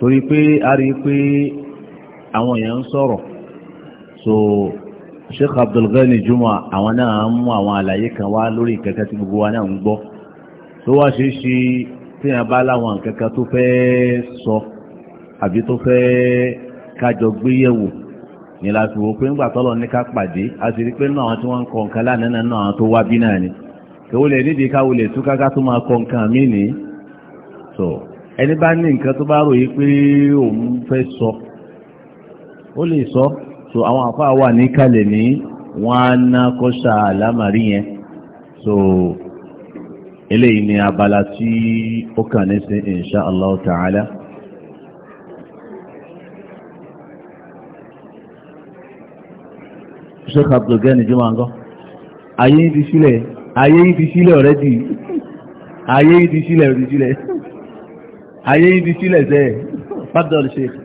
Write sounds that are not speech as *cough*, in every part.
torí pé a rí i pé àwọn èèyàn ń sọ̀rọ̀ so Sheikh Abdul Ghani Juma àwọn náà ń mú àwọn àlàyé kan wá lórí kẹ̀kẹ́ tí gbogbo wa náà ń gbọ́ tó wá ṣe é ṣe téèyàn bá láwọn kẹ̀kẹ́ tó fẹ́ sọ àbí tó fẹ́ kájọ gbéyẹ̀wò ní láti wò pé ńgbà tọ́lọ̀ ní ká pàdé a sì rí pé nínú àwọn tí wọ́n ń kọ nǹkan lánàá náà àwọn tó wá bí náà ni kò wọlé nídìí káwọlé túkáká tó máa kọ nǹkan mí nìí so ẹni bá ní nǹkan tó bá ròyìn pé òun fẹ́ sọ ó lè sọ so àwọn afọ wà ní kalẹ̀ ní wọn á ná kọ́ṣà àlámàrí yẹn so eléyìí ni abala tí ó ní insha allah ta'ala. ayé yìí ti sílẹ̀ ayé yìí ti sílẹ̀ ayé ayé ibi sílẹ̀ sẹ́ fadal sheikh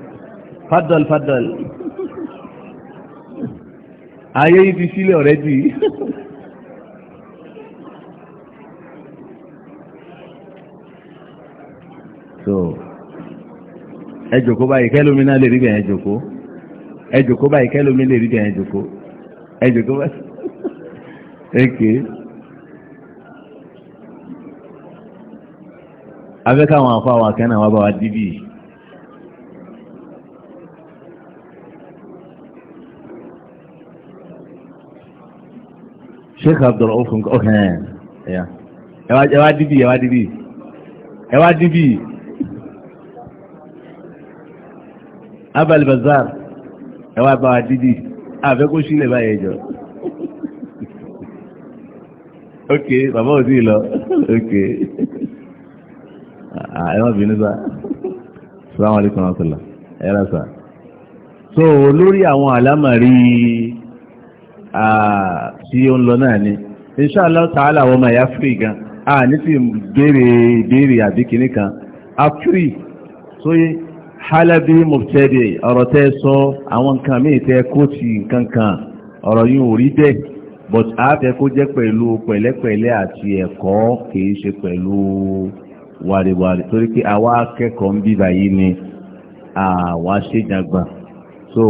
fadal fadal ayé ibi sílẹ̀ ọ̀rẹ́ dì í. so ẹ jòkó báyìí kẹ́lómi náà lè rí bẹ̀yẹn jòkó ẹ jòkó báyìí kẹ́lómi lè rí bẹ̀yẹn jòkó ẹ jòkó báyìí. *laughs* afẹ́ká àwọn afọ àwọn akẹ́nà wa bá wa dìbì sheikh abdul ofun ọkàn ẹ̀ ẹ̀ wá dìbì ẹ̀ wá dìbì ẹ̀ wá dìbì abal bazar ẹ̀ wá bá wa dìbì afẹ́kó oh, eh, sílẹ̀ báyẹn jọ *laughs* ok bàbá òsì lọ ok. Ah, ẹ̀wọ́n bí nígbà salamu alaykum wa rahmatulah ẹ̀rọ sà so lórí àwọn àlámàrí tí ó ń lọ náà ni inṣàlá tààlà àwọn ma ẹ̀yà free gan a ní ti béèrè ìbéèrè àbí kan a free sóyè halabi mubtadi ọ̀rọ̀ tẹ́ sọ àwọn nǹkan míì tẹ́ kó ti nǹkan yi ọ̀rọ̀ yìí ò rí bẹ́ẹ̀ but a fẹ́ kó jẹ́ pẹ̀lú pẹ̀lẹ́pẹ̀lẹ́ àti ẹ̀kọ́ kìí ṣe pẹ̀lú wàrìwàrì torí pé àwa akẹ́kọ̀ọ́ ń bíbà yìí ni àwa ṣèjàgbà so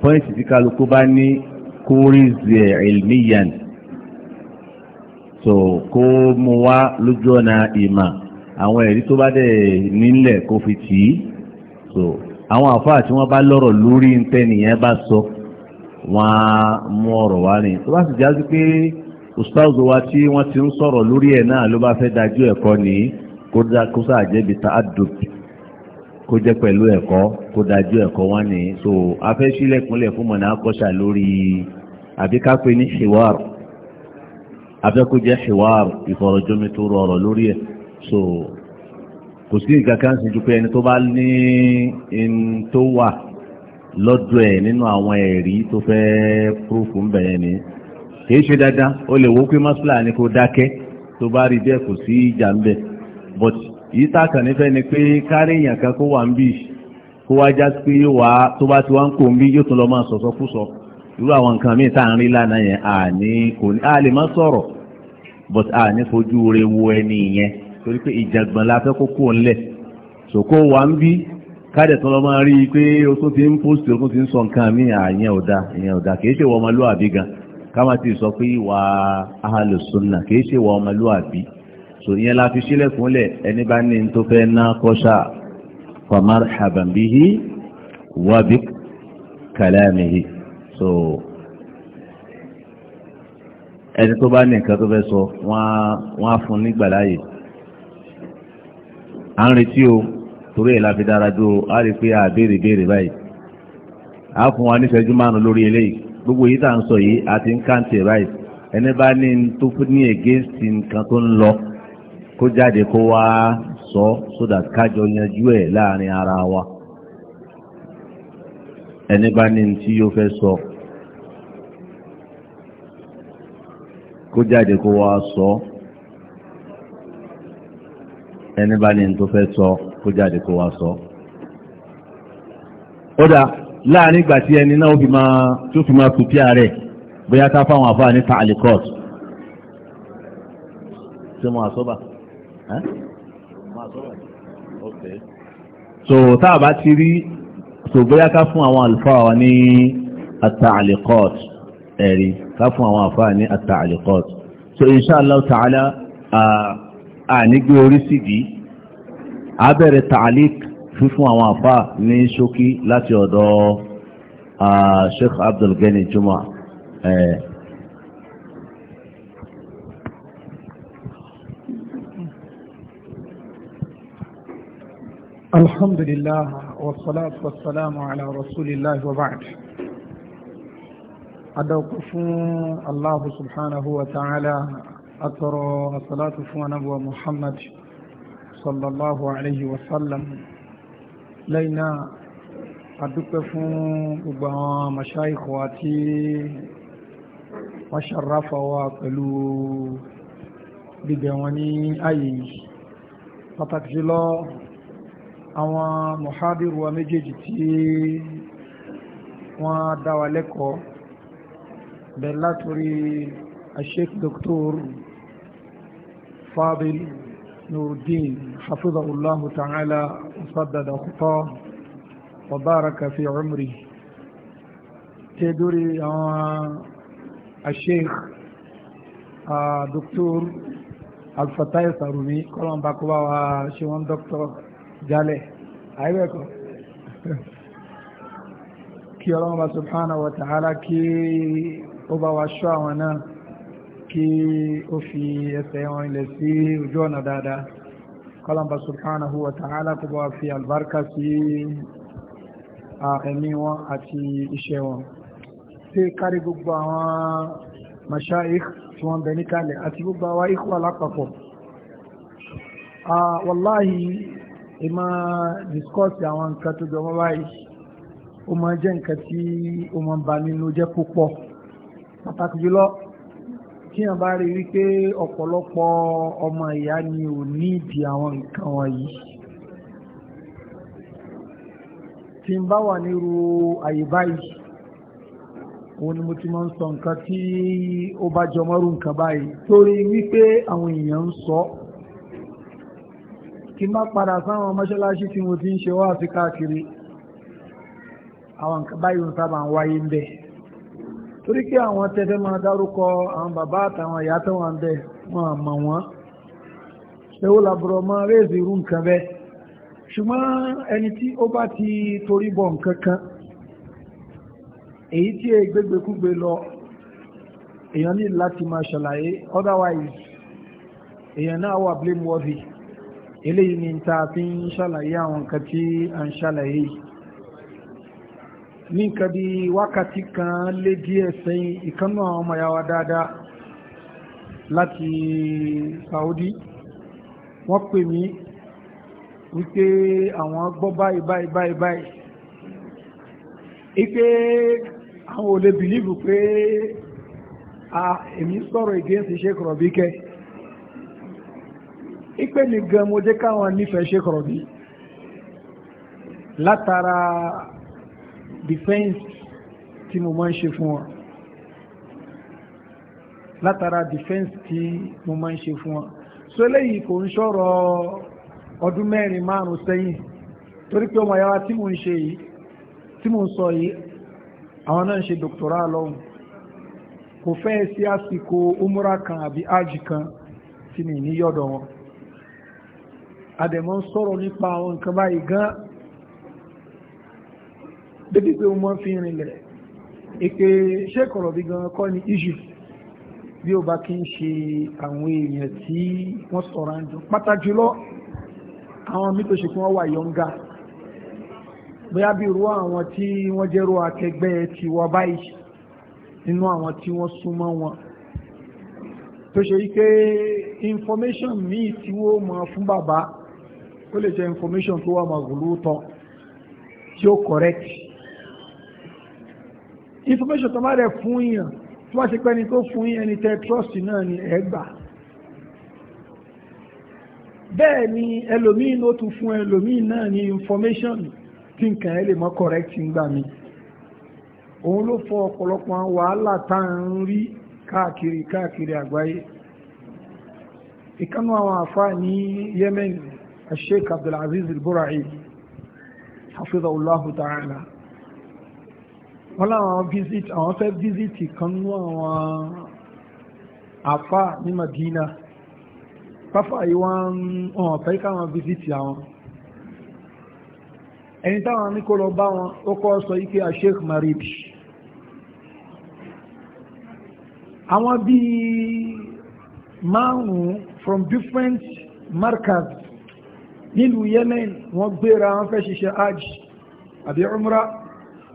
pọ́ìntì tí kálukú bá ní kórìzì ilmiyan so kó mu wá lójú ọ̀nà ìmà àwọn ẹ̀rí tó bá dẹ̀ nílẹ̀ kó fi tì í so àwọn àfáà tí wọ́n bá lọ́rọ̀ lórí ntẹ́nìyẹn bá sọ wọ́n á mú ọ̀rọ̀ wá ní tó bá sì já sí pé ustaz wa tí wọ́n ti ń sọ̀rọ̀ lórí ẹ̀ náà ló bá fẹ́ dájú ẹ̀kọ́ nìyí kó sáà jẹ́bi ta adùn kó jẹ́ pẹ̀lú ẹ̀kọ́ kó dájú ẹ̀kọ́ wọn ni so afẹ́ sílẹ̀kúnlẹ̀ fún mọ̀nà akọ́ṣà lórí àbí ká pè ní hiwar afẹ́ kó jẹ́ hiwar ìfọ̀rọ̀jomi tó rọrọ̀ lórí ẹ̀ so kò sí nǹkan kan sí ju pé ẹni tó bá ní in tó wà lọ́dọ̀ ẹ̀ nínú àwọn ẹ̀rí tó fẹ́ púrúfù ń bẹ̀yẹn ni kì í ṣe dáadáa ó lè wó pé mọ́sílà ni kó dákẹ́ tó bá rí bẹ́ẹ̀ kò sí ìjà ń bẹ̀ẹ́ but yìí tàkà nífẹ́ ni pé kárí èèyàn kó wà ń bì kó wá já pé yóò tó bá ti wá ń kó ń bí yẹn kò ní a má sọ̀rọ̀ but àní fojú rẹ wo ẹni yẹn torí pé ìjàgbọ̀n la fẹ́ kó kó ńlẹ̀ sòkó wà ń bí o tó ti ń da da kì í ṣe wọ gan ká má ti sọ pé kì so ìyẹn la fi sílẹ̀kùnlẹ̀ ẹni bá ní tó fẹ́ ná kọ́ṣà famar habanbihi wabi kalamihi so ẹni tó bá ní nǹkan tó fẹ́ sọ wọ́n á fún nígbà láàyè à ń retí o torí ẹ̀ la fi dára dúró a rí pé a béèrè béèrè báyìí a fún wa níṣẹ́jú márùn lórí eléyìí gbogbo yìí tá à ń sọ yìí àti ń kàǹtì báyìí ẹni bá ní tó ní against nǹkan tó ń lọ. kó jáde kó wá sọ sódà kájọ yanjú ẹ̀ láàrin ara wa ẹni bá ní tí yóò fẹ́ sọ kó jáde kó wá sọ ẹni bá ní tó fẹ́ sọ kó jáde kó wá sọ. ó dà láàrin ìgbà tí ẹni náà tó fi máa tutí ààrẹ bóyá ká fáwọn àfáà ní tààlì court tí wọ́n àsọ́bà. so táà bá ti rí so bóyá ká fún àwọn àlùfáà wa ní at-ta'liqat ẹ̀rí ká fún àwọn àlùfáà ní at-ta'liqat so inshallah ta'ala ànígbé orí sídì á bẹ̀rẹ̀ ta'liq fífún àwọn àlùfáà ní ṣókí láti ọ̀dọ̀ Sheikh Abdul Ghani Juma. Eh, الحمد لله والصلاة والسلام على رسول الله وبعد أدوقف الله سبحانه وتعالى أترى الصلاة نبوة محمد صلى الله عليه وسلم لينا أدوقف أبا مشايخ واتي وشرف واقلو بجواني أي فتكجلو àwọn mohabiru wa méjèèjì tí wọ́n dá wa lẹ́kọ̀ọ́ bẹ̀rẹ̀ látòrí asheik dr fadil nuruddin hafizahullahu ta'ala wasaddada khuta wa baraka fi umri tedori àwọn asheik dr alfatai sarumi kọlọmbakọba wa ṣe wọn dr jálẹ̀ àìbẹ̀kọ́ kí ọlọ́run bá subhanahu wa ta'ala kí ó bá wa ṣọ́ àwọn náà kí ó fi ẹsẹ̀ wọn ilẹ̀ sí ojú ọ̀nà dáadáa kọlọ̀mbà subhanahu wa ta'ala kó bá wa fi albarka sí ẹ̀mí wọn àti iṣẹ́ wọn tí kárí gbogbo àwọn mashaikh tí wọ́n bẹ̀ níkalẹ̀ àti gbogbo àwọn ikhwa lápapọ̀ wallahi ìmọ̀ discourse àwọn nǹkan tó jọmọ́ báyìí ó máa jẹ́ nǹkan tí ó máa ń ba nínú jẹ́ púpọ̀ pàtàkì jùlọ tí wọ́n bá rí wípé ọ̀pọ̀lọpọ̀ ọmọ ìyá ni ò ní ìdí àwọn nǹkan wọ̀nyí tí ń bá wà nírú àyè báyìí òun ni mo ti máa ń sọ nǹkan tí ó bá jọmọ́rú nǹkan báyìí torí wípé àwọn èèyàn ń sọ ọ́ kí má padà sáwọn mọ́ṣáláṣí tí mo ti ń ṣe wá sí káàkiri àwọn nǹkan báyìí ń sábà ń wáyé ń bẹ̀ torí kí àwọn tẹ́tẹ́ máa dárúkọ àwọn bàbá àtàwọn ìyá tó wà ń bẹ̀ wọn àmọ̀ wọn ṣéwó làbúrò máa réèzì irú nǹkan bẹ́ẹ̀ ṣùgbọ́n ẹni tí ó bá ti torí bọ̀ nǹkan kan èyí tí ègbégbèkúgbè lọ èèyàn ní láti máa ṣàlàyé otherwise èèyàn náà wà blame worthy eléyìí ni ta fi ń ṣàlàyé àwọn nǹkan tí a ń ṣàlàyé yìí ní nǹkan bí wákàtí kan lé díẹ̀ sẹ́yìn ìkánná àwọn ọmọ yàwá dáadáa láti Saudi wọ́n pè mí wípé àwọn gbọ́ báyìí báyìí báyìí báyìí ipé àwọn ò lè bìlíìfù pé ah, èmi sọ̀rọ̀ against Sheikh Robike ipe mi gan mo jẹ́ káwọn nífẹ̀ẹ́ ṣe kọ̀rọ̀ bí látara defense tí mo máa ń ṣe fún wọn látara defense tí mo máa ń ṣe fún wọn so eléyìí kò ń ṣọ̀rọ̀ ọdún mẹ́rin márùn-ún sẹ́yìn torí pé ọmọ yàrá tí mo ń ṣe yìí tí mo ń sọ yìí àwọn náà ń ṣe doctoral lọ́hùn kò fẹ́ sí àsìkò umra kan àbí ájì kan tí mi ní yọ̀dọ̀ wọn àdẹ̀mọ́ ń sọ̀rọ̀ nípa àwọn nǹkan báyìí gan débi pé wọ́n fi rinlẹ̀ èpè ṣẹ́kọ̀rọ̀ bí gan kọ́ ni issue bí ó bá kí ń ṣe àwọn èèyàn tí wọ́n sọ̀rọ̀ àjò pàtàkì jùlọ àwọn mítò ṣe kí wọ́n wà yọ̀ǹga bóyá bí irú àwọn tí wọ́n jẹ́rú akẹgbẹ́ ti wọ báyìí nínú àwọn tí wọ́n súnmọ́ wọn tó ṣe wípé information míì tí wọ́n mọ̀ fún bàbá ó lè jẹ́ information tó wà maguluta tí ó correct information tó má rẹ̀ fún yàn tó wá sí pé ẹni tó fún yàn ẹni tẹ́ trust náà ni ẹ gbà bẹ́ẹ̀ ni ẹlòmíín ló tún fún ẹlòmíín náà ni information tí nǹkan ẹ lè mọ́ correct ń gbà mí òun ló fọ ọ̀pọ̀lọpọ̀ wàhálà tá à ń rí káàkiri káàkiri àgbáyé ìkánú àwọn àfáà ní Yemen الشيخ عبد العزيز البرعي حفظه الله تعالى wọ́n láwọn visit àwọn fẹ́ visit kan nú àwọn àfà ní Madina pápá yìí wọ́n hàn fẹ́ káwọn visit àwọn ẹni táwọn ní kó lọ bá wọn ó kọ́ sọ ike Sheikh Marib àwọn bíi márùn-ún from different markets nílùú Yemen wọ́n gbéra wọ́n fẹ́ ṣiṣẹ́ hajj àbí umra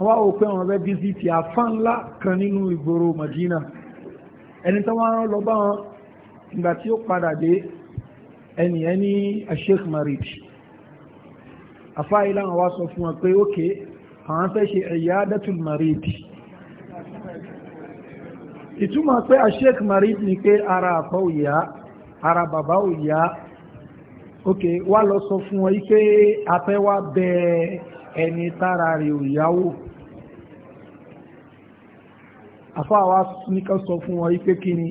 wọ́n wò pé wọ́n fẹ́ bísítì àfá ńlá kan nínú ìgboro Madina ẹni tó wọ́n rán lọ bá wọn ìgbà tí ó padà dé ẹni ẹni Sheikh Marid àfá ilá wọn wá sọ fún wọn pé ókè àwọn fẹ́ ṣe Iyadatul Marid ìtumọ̀ pé Sheikh Marid ni pé ara àpá òyà ara bàbá òyà ok wá lọ sọ fún wọn pé afẹ́ wá bẹ ẹni tára rẹ̀ ò yáwó àfáà wá nìkan sọ fún wọn pé kí ni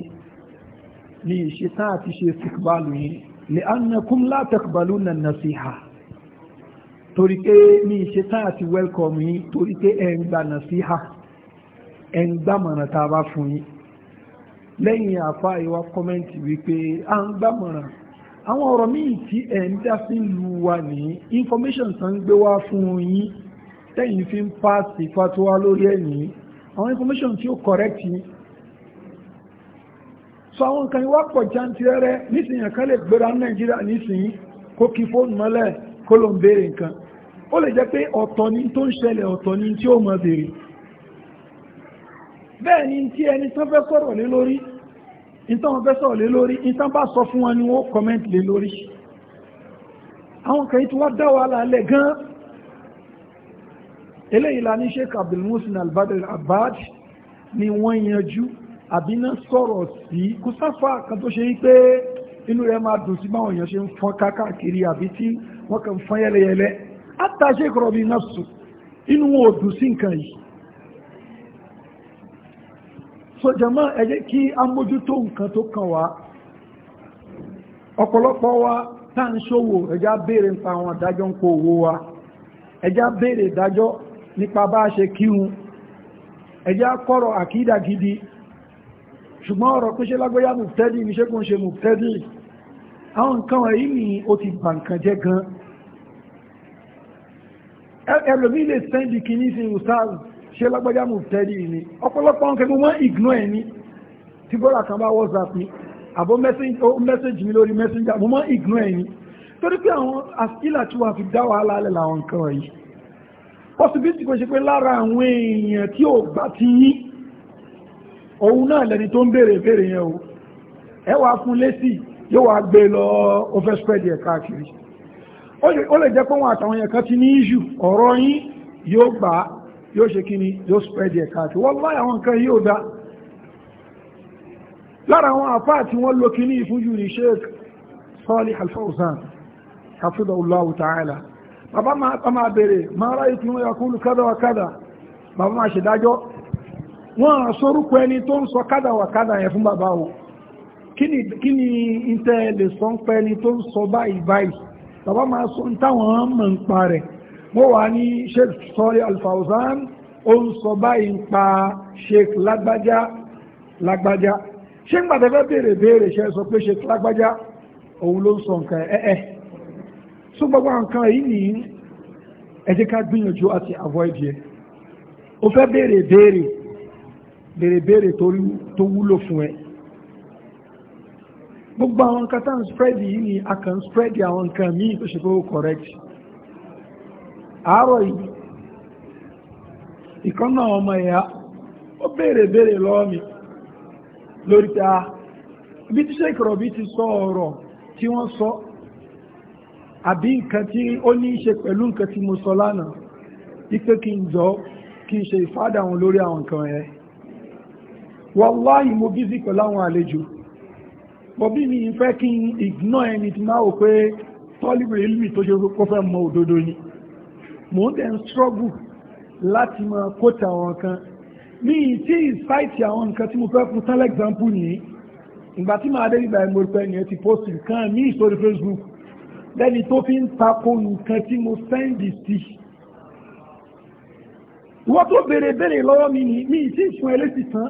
ní ìṣetán àti ṣe fìkbálù yìí lè annakum látẹ̀kbálù nà nàṣíhà torí pé ní ìṣetán àti wẹ́lkọ̀mù yìí torí pé ẹ̀ nàṣíhà ẹ̀ ń tá a bá fún yín lẹ́yìn àfáà yìí wá wípé à ń gbàmọ̀ràn àwọn ọ̀rọ̀ míì tí ẹ̀ ń dá sí lu wa ní information tán gbé wá fún yín tẹ́yìn fi ń pàṣẹ fatuwa lórí ẹ̀ ní àwọn information tí ó correct yín so àwọn nǹkan ìwà pọ̀ jantirẹrẹ nísìnyàn kan lè gbéra nàìjíríà nísìnyí kó kí fóònù mọ́lẹ̀ kó ló ń béèrè nǹkan ó lè jẹ́ pé ọ̀tọ̀ ni tó ń ṣẹlẹ̀ ọ̀tọ̀ ni tí ó mọ̀ béèrè bẹ́ẹ̀ ni tí ẹni tán fẹ́ sọ̀rọ̀ lé lórí ìtàn wọn fẹ́ sọ̀rọ̀ lé lórí ìtàn bá sọ fún wọn ni wọ́n comment lé lórí àwọn kan yìí tí wọ́n dá wàhálà lẹ̀ gan eléyìí la ní Sheikh Abdul Muhsin Al-Badr ni wọ́n yanjú àbí náà sọ̀rọ̀ sí kò sáfà kan tó ṣe yí pé inú rẹ̀ máa dùn sí báwọn èèyàn ṣe ń fọ́n káàkiri àbí tí wọ́n kàn fọ́n yẹ́lẹ́yẹ́lẹ́ àtàṣe kọ̀rọ̀ bí náà sùn inú wọn ò dùn sí nǹkan yìí so jama ẹ jẹ́ kí a mójútó nǹkan tó kàn wá ọ̀pọ̀lọpọ̀ wa tá à ń ṣòwò ẹ jẹ́ á béèrè nípa àwọn àdájọ́ ń kó owó wa ẹ jẹ́ ìdájọ́ nípa bá ṣe kírun ẹ kọ́rọ̀ àkídà gidi ṣùgbọ́n ọ̀rọ̀ pé ṣe lágbóyá mùtẹ́dì ní ṣe kún ṣe mùtẹ́dì àwọn nǹkan wọ̀nyí ni ó ti bà nǹkan jẹ́ gan ẹlòmí lè sẹ́ndì kìíní sí ustaz ṣé lágbájá mú tẹ́lí ni ọ̀pọ̀lọpọ̀ nǹkan mo máa ń ignore ẹ̀ ní tí bọ́lá kan bá whatsapp mi àbó mẹ́sẹ̀jì mi lórí messenger mo máa ń ignore ẹ̀ ní torí pé àwọn àṣìlà tí wọ́n fi dá wàhálà alẹ́ làwọn nǹkan wọ̀nyí possibility kò ṣe pé lára àwọn èèyàn tí ò gbà ti yín òun náà lẹni tó ń béèrè béèrè yẹn o ẹ wàá fún lésì yóò wá gbé e lọ ó fẹ́ spread káàkiri ó lè jẹ́ pé wọn àtàwọn yẹn kan ti ní issue ọ̀rọ̀ yín yóò gbà yóò ṣe kíni yóò spreadi ẹ̀ka àti wọ́n láyà àwọn nǹkan yóò dá lára àwọn àfáà wọ́n lo kíní fún yìí ní sheikh Salih Al-Fawzan hafidhahullahu ta'ala bàbá máa máa bèèrè máa ráyè tí wọ́n yakulu kada wa kada bàbá máa ṣe dájọ́ wọ́n à sórúkọ ẹni tó ń sọ kada wa kada yẹn fún bàbá wọn kí ni ìtẹ́ lè sọ ń pẹ́ ẹni tó ń sọ báyìí báyìí bàbá máa sọ ń táwọn mọ̀ ń pa rẹ̀ wọ́n wà ní sheikh sọ́lé alfauzan ó ń sọ báyìí ń pa sheikh lágbájá lágbájá ṣé ń gbàdá fẹ́ béèrè ṣe sọ pé sheikh lágbájá òun ló ń sọ nǹkan ẹ̀ ẹ̀ so gbogbo nǹkan yìí nìyí ẹ jẹ́ ká gbìyànjú àti avoid yẹ o fẹ́ béèrè béèrè béèrè béèrè tó wúlò fún ẹ gbogbo àwọn nǹkan tá ń spread yìí ni a kàn ń spread àwọn nǹkan míì tó ṣe kó correct àárọ̀ yìí ìkan náà ọmọ ẹ̀yà ó béèrè béèrè lọ́wọ́ mi lórí ta bí tí ṣe kọ̀rọ̀ bí ti sọ ọ̀rọ̀ tí wọ́n sọ àbí nǹkan tí ó ní í ṣe pẹ̀lú nǹkan tí mo sọ lánàá wípé kí n jọ kí n ṣe ìfádà wọn lórí àwọn nǹkan ẹ̀ wàláhì mo bízí pẹ̀lú àwọn àlejò bọ̀bí mi fẹ́ kí n ignore ẹni tí máa wò pé tọ́lìwé ilmi tó ṣe kó fẹ́ mọ òdodo ni mò ń dẹ̀ ń struggle láti máa kóòtù àwọn kan mi ì tí ì sáìtì àwọn nǹkan tí mo fẹ́ fún tán lẹ́gbàmpù nìyí ìgbà tí màá dé ìgbà ìmọ̀rùpẹ́ ni ẹ ti post nǹkan mi ìsórí Facebook lẹ́ni tó fi ń tako nǹkan tí mo sẹ́ndì sí wọ́n tó béèrè béèrè lọ́wọ́ mi ni mi ì tí ì fún ẹlẹ́sì tán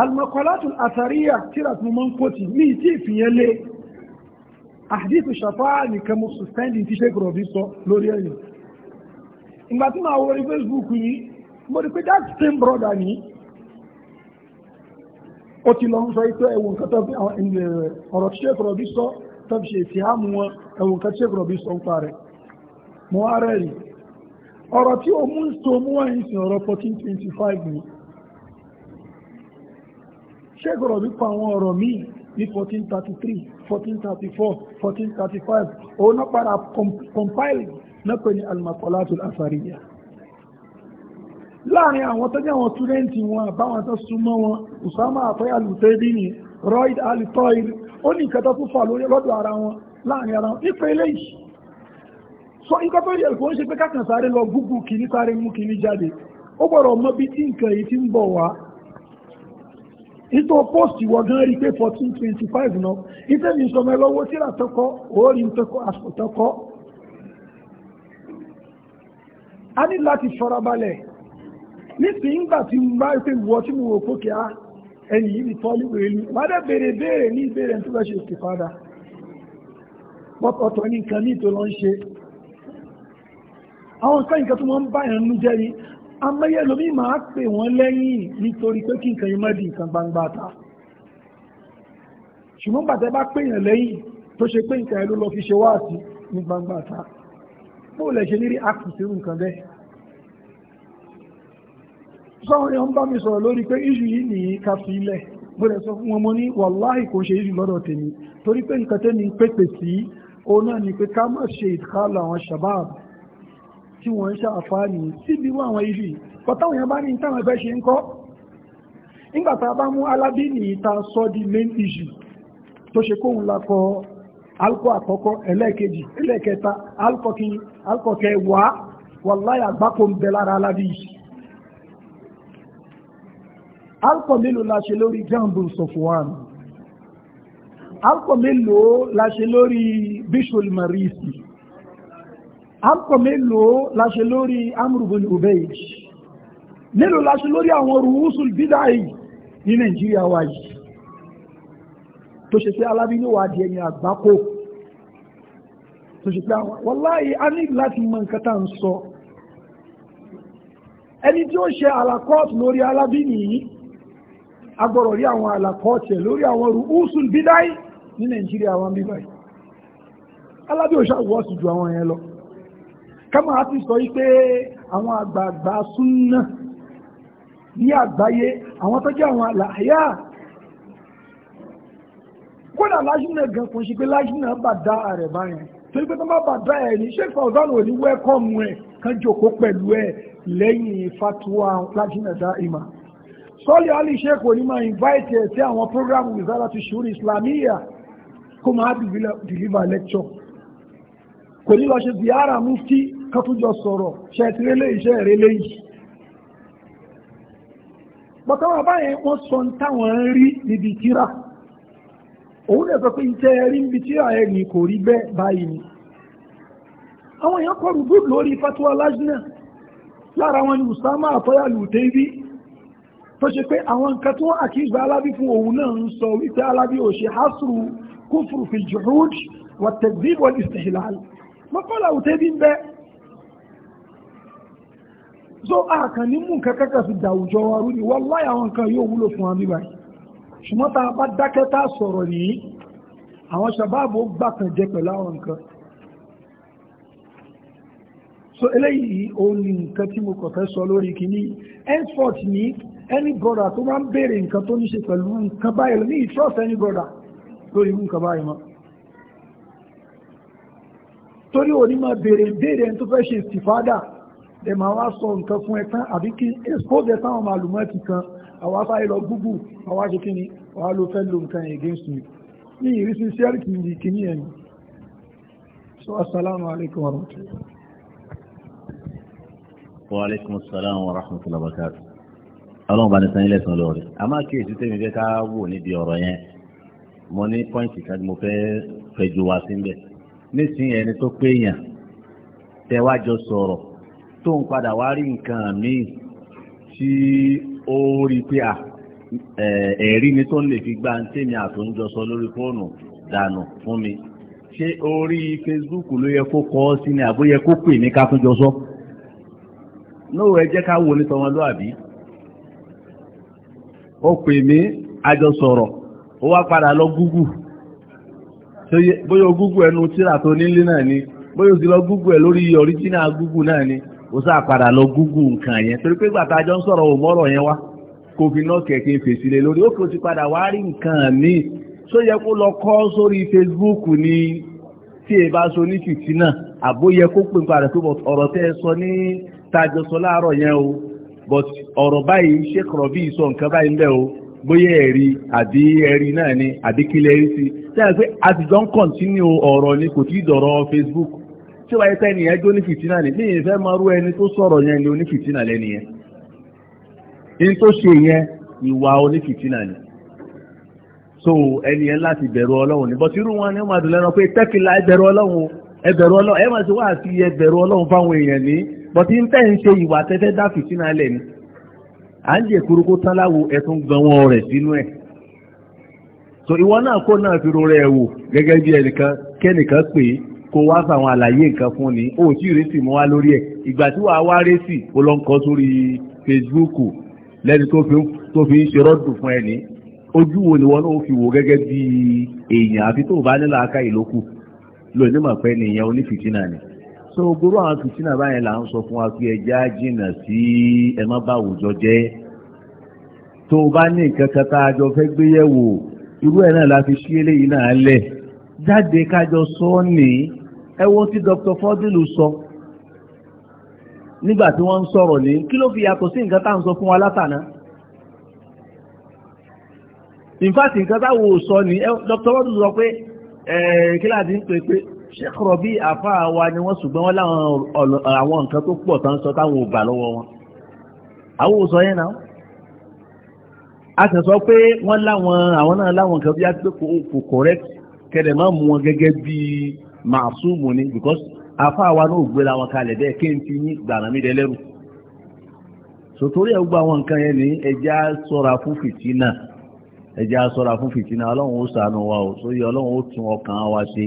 alùmọ̀kọ́látù àtàríyà tí mo máa ń kóòtù mi tí ì fìyẹn lé àdìsù ṣàfáà nìkan mo sùspẹ́ndì tí ṣe kúrò bí sọ lórí ẹ̀yìn ìgbà tí màá wọrí Facebook ni mo rí pé that same brother ni ó ti lọ ń sọ pé ẹ̀wọ̀n nǹkan tó fi ọ̀rọ̀ tí ṣe kúrò bí sọ tó fi ṣe ìfì àmú wọn ẹ̀wọ̀n nǹkan tí ṣe kúrò bí sọ ń parẹ́ mo wá rẹ̀ rí tí o mú ń mú wọ́n yìí sin ọ̀rọ̀ 1425 ni ṣé kúrò bí pa àwọn ọ̀rọ̀ míì ní 1433 1434 1435 òun náà padà compile náà pè ní almakolatul afariya láàrin àwọn tó jẹ́ àwọn túrẹ́ǹtì wọn àbáwọn tó súnmọ́ wọn usama àfẹ́ alùtẹ́bí ni royd alitoid ó ní nǹkan tó tún fà lórí lọ́dọ̀ ara wọn láàrin ara wọn nípa eléyìí so nǹkan tó yẹ kó ń ṣe pé kákan sáré lọ gúgù kìíní sáré mú kìíní jáde ó gbọ́dọ̀ mọ bí tí nǹkan yìí ti ń bọ̀ wá ìtò post ìwọ̀gán rí pé 1425 náà ìtẹ́mi ìsọmọ ẹlọ́wọ́ síra tọ́kọ́ orí tọ́kọ́ àsìkò tọ́kọ́ a ní láti farabalẹ̀ nísì ńgbà tí mo bá pé wọ́ tí mo wò pókè á ẹni yìí tọ́ líwèrè ní wádẹ́ bèrè bèrè ní ìbéèrè tó bá ṣe òkè padà ọ̀tọ̀ ní nǹkan ní ìtò lọ ń ṣe àwọn nǹkan nǹkan tó wọ́n ń bá ẹ̀rùn jẹ́ ni amáyé lomi máa pè wọ́n lẹ́yìn nítorí pé kí nǹkan yìí má di nǹkan gbangba ta ṣùgbọ́n bàtẹ́ bá pèèyàn lẹ́yìn tó ṣe pé nǹkan ẹ̀ ló lọ fi ṣe wáàsí ní gbangba ta bóò lẹ̀ ṣe nírí àkù sí nǹkan bẹ́ẹ̀ sọ́wọ́n ni ń bá mi sọ̀rọ̀ lórí pé iṣu yìí nìyí ká fi ilẹ̀ mo lè sọ fún wọn mo ní wàláhì kò ṣe iṣu lọ́dọ̀ tèmi torí pé nǹkan tẹ́ni pèpè sí òun náà ni pé ká má ṣe ìdíkàlọ̀ àwọn shabab tí wọ́n ń ṣàǹfààní síbi irú àwọn ilé pọ̀táwọn yẹn bá ní táwọn ẹgbẹ́ ṣe ń kọ́ nígbà tá a bá mú alábìnì ta sọ di main issue tó ṣe kóhun la kọ alkọ àkọ́kọ́ ẹlẹ́ẹ̀kejì ẹlẹ́ẹ̀kẹta alkọ kí alkọ la ṣe lórí jambu sofuwan alkọ mélòó la ṣe lórí bishul marisi àpọ̀ mélòó láṣe lórí amúrùbùn ubeid mélòó láṣe lórí àwọn rúúsùl bídá yìí ní nàìjíríà wa yìí tó ṣe pé alábínú wa di ẹni àgbákò tó ṣe pé àwọn wọláyé a ní láti mọ nǹkan tá à ń sọ ẹni tí ó ṣe àlàkọ́ọ̀tù lórí alábínú yìí agbọ́rọ̀ rí àwọn àlàkọ́ọ̀tù ẹ̀ lórí àwọn rúúsùl bídá yìí ní nàìjíríà wa ń bíbáyìí alábí kama a ti sọ yí pé àwọn àgbààgbà súnná ní àgbáyé àwọn tó jẹ́ àwọn àlàyà kódà lájúnà gan kò ṣe pé lájúnà bà dá ààrẹ báyẹn torí pé tó bá bà dá ẹ̀ ní ṣé fàwọ́sán ò ní wẹ́kọ̀mù ẹ̀ kan jòkó pẹ̀lú ẹ̀ lẹ́yìn fatuwa lájúnà dá ìmà sọ́ọ̀lì alì sheikh onímọ̀ invite ẹ̀ sí àwọn program wizara ti ṣúrí islamiyya kó máa deliver lecture kò ní lọ ṣe ziyara mufti kátújọ sọ̀rọ̀ ṣẹ̀tìrẹ́lẹ̀ iṣẹ́ ìrẹ́lẹ̀ yìí bọ̀tọ́wà báyìí wọ́n sọ ń táwọn ń rí níbi tíra òun lè sọ pé iṣẹ́ rí níbi tíra ẹ̀ ní kò rí bẹ́ẹ̀ báyìí ni àwọn èèyàn kọrù gùd lórí fatuwa lajna lára wọn ni usama àtọ́yà lùtẹ́bí tó ṣe pé àwọn nǹkan tó àkíyèsí alábí fún òun náà ń sọ wípé alábí ò ṣe hasru kufru fi juhud wa tẹ̀gbí wal mọ́kànlá lùtẹ́bí ń bẹ́ẹ̀ so àkàn ní mú nǹkan kẹ́kẹ́ fi dàwùjọ wa rú ni wàláhì àwọn nǹkan yóò wúlò fún wa bí báyìí ṣùgbọ́n tá a bá dákẹ́ tá sọ̀rọ̀ nìyí àwọn ṣàbáàbò gbà jẹ pẹ̀lú àwọn nǹkan so eléyìí òun ni nǹkan tí mo kàn fẹ́ sọ lórí kìíní henceforth ní any brother tó máa ń béèrè nǹkan tó ní ṣe pẹ̀lú nǹkan báyìí ní trust any brother lórí irú nǹkan báyìí mọ́ torí òní máa béèrè béèrè ẹni tó fẹ́ ṣe ìsìfádà ẹ máa wá sọ nǹkan fún ẹ̀tán àbí kí expose ẹ̀ táwọn màlúmọ́ ti kan àwọn afáyé lọ gúgù àwọn aṣọ kí ni wàá ló fẹ́ lo nǹkan against me ní ìrísí sẹ́ríkì ní ẹ̀ ni so assalamu alaikum wa rahmatulah. wa alaikum assalam wa rahmatulah barakatuh. ọlọ́run bá ní sanyin lẹ́sàn lórí a máa kí èsì tẹ́mi fẹ́ ká wò níbi ọ̀rọ̀ yẹn mo ní pọ́ìntì kan mo fẹ́ fẹ́ ju wa sí níbẹ̀ nísìnyẹn ẹni tó péyàn tó ń padà wá rí nǹkan míì tí ó rí pé ẹ̀rí ni tó ń lè fi gba tèmi àtúnjọ lórí fóònù dànù fún mi ṣé orí Facebook ló yẹ kó kọ sí ni àbó yẹ kó pè ní ká tún jọ sọ nóò ẹ jẹ́ ká wo ní tọmọlúàbí ó pè mí àjọ sọ̀rọ̀ ó wá padà lọ gúgù bóyá gúgù ẹnu tíra tó nílé náà ni bóyá ó sì lọ gúgù ẹ lórí ọ̀ríjínà gúgù náà ni ó sá padà lọ Google nǹkan yẹn torí pé gbàtà jọ ń sọ̀rọ̀ òmọ́rọ̀ yẹn wá kò fi náà kẹ̀kẹ́ fèsì lé lórí ó kò ti padà wá rí nǹkan mi só yẹ kó lọ kọ́ sórí Facebook ni tí ẹ bá so ní fìtínà àbóyẹ kó pè padà pé ọ̀rọ̀ tẹ́ ẹ sọ ní tájọ sọ láàárọ̀ yẹn o but ọ̀rọ̀ báyìí ṣé kọ̀rọ̀ bí sọ nǹkan báyìí ń bẹ o bóyá ẹ̀rí àbí ẹ̀rí náà ni àbí kílẹ̀ ẹ̀rí sí i. sẹ́yìn pé àtijọ́ ń kọ̀ntínú ọ̀rọ̀ ni kò tí ì dọ̀rọ̀ Facebook tí wàá yẹ pé ẹnìyẹn jó ní fìtínà ní níyìn fẹ́ máa rú ẹni tó sọ̀rọ̀ yẹn ní onífìtínà lẹ́ni yẹn ní tó ṣe yẹn ìwà onífìtínà ni so ẹnìyẹn láti bẹ̀rù ọlọ́run irú wọn ni wọ́n máa dùn lẹ́nu pé tẹ́kìlá ẹbẹ̀rù ọlọ́run ẹbẹ̀rù ọlọ́run ẹ máa ẹbẹ̀rù ọlọ́run fáwọn èèyàn ní tẹ́ ń ṣe ìwà tẹ́tẹ́ dá lẹ̀ ni à ń jẹ́ kúrúkú tán láwo ẹ̀tún gan kó wá fàwọn àlàyé nǹkan fún ni ó tí ìrètí mọ́ wá lórí ẹ̀ ìgbà tí wàá wá rẹ́sì ó lọ ń kọ sórí Facebook lẹ́ni tó fi ń ṣe rọ́dù fún ẹni ojú wo ni wọn náà fi wò gẹ́gẹ́ bí èèyàn àfi tó bá nílò aka ìlókù lónìí mọ̀ pé nìyẹn onífìtínà ni so gbogbo àwọn fìtínà báyẹn là ń sọ fún wa pé ẹja jìnnà sí ẹ má bá àwùjọ jẹ́ tó bá ní nǹkan kan tá a jọ fẹ́ gbé yẹ̀wò irú ẹ̀ náà la fi ṣí eléyìí náà lẹ̀ jáde kájọ sọ ọ́ ẹ wo tí Dr. Fodilu sọ nígbà tí wọ́n ń sọ̀rọ̀ lé kí ló fi yàtọ̀ sí nǹkan tá à ń sọ fún wa látàná ìfàtí nǹkan táwọn ò sọ ní Dr. Fodilu sọ pé kí láti ń pè pé Sheikh Rabi àfa wa ni wọ́n ṣùgbọ́n wọ́n láwọn àwọn nǹkan tó pọ̀ tán sọ táwọn ò bà lọ́wọ́ wọn àwọn ò sọ yẹn náà a sì sọ pé wọ́n láwọn àwọn náà láwọn nǹkan bí a ti pé kò correct kẹ̀dẹ̀ máa mú wọn gẹ́gẹ́ bíi màásùmù ni because afa wa náà gbéra wọn kalẹ̀ bẹ́ẹ̀ kí n ti yín gbàrà mí dẹ́lẹ́rù sòtórí ẹ̀ gbogbo àwọn nǹkan yẹn ní ẹja sọ́ra fún fìtínà ẹja sọ́ra fún fìtínà ọlọ́run ó sànù wa o sóyè ọlọ́run ó tún ọkàn wa ṣe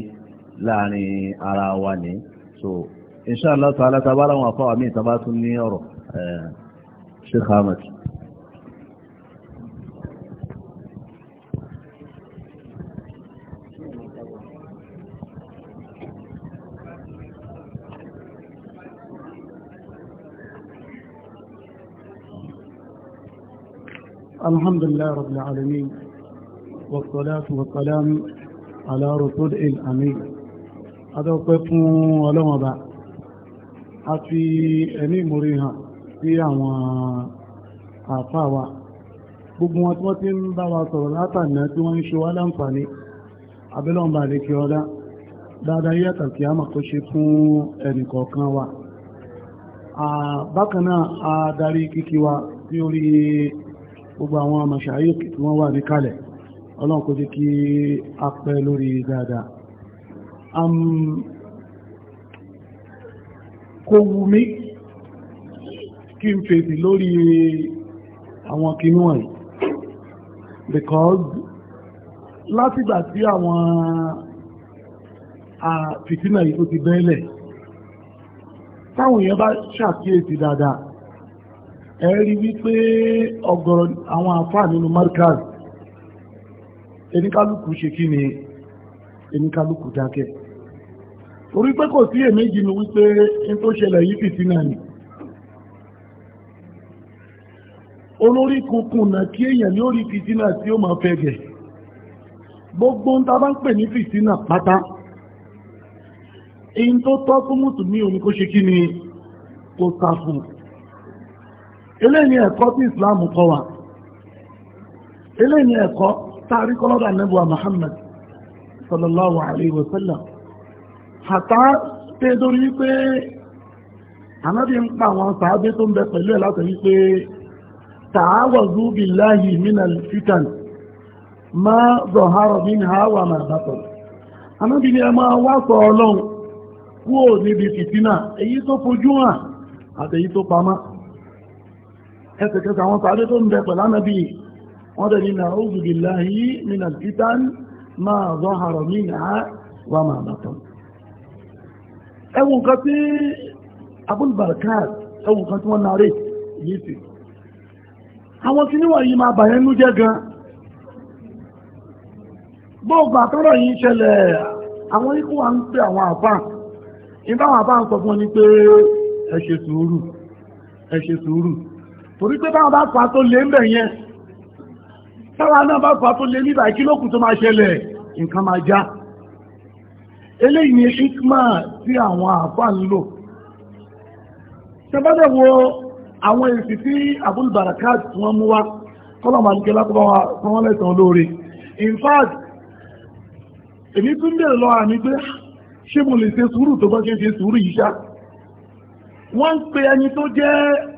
láàrin ara wa ní so inṣàlá tó alátabára wọn afọ àmì ìtàbá tún ní ọ̀rọ̀ ṣe eh, kàmàtì. الحمد لله رب العالمين والصلاة والسلام على رسول الأمين هذا قفن ولو بعد àti ẹ̀mí ìmòrí hàn sí àwọn àfáà wa gbogbo wọn tí wọ́n ti ń bá wa sọ̀rọ̀ látàná tí wọ́n ń ṣe wá láǹfààní abẹ́lọ́mbà lè ọlá dáadáa yẹ́ kàkí àmà tó ṣe fún ẹnì kọ̀ọ̀kan wa bákan náà a kíkí wa sí orí gbogbo àwọn àmàṣàyè tí wọ́n wà ní kalẹ̀ ọlọ́run kó jẹ́ kí a pẹ́ lórí dáadáa kò wù mí kí n fèsì lórí àwọn kìnnú ẹ̀ because látìgbà tí àwọn fìtínà yìí tó ti bẹ́ẹ̀lẹ̀ táwọn èèyàn bá ṣàkíyèsí dáadáa ẹ̀rí wípé ọ̀gọ̀rọ̀ àwọn àfáà nínú markaz eníkálùkù ṣe kí ni eníkálùkù dákẹ́ orí pé kò sí èméjì ni wípé n tó ṣẹlẹ̀ yìí fìtí náà ni olórí náà kí èèyàn ní orí tí ó gbogbo ń ta ń pè ní fìtínà pátá èyí tó tọ́ fún òní kó ṣe kí eléyìí ẹ̀kọ́ tí islam kọ́ wa eléyìí ẹ̀kọ́ tààrí kọ́lọ́dà nẹ́bùwà muhammad sallallahu alayhi wa sallam hàtà pé dórí pé anábì ń pa àwọn sàábé tó ń bẹ pẹ̀lú ẹ̀ látọ̀ wípé ta'awazu billahi minal fitan ma zahara minha wa ma batan anábì ni ẹ máa wá sọ ọlọ́run kúrò níbi fìtínà èyí tó fojú hàn àtèyí tó pamọ́ ẹsẹ̀kẹsẹ̀ àwọn sáré tó ń bẹ pẹ̀lú ànábì wọ́n dẹ̀ ní na'udhu billahi minal fitan ma zahara minha wa ma batan ẹwùn kan tí Abul Barakat ẹwùn kan tí wọ́n náà rẹ̀ yìí sí àwọn tí níwọ̀n yìí máa bàyẹ̀ nú jẹ́ torí pé báwọn bá fà tó lé ń bẹ̀ yẹn táwa náà bá fà tó lé níbà kí ló kù tó máa ṣẹlẹ̀ nǹkan máa já eléyìí ni hikma tí àwọn àfà ń lò ṣẹbọ́dẹ̀ wo àwọn èsì tí Abul Barakat wọn mú wá kọ́lọ̀ máa ń kẹ́ lápá wọn lẹ́sàn lóore in fact èmi tún bèèrè lọ àmì pé ṣé mo lè ṣe sùúrù tó bá ṣe ṣe sùúrù yìí ṣá wọ́n ń pe ẹni tó jẹ́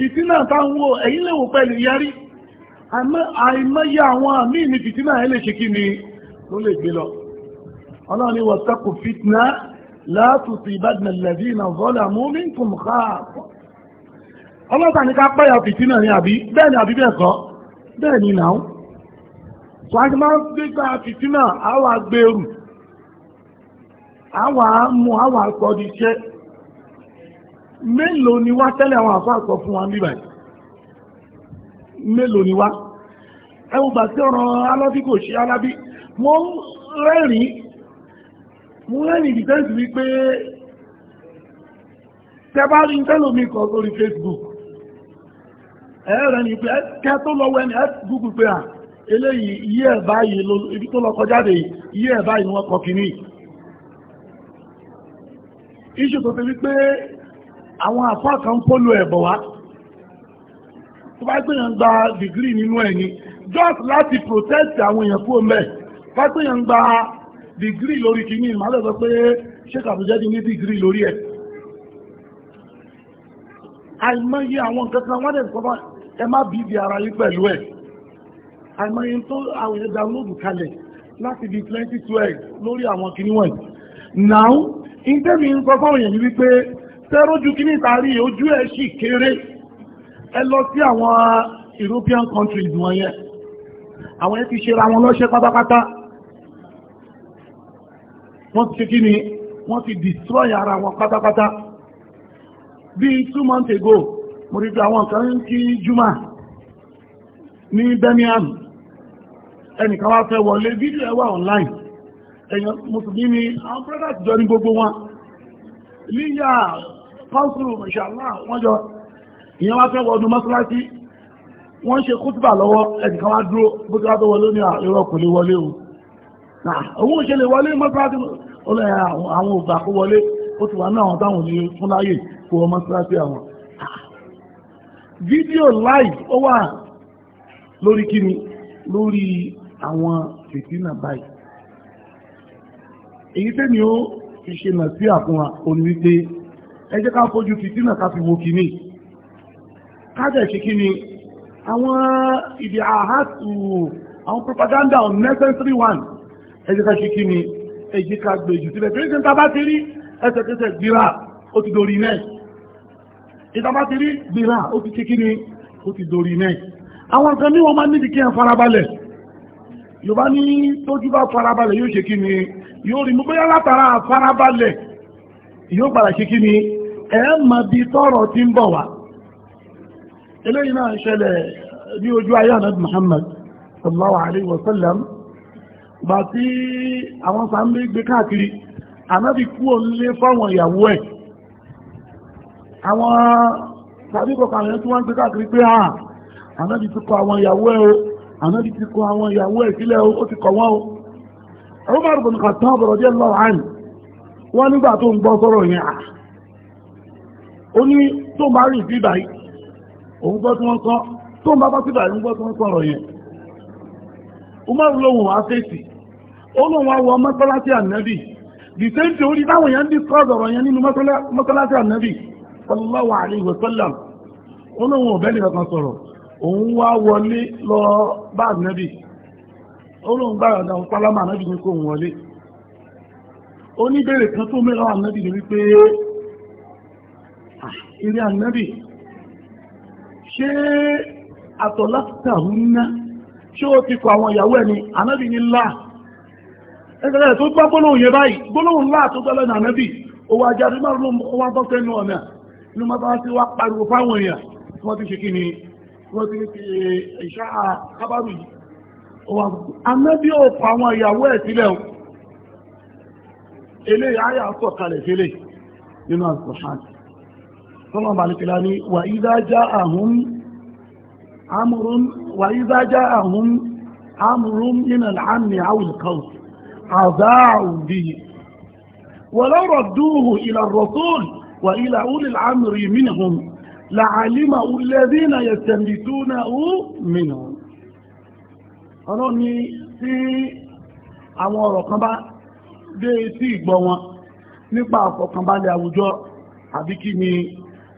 fìtínà táwọn ẹ̀yìn lè wò pẹ̀lú yarí àìmọ́yà àwọn àmì ní fìtínà ẹ̀ lè ṣe kí ni ló lè gbé lọ ọlọ́run ni wọ̀tẹ́kù fìtínà látùsí ìbádìnà lẹ́bí ìnà vọ́là mú ní kùn káàkọ́ ọlọ́ta ní ká pẹ́yà fìtínà ní àbí bẹ́ẹ̀ mélòó ni wá tẹ́lẹ̀ àwọn àfáà sọ fún wa níbàá mélòó ni wá ẹwù bà sí ọ̀rọ̀ alábí kò ṣe alábí mo ń rẹ́rìn mo rẹ́rìn dìtẹ́sì wípé tẹbárí tẹ́lómi kan sórí Facebook ẹ̀rẹ́ ni pé kẹ́ tó lọ wẹ́ni Google pé à eléyìí yí ẹ̀ báyìí ibi tó lọ kọjáde yí ẹ̀ báyìí wọ́n kọ kìíní iṣu ti wípé àwọn àfáà kan pólò ẹ̀bọ̀ wá tó bá gbé yàn gba dìgírì nínú ẹ̀yìn just láti protest àwọn èèyàn kúrò mẹ́ bá gbé yàn gba dìgírì lórí kìíní ìmọ̀lẹ́ sọ pé sheikh abdulhadi ní dìgírì lórí ẹ̀ àìmọye àwọn nǹkan kan wọ́n dẹ̀ sọ fún ẹ má bí ibi ara yín pẹ̀lú ẹ̀ àìmọye tó àwọn èèyàn dáwọ́lódù kalẹ̀ láti di twenty twelve lórí àwọn kìíní wọ̀nyí now in tẹ́mi ń sọ fáwọn èèyàn wípé tẹ́rójú kí ní ìtàrí ojú ẹ̀ sì kéré ẹ lọ sí àwọn European countries wọ̀nyẹn àwọn ẹ ti ṣera wọn lọ́ṣẹ́ pátápátá wọ́n ti kí ni wọ́n ti destroy ara wọn pátápátá bí two months ago mo rí pé àwọn kan kí juma ní birmingham ẹnìkan wá fẹ́ wọlé fídíò ẹwà online èèyàn mùsùlùmí ni àwọn brothers jọ ní gbogbo wọn níyà kọ́nsùlù ìṣàlá wọ́n jọ ìyẹn wá fẹ́ wọ́dún mọ́sálásí wọ́n ń ṣe kútùbà lọ́wọ́ ẹnìkan wá dúró bó wọlé ní ah, ah, àwọn ògbà kó wọlé ó ti live ó wà lórí kíni lórí àwọn fìtínà báyìí èyí tẹ́ni ó fi ṣe nà sí àfún wa oníwípé ẹ jẹ́ ká fojú fìtínà ká fi wo kìíní kájẹ̀ ṣe kí ni àwọn ìdí àhátù àwọn propaganda on necessary one ẹ jẹ́ ká ṣe kí ni ẹ jẹ́ ká gbé jù sílẹ̀ kí ní ta bá ti rí ẹsẹ̀kẹsẹ̀ gbéra ó ti dorí náà ìta bá ti rí gbéra ó ti ṣe kí ni ó ti dorí náà àwọn kan ní wọ́n máa níbi kí ẹ farabalẹ̀ yorùbá ní tójú bá farabalẹ̀ yóò ṣe kí ni yóò rí mú bóyá látara farabalẹ̀ yóò gbàrà ṣe kí ni ẹ mọ̀ bí tọ́rọ̀ tí ń bọ̀ wá eléyìí náà ṣẹlẹ̀ ní ojú ayé ànábì Muhammad sallallahu alaihi wasallam bá tí àwọn sàmì gbé káàkiri ànábì kú òlé fáwọn ìyàwó ẹ̀ àwọn tàbí kọ̀ọ̀kan àwọn tí wọ́n ń gbé káàkiri pé à ah, ànábì ti kọ àwọn ìyàwó ẹ̀ o ànábì ti kọ àwọn ìyàwó ẹ̀ sílẹ̀ o ó ti kọ̀ wọ́n o Umar bin Khattab radiyallahu anhu wọ́n nígbà tó ń gbọ́ sọ́rọ̀ yẹn à ah, ó ní tó bá rí sí ìbáyìí òun gbọ́ tí wọ́n kọ́ tó bá bá sí ìbáyìí gbọ́ tí wọ́n sọ̀rọ̀ yẹn ó má lóhun wá ó lóhun mọ́sálásí the same thing ó rí báwọn yẹn ń yẹn nínú mọ́sálásí wa ó lóhun ọ̀bẹ́ nìkan sọ̀rọ̀ òun wá wọlé lọ bá ànábì ó lóhun bá àdá òun pálámà ní kó òun wọlé ó ní bèrè kan tó mẹ́rọ ní eré ànábì ṣé àtọ̀láfíkà ń ná ṣé ó ti kọ àwọn ìyàwó ẹni ànábì ní ńlá ẹgbẹ̀rẹ̀ tó gbá gbólóhùn yẹn báyìí gbólóhùn ńlá tó gbá lẹ́nu ànábì ó wá jáde máa ló wá bọ́ sẹ́nu ọ̀nà inú máa bá sí wá pariwo fáwọn èèyàn tí wọ́n ti sọ́nà màlìkìlá ní wà ìdájá àhún amúrún wà ìdájá àhún amúrún nínú àmì àwùlkọ́ù àdáàwù bí ولو ردوه إلى الرسول وإلى أولي الأمر منهم لعلمه الذين يستنبتونه منهم ọ̀rọ̀ ni tí àwọn ọ̀rọ̀ kan bá dé etí ìgbọ́ wọn nípa àwùjọ àbí ni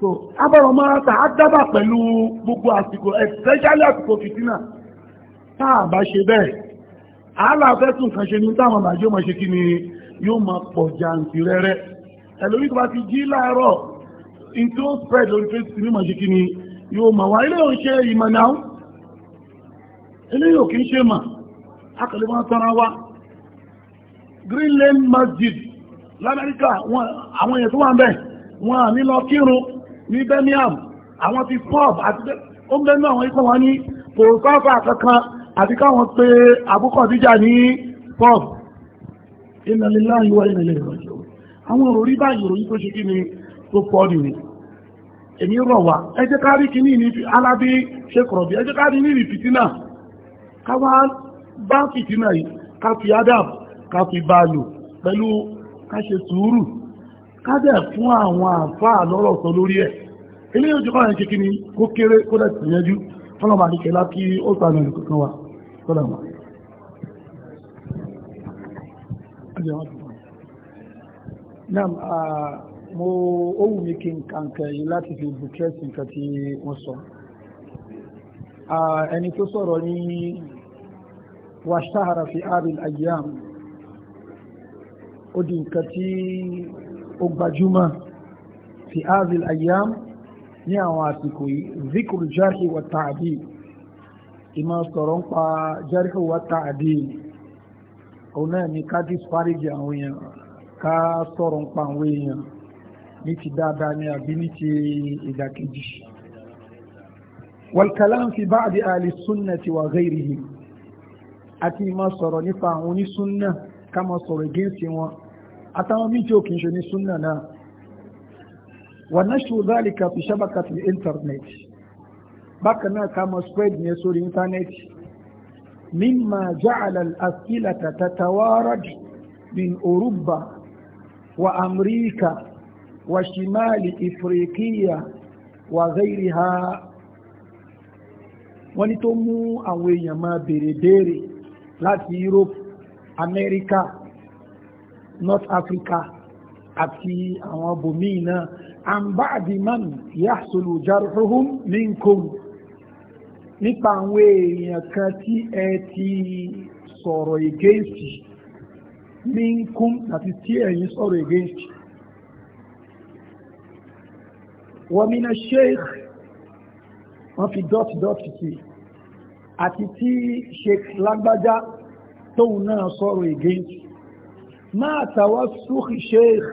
so abọ́rọ̀ máa ta á pẹ̀lú gbogbo àsìkò especially àsìkò fìtínà táà bá ṣe bẹ́ẹ̀ aláfẹ́sùn kan ṣe ní táwọn àjọ máa ṣe kí ni yóò máa pọ̀ jàǹtì rẹ́rẹ́ ẹ̀lórí tó ti jí láàárọ̀ tí ó spread lórí facebook ní máa ṣe kí ni yóò ma wá ilé òun ìmọ̀ náà ilé yóò kí ń ṣe mà akọ̀lẹ́ wọn tọ́ra wá greenland Masjid l'Amẹ́ríkà àwọn èèyàn ní birmingham àwọn ti pub àti ó ń bẹ́nu àwọn ikọ̀ wọn ní kò sọ́fà kankan àti káwọn pé àbúkọ̀ díjà ní pub inna lillahi wa inna ilaihi raji'un àwọn òrí báyìí ni tó pọ̀ nìyí èmi rọ̀ wá ẹ jẹ́ ká rí kíní ní alábí ṣe kọ̀rọ̀bí ẹ jẹ́ ká rí nínú fìtínà ká wá bá fún àwọn àfáà lọ́rọ̀ sọ lórí ẹ̀ ilé yóò jùkọ́ àyíkí kíní kó kéré kó dẹ̀ tìyànjú fọ́nàmà àdíkẹ́ láti ó sàmì ẹ̀rù kankan wa fọ́nàmà nam mo owu mi kí n kànkà yìí láti fi bùkẹ́sì nǹkan tí wọ́n sọ ẹni tó sọ̀rọ̀ ní wàṣáhara fi àrùn ayyam ó di nǹkan tí ó gbajúmọ̀ fi àrùn ayyam ní àwọn àsìkò yìí zikru jarhi wa ta'dil ìmọ̀ sọ̀rọ̀ ń pa jarhi wa ta'dil òun náà ni ká disparage àwọn èèyàn ká sọ̀rọ̀ ń pa àwọn èèyàn ní ti dáadáa ní àbí ní ti ìdàkejì. wal kalam fi ba'di ahli sunnati wa ghayrihim àti ìmọ̀ sọ̀rọ̀ nípa àwọn onísúnnà ká mọ̀ sọ̀rọ̀ against wọn àtàwọn méjì òkè ń ṣe onísúnnà náà. ونشر ذلك في شبكة الإنترنت بكنا كما سبيد يسور الإنترنت مما جعل الأسئلة تتوارد من أوروبا وأمريكا وشمال إفريقيا وغيرها ونتمو ní tó mú àwọn èèyàn أمريكا، béèrè béèrè láti Europe America North an ba'di man yahsulu jarhuhum minkum nípa àwọn èèyàn kan tí ẹ ti sọ̀rọ̀ against minkum àti tí ẹ̀yin sọ̀rọ̀ against wa mina sheikh wọ́n fi dọ́tì dọ́tì sí àti tí sheikh lágbájá tóun náà sọ̀rọ̀ against máa tàwa sùkì sheikh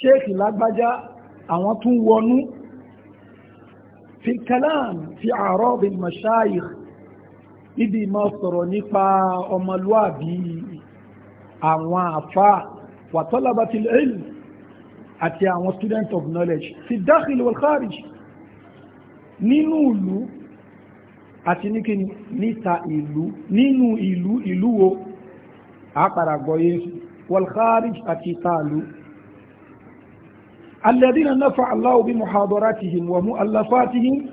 ṣéèkì lágbájá àwọn tún wọnú fi kalam fi a'rad al-mashayikh níbi ìmọ̀ sọ̀rọ̀ nípa ọmọlúàbí àwọn àfa wa talabatil ilm àti àwọn student of knowledge fi dakhil wal kharij nínú ìlú àti ní kíni níta ìlú nínú ìlú ìlú wo àpàràgbọ́yé wal kharij àti ìta ìlú alladhina nafa'a Allahu bi muhadaratihim wa mu'allafatihim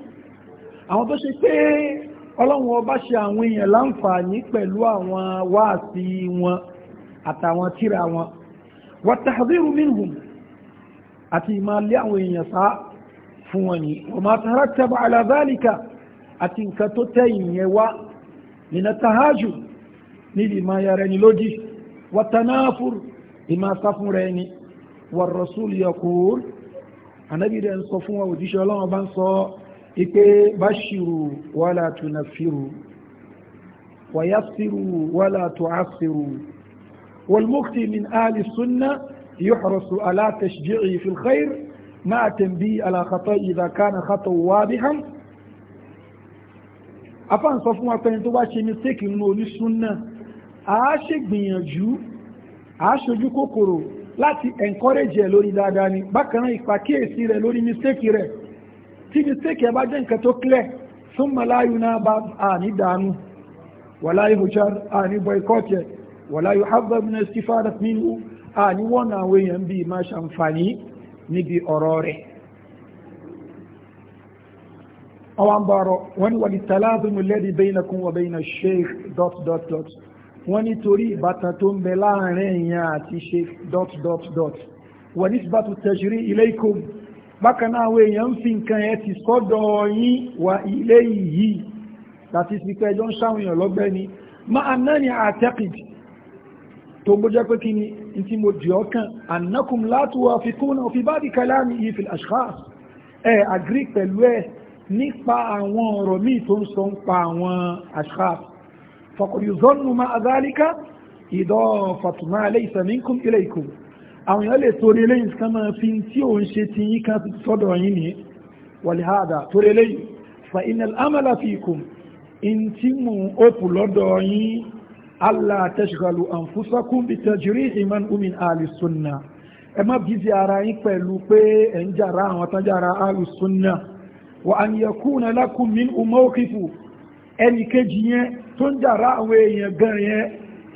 àwọn tó ṣe pé ọlọ́run ọba ṣe àwọn èèyàn láǹfààní pẹ̀lú àwọn wáàsí wọn àtàwọn tíra wọn wa tahdhiru minhum àti ìmàlẹ́ àwọn èèyàn sá fún wọn ni wa ma tarattaba ala dhalika àti nǹkan tó tẹ̀yìn yẹn wá nínú tahajù níbi ìmọ̀ ayára ẹni lódì wa tanafur ìmọ̀ asáfúnra ẹni. والرسول يقول النبي ده صفوا وديش الله بان صو ipe bashiru wala tunafiru ويسروا ولا تعسروا والمفتي من اهل السنه يحرص على تشجيعه في الخير مع تنبيه على خطأ إذا كان خطأ واضحا afáàn sọ fún wa pé ẹni tó bá ṣe mistake nínú onísúnà a ṣe gbìyànjú a ṣojú kòkòrò láti encourage ẹ̀ lórí dáadáa ni bákan ìpàkíyèsí rẹ̀ lórí mistake rẹ̀ tí mistake ẹ̀ bá jẹ́ nǹkan tó clear fún malayu náà bá àní dànù wàláyé hujjar àní boycott ẹ̀ wàláyé habab ní istifada minhu àní wọ́n náà wé yẹn bí máa ṣàǹfààní níbi ọ̀rọ̀ rẹ̀ àwọn bọ̀rọ̀ wọ́n ni wà ní tàlázùmù lẹ́dí bainakum wa bayna sheikh dot dot dot wọ́n nítorí ìbátan tó ń bẹ láàrin èèyàn àti ṣe dot dot dot wọ́n ní síbátú tẹ̀sírí ilé ikó bákan náà àwọn èèyàn ń fi nǹkan ẹ̀ ti sọ́dọ̀ yín wà ilé yìí láti fi pé ẹjọ́ ń sáwọn èèyàn lọ́gbẹ́ ni máa náà ni àtẹ́kìdì tó ń bójá pé kí ni tí mo dì ọ́kàn annakum látúwà fi kún náà fi bá di kalami yìí fil ashkhas ẹ agri pẹ̀lú ẹ nípa àwọn ọ̀rọ̀ míì tó ń sọ ń pa àwọn ashkhas فقد يظن مع ذلك إضافة ما ليس منكم إليكم أو يلي توريلين كما فينتي ونشتي كانت تصدعيني ولهذا توريلين فإن الأمل فيكم إنتم أوبو لدعين ألا تشغلوا أنفسكم بتجريح من من آل السنة أما بيزي أرائك بلوبي إن جرى آل السنة وأن يكون لكم من موقف أن كجيه tó ń jàrá àwọn èèyàn gan yẹn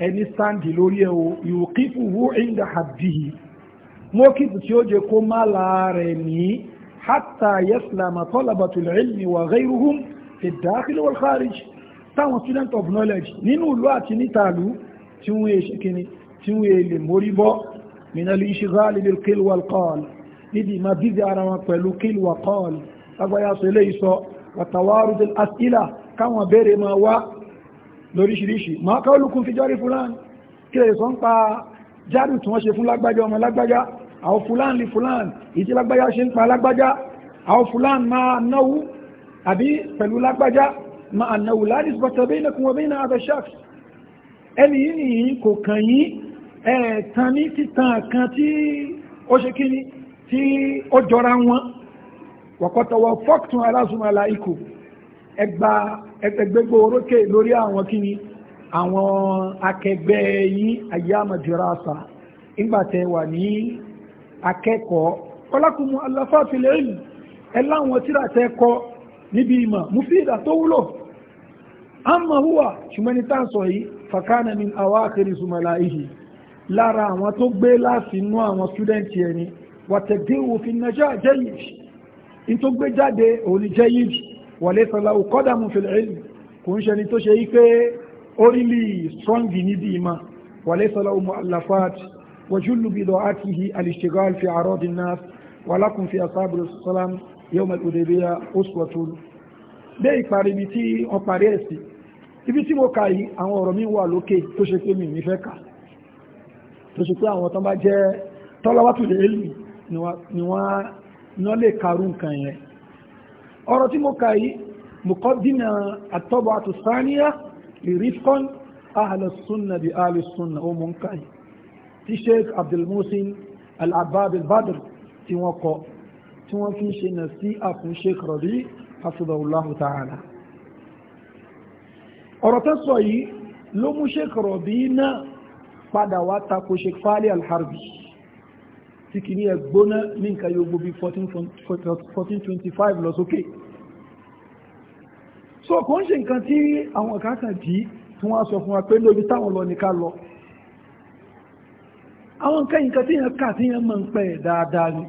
ẹni sáǹdì lórí ẹ̀ o ìwò kífù wú ìndà àbíyí wọ́n kífù tí ó jẹ kó má láàrẹ̀ ní hátà yẹ́sìlámà tọ́làbàtùlẹ̀ ilmi wà gairuhum fi dákìlì táwọn student of knowledge nínú ìlú àti nítàlú tí wọ́n èṣe kìíní tí wọ́n èlè mórí bọ́ minal ishghali bil qil wal qal níbi ìmá bízi ara wọn pẹ̀lú qil wal qal ilé ìsọ wàtàwárù del káwọn béèrè máa wá lóríṣiríṣi ma qawlukum fi jari fulan kí lè ń pa járù tí wọ́n ṣe fún lágbájá ọmọ lágbájá àwọn fulan li fulan ìtí lágbájá ṣe ń pa lágbájá àwọn fulan ma náwó àbí pẹ̀lú lágbájá ma náwó la nisbata bainakum wa baina hadha shakhs ẹni yìí nìyí kò kàn yín ẹ̀ẹ̀tàn ní títàn kan tí ó ṣe ẹgbà ẹgbẹ́gbẹ́ orókè lórí àwọn kíni àwọn akẹgbẹ́ yín ayyámàdìrásà ìgbàtẹ̀ wà ní akẹ́kọ̀ọ́ ọlákùnmù aláfáàfilẹ̀ ìlú ẹláwọn tíràtẹ́ kọ níbi ìmọ̀ mufida tó wúlò amma huwa ṣùgbọ́n tá sọ yìí fakana min awakiri sumala ihi lára àwọn tó gbé láti inú àwọn stúdẹ̀ntì ẹni wàtẹ̀dẹ́wò fi nàjá jẹ́yìí in tó gbé jáde òní jẹ́yìí وليس له قدم في العلم كون شني تو شيء كي أولي strong نبي ما وليس له مؤلفات وجل بضاعته الاشتغال في أعراض الناس ولكم في أصحاب السلام يوم الأدبية أسوة dé ìparí ibi tí wọ́n parí ẹ̀ sí ibi tí mo kà yìí àwọn ọ̀rọ̀ mi wà lókè tó ṣe pé ní fẹ́ lè lù ni wọ́n yẹn ọ̀rọ̀ tí mo kà yìí mùkọ́dínà àtọ́bọ̀ àtùsáníyà ìrífkọ́n ahàlùsúnnà bí ahàlùsúnnà ó mú ń kà yìí tí sheikh abdulmusin al-ababil badr tí wọ́n kọ tí wọ́n fi ń ṣe nà sí àfún sheikh rọ̀bí afudawulahu tí kì ní ẹgbóná ní nǹkan yóò gbóbi 1425 lọ sókè so kò ń ṣe nǹkan tí àwọn àkàkà jí tí wọ́n sọ fún wa pé lóbi táwọn lọ ní ká lọ àwọn nǹkan nǹkan tí yẹn kà tí yẹn mọ̀ ń pẹ́ dáadáa ni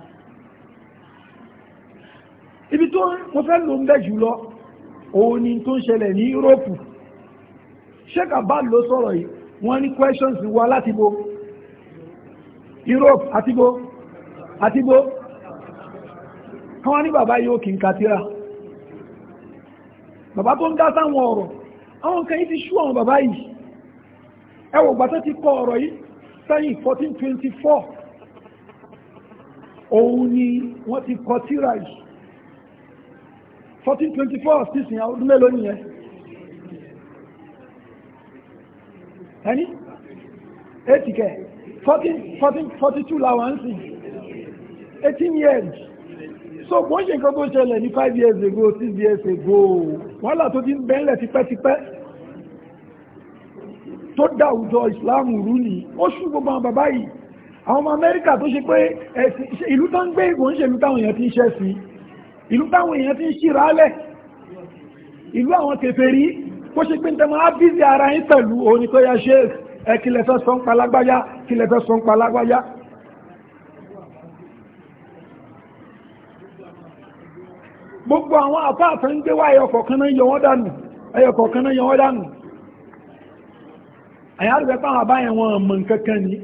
ibi tó mo fẹ́ lò ń bẹ̀ jùlọ òun ni tó ń ṣẹlẹ̀ ní Yúróòpù Sheikh Abbad ló sọ̀rọ̀ yìí wọ́n ní questions wá láti bo Europe àti bo àti bó káwọn ní bàbá yóò kí n ka tíra bàbá tó ń dá sáwọn ọ̀rọ̀ àwọn kan yìí ti ṣú àwọn bàbá yìí ẹ wò gbàtọ́ ti kọ ọ̀rọ̀ yìí sẹ́yìn 1424 òun ni wọ́n ti kọ tíra yìí 1424 sísìn ọdún mélòó nìyẹn ẹni 8 kẹ 1442 làwọn ń sìn eighteen years so kò ń ṣe nǹkan tó ṣẹlẹ̀ ní five years ago six years ago wàhálà tó ti ń bẹ́ńlẹ̀ tipẹ́tipẹ́ tó dá àwùjọ ìsìláàmù rú ni ó ṣú gbogbo àwọn bàbá yìí àwọn ọmọ amẹ́ríkà tó ṣe pé ìlú tó ń gbé ìgbò ń ṣe ìlú táwọn èèyàn ti ń ṣẹ́ sí ìlú táwọn èèyàn ti ń ṣíra álẹ̀ ìlú àwọn kèfèrí kó ṣe pé ń tẹmọ ábízi ara yín pẹ̀lú òní tó yá ṣe ẹkìlẹ̀fẹ́ sọ́npa lágbájá kìlẹ̀fẹ́ sọ́npa lágbájá gbogbo àwọn àfáàfẹ́ ń gbé wá ẹyọkọ̀ọ̀kan náà yọ wọ́n dànù ẹyọkọ̀ọ̀kan náà yọ wọ́n dànù àyà rẹ̀ pàwọn àbáyẹ̀ wọn mọ̀ nǹkankan ní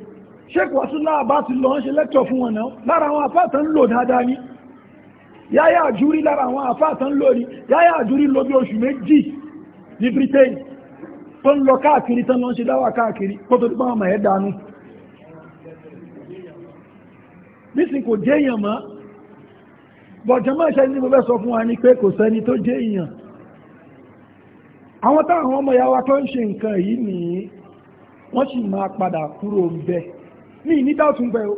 ṣékù ọ̀súnlá àbá ti lọ ń ṣe lẹ́tọ̀ fún wọn náà lára àwọn àfáàtà ń lò dáadáa ní yáyà àjúrí lára àwọn àfáàtà ń lò rí yáyà àjúrí lóbi oṣù méjì ní Britain tó ń lọ káàkiri tán lọ ń ṣe dáwà káàkiri kó tó dípá wọn bọ̀jọ́ máa ṣe ní mo fẹ́ sọ fún wa ni pé kò sẹ́ni tó jẹ́ èèyàn àwọn táwọn ọmọ ìyá wa tó ń ṣe nǹkan yìí nìyí wọ́n sì máa padà kúrò ń ní ìnídà tún bẹ o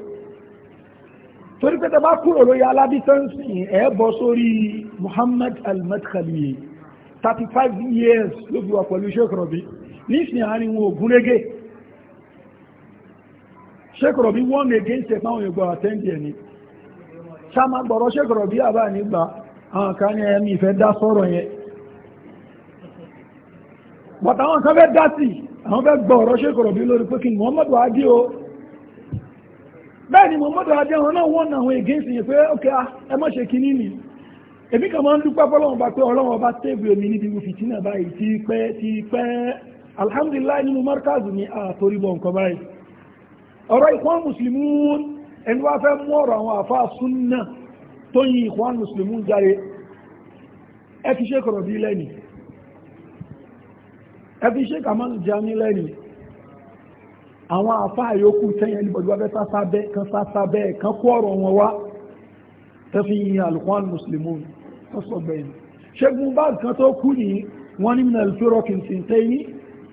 torí pé tẹ́bá kúrò lórí aládìsẹ́ǹsì ẹ̀ sórí Muhammad al-Madkhali thirty five years ló fi wà pẹ̀lú Sheikh Rabi nísìnyí àárín wọn ògún régé Sheikh Rabi wọ́n mi against ẹ̀ àtẹ́ǹdì ẹ̀ ni. sáàmà gbọ̀rọ̀ ṣẹ́kọ̀rọ̀ bí àbá nígbà àwọn kan ní ẹni ìfẹ́ dá sọ́rọ̀ yẹn bọ̀tà àwọn kan fẹ́ dá sí àwọn fẹ́ gbọ̀rọ̀ ṣẹ́kọ̀rọ̀ bí lórí pé Muhammadu bẹ́ẹ̀ ni Muhammadu adé wọn náà wọ́n ah, ni bọ̀ nǹkan báyìí ọ̀rọ̀ ẹni wá fẹ́ mú ọ̀rọ̀ àwọn àfáà súnnà tó yin ìkwán mùsùlùmí járe ẹ fi ṣe kọ̀rọ̀ bí lẹ́ni ẹ fi ṣe kàmánù jami lẹ́ni àwọn àfáà yòókù tẹ́yìn ẹni bọ̀dúwá fẹ́ sásábẹ́ kan sásábẹ́ kan kó ọ̀rọ̀ wọn wá tẹ́ fi yin àlùkwán mùsùlùmí tó sọ gbẹ̀yìn ṣẹ́gun bá nǹkan tó kú ní wọ́n ní minna ìfẹ́rọ̀ kì tẹ́ yín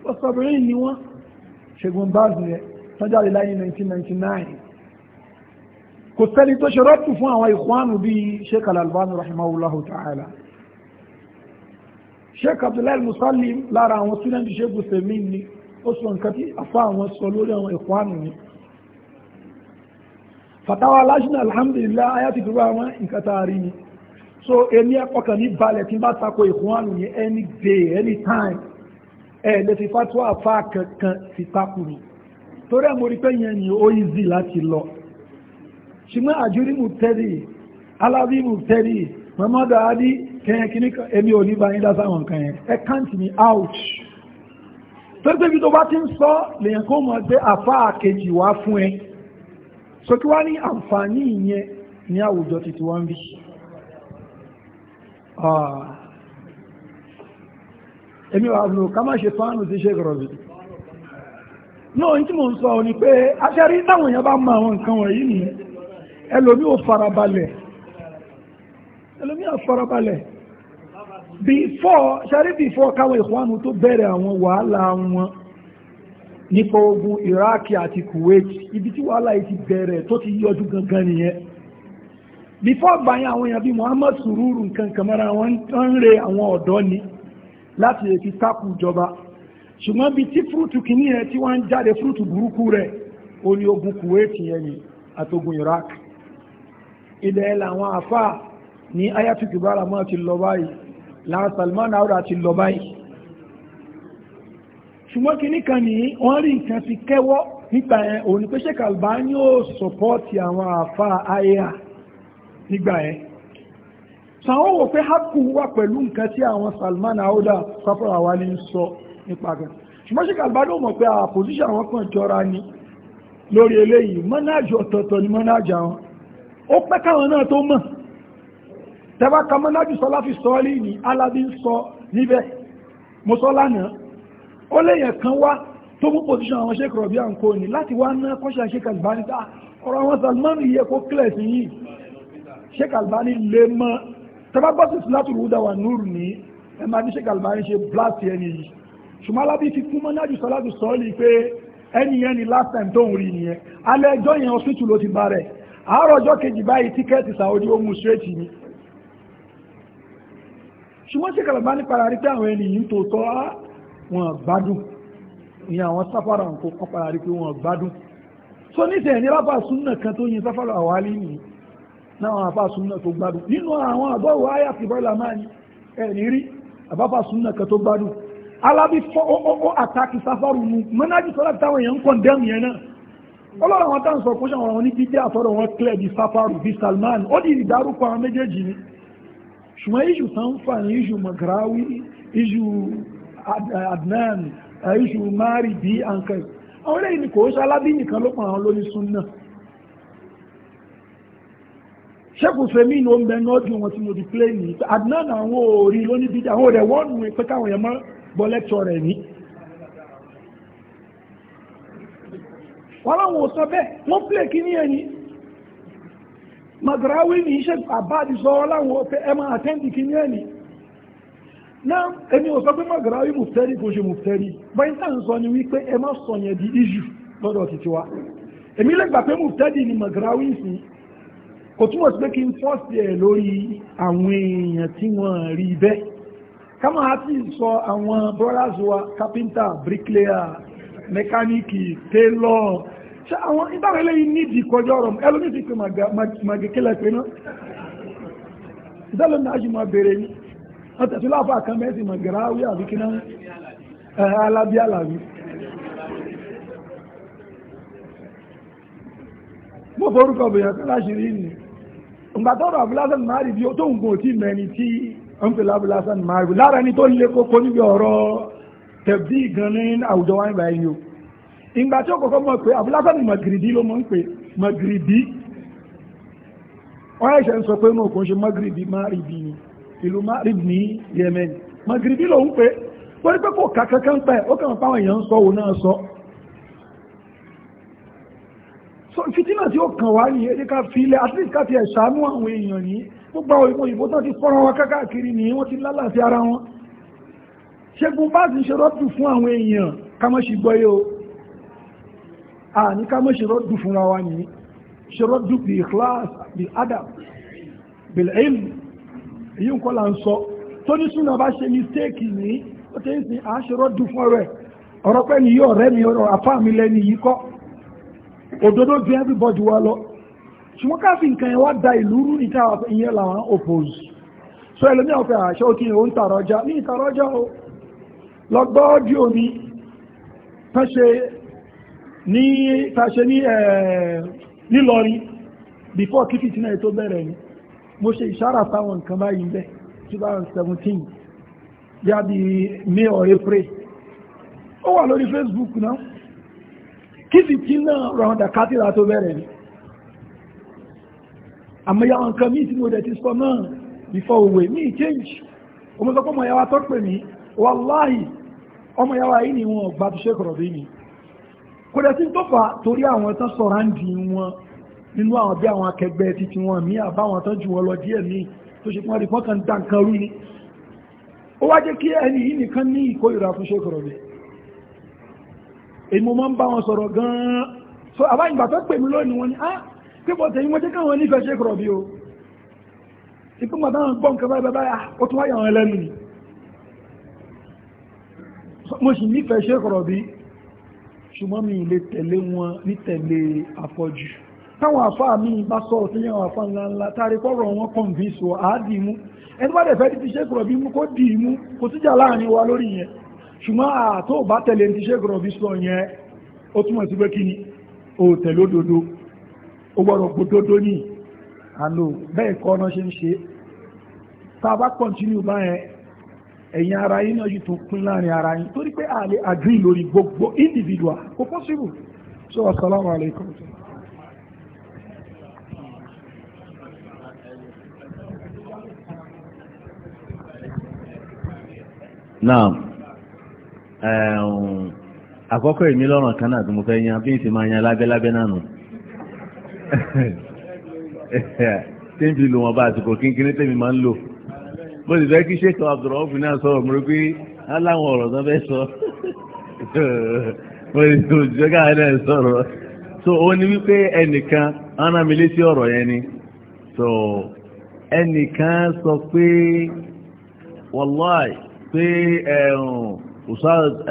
wọ́n sọ bẹ̀rẹ̀ ni wọ́n ṣẹ́gun bá nìyẹn tọ́jáde láyé 1999 kò sẹ́ni tó ṣe rọ́pù fún àwọn ìkwánu bíi sheikh al-albani rahimahullahu ta'ala sheikh abdullahi musallim lára àwọn sílẹ̀ndì sheikh usaimin ni ó sọ nǹkan tí afọ àwọn sọ lórí àwọn ìkwánu ni fatawa lajina alhamdulillah aya ti dúró àwọn nǹkan tá a rí ni so èmi ọkàn ní balẹ̀ tí bá tako ìkwánu ni any day any time ẹ̀ lè fi fatwa afá kankan fi takùrù torí àmọ́ rí pé yẹn ni ó easy láti lọ shi ma a jiri mubtadi alabi mubtadi mamadu adi kẹyẹ kìíní èmi ò ní báyìí lásàwọn kan yẹn ẹ káǹtì ní ouch tẹ́tẹ́bí tó bá ti ń sọ lèyàn kó mọ̀ pé àfáà kejì wá fún ẹ so kí wá ní àǹfààní ìyẹn ní àwùjọ títí wọ́n bí ah. èmi wà lò ká má ṣe fánù tí ṣe gọ̀rọ̀bì náà ní tí mò ń sọ ní pé aṣẹ́rí táwọn èèyàn bá mọ àwọn nǹkan wọ̀nyí nìyẹn ẹlòmí ò farabalẹ̀ ẹlòmí ò farabalẹ̀ before sáré before káwọn ìkwánu tó bẹ̀rẹ̀ àwọn wàhálà wọn nípa ogun Iraq àti Kuwait ibi tí wàhálà yìí ti bẹ̀rẹ̀ tó ti yọjú gangan nìyẹn before gbàyàn àwọn èèyàn bíi Muhammad Sururu nǹkan kàmẹ́rà wọn ń re àwọn ọ̀dọ́ ni láti lè fi tákù ìjọba ṣùgbọ́n bí tí fúrútù kìíní yẹn tí wọ́n ń jáde fúrútù burúkú rẹ̀ ó ní ogun Kuwait yẹn ni àtogun Iraq ilẹ̀ ẹ̀ làwọn àfà ní ayatu kibara mọ́ ti lọ báyìí la Salman Aura ti lọ báyìí ṣùgbọ́n kìíní kan ní wọ́n rí nǹkan ti kẹ́wọ́ nípa ẹ̀ òun ni pé Sheikh Albani àwọn àfà àyà nígbà ẹ̀ sàwọn wò pé hapu wà pẹ̀lú nǹkan tí àwọn Salman Aura sáfọ́ra wa ní sọ nípa rẹ̀ ṣùgbọ́n Sheikh Albani ó mọ̀ pé àpòsíṣà wọn kàn jọra ni lórí eléyìí mọ́nájì ọ̀tọ̀ọ̀tọ̀ ni mọ́nájì àwọn ó pẹ́ káwọn náà tó mọ̀ tẹ́wà kamanaju sọlá fi sọ rí ní alábí ń sọ níbẹ̀ mo sọ lánàá ó léyàn kan wá tó mú pòsíṣàn àwọn ṣe kọ̀rọ̀bí à ń kó ní láti wá ná kọ́ṣẹ́ ṣe kàlùbáni tá ọ̀rọ̀ àwọn Salman yẹ kó kílẹ̀ sí yìí ṣe kàlùbáni lè mọ́ tẹ́wà gbọ́ sí sílátù rúdà wà núrù ní ẹ máa ní ṣe kàlùbáni ṣe bláàsì ẹni yìí ṣùgbọ́n alábí fi kún mọ́nájú sọlá fi sọ rí pé ẹni yẹn ni last time tó ń rí nìyẹn alẹ́ ẹjọ́ yẹn hospital ló ti bá rẹ̀ àárọ̀ ọjọ́ kejì báyìí tíkẹ́ẹ̀tì Saudi ó mú ṣéètì ni ṣùgbọ́n ṣe kàlàbá ní para rí pé àwọn ènìyàn tó tọ́ wọn gbádùn ní àwọn sáfàrà nǹkan kan para rí pé wọn gbádùn so ní ìsẹ̀yìn rábà súnà kan tó yin sáfàrà àwálí nìyí náwọn àbá súnà tó gbádùn nínú àwọn àbọ̀wò ayà ti bọ́ọ̀lá máa ní ẹ̀ní rí àbábà ọlọ́run wọn tán sọ fún ṣe àwọn oníbídé àtọ́rọ̀ wọn clear di safaru di salman ó di ìdárúkọ àwọn méjèèjì ni ṣùgbọ́n iṣu sanfa ni iṣu magrawi iṣu adnan eh, iṣu mari bí ankan àwọn eléyìí ni kò ṣe alábí nìkan ló pọn àwọn lórí sunna ṣẹ́kù fèmí ni ó ń bẹ ní ọdún wọn tí mo di play ní adnan àwọn òòrí lónìí bídé àwọn òòrẹ̀ wọ́n nù pé káwọn yẹn mọ́ gbọ́ lẹ́kṣọ̀ rẹ̀ ní wọ́n láwọn ò sọ bẹ́ẹ̀ wọ́n pè kí ní ẹ̀yìn magrawi ní iṣẹ́ àbáàdì sọ wọ́n láwọn ọ̀fẹ́ ẹ máa àtẹ́ǹdì kí ní ẹ̀yìn náà ẹni ò sọ pé magrawi mùfẹ́rí kò ṣe mùfẹ́rí báyìí tá à ń sọ di iṣu lọ́dọ̀ títí wa èmi lè gbà pé ni magrawi sí kò túmọ̀ sí pé kí n fọ́ọ̀sì ẹ̀ lórí àwọn brothers wa carpenter bricklayer mẹkáníìkì tailor ṣe àwọn ìbárẹ̀lẹ̀ yìí nídìí kọjọ ọ̀rọ̀ ẹlòmí ti fi màgẹ̀kẹ́lẹ̀ pé náà ìdálò náà ṣe máa bèèrè ní wọ́n tẹ̀sí láàfà kan mẹ́sì màgẹ̀ráwí àbí kí náà alábí àlàbí mo forúkọ bèèyàn kan láṣì rí ni ìgbà tọ́rọ abúlásán márì bí ó tó ń tẹ̀bí gan àwùjọ wáyé báyìí ìgbà tí ó kọ́kọ́ mọ̀ pé àfúlásánì magiridi ló mọ̀ ń pè magiridi wọ́n ẹ̀ṣẹ̀ ń sọ pé náà kò ṣe magiridi máàrìbì ni ìlú máàrìbì ní Yemen magiridi ló ń pè wọ́n pẹ́ kò kàkankan pẹ́ ó kàn fáwọn èèyàn ń sọ òun náà sọ so fìtínà tí ó kàn wá ní èdè ká filẹ̀ at least ká ti ẹ̀ṣánú àwọn èèyàn ní gbogbo àwọn ìmọ̀ ìbò tó ti fọ́nrán wọn kákàkiri ní wọ́n ti lálàáfíà ara wọn ṣẹ́gun bá ti ṣe rọ́pù fún àwọn èèyàn ká ṣì gbọ́yé o àní ká mọ́ ṣe rọ́dù fúnra wa nìyí ṣe rọ́dù bí ikhlas bí adab bil ilm èyí ń kọ́ là ń sọ tó ní súnà bá ṣe mistake ní ó tẹ́ ń sin à ṣe rọ́dù fún ọ̀rẹ́ ọ̀rọ̀ pẹ́ ni yóò rẹ́ mi ọ̀rọ̀ àfá mi lẹ́ni yìí kọ́ òdodo ju everybody wa lọ ṣùgbọ́n káfí nǹkan ẹ̀ wá da ìlú rú níta ìyẹn làwọn oppose so ẹlòmí ọ̀fẹ́ àṣẹ òkè òun tààrọ̀ ọjà ní ìtààrọ̀ ọjà o lọ́gbọ́ ọdí omi tán ṣe ní tàṣẹ ní nílọrin before kí fìtínà ètò bẹ̀rẹ̀ ni mo ṣe ìṣára fáwọn nǹkan báyìí bẹ́ 2017 yá bí may or april ó wà lórí facebook náà kí fìtínà rọ̀hùndà kátìlá tó bẹ̀rẹ̀ ni àmọ́yá nǹkan míì tí mo dẹ̀ ti sọ náà before òwe míì change ọmọ sọ pé ọmọ yàwá tó pè mí wàláhì ọmọ yàwá yìí ni wọn gbàtúṣe kọ̀rọ̀ bí mi kò dẹ̀ sí tó fà torí àwọn tán sọ̀rọ̀ ń di wọn nínú àwọn bí àwọn akẹgbẹ́ títí wọn mí àbáwọn tán jù wọn lọ díẹ̀ míì tó ṣe pọ́n rí kan dá nǹkan rú ni ó wá jẹ́ kí ẹni yìí nìkan ní ìkórìíra fún ṣe so àbá ìgbà tó pè mí lónìí ah pé bọ̀ tẹ̀yìn wọ́n jẹ́ o ìpín mọ̀ táwọn gbọ́ nǹkan báyìí báyìí ah, ó tún wáyà wọn ṣùgbọ́n mi lè tẹ̀lé wọn ní tẹ̀lé àfọ́jù táwọn àfá mi bá sọ̀rọ̀ tó yẹn àwọn àfá ńlá ńlá tàrí pọ́rọ̀ wọn convince wọ àádìí mú ẹni bá dẹ̀ fẹ́ ti ṣe kúrọ̀ bí mú kó dì mú kò síjà láàrin wa lórí yẹn ṣùgbọ́n àtó bá tẹ̀lé ti ṣe kúrọ̀ sọ yẹn ó túmọ̀ sí pé kí ni ó tẹ̀lé òdodo ó gbọ́dọ̀ gbódódó ní àlò bẹ́ẹ̀ kọ́ ọ́nà ṣe ń ṣe tá a bá continue báyẹn ẹ̀yin ara yín náà yìí tún pín láàrin ara yín torí pé a lè agree lórí gbogbo individual kò possible so assalamu alaikum. naam àkọ́kọ́ èmi lọ́rọ̀ kan náà tí mo fẹ́ yan bí n sì máa yan lábẹ́lábẹ́ náà nù tí *laughs* n fi lò wọn bá àsìkò kínkínní tèmi máa ń lò. mo sì fẹ́ kí sèkò abdulrahman náà sọ̀rọ̀ mo pé aláwọn ọ̀rọ̀ tán fẹ́ sọ mo sì tó jẹ́gà náà sọ̀rọ̀ so ó ní wípé ẹnìkan mi létí ọ̀rọ̀ yẹn ni so ẹnìkan sọ pé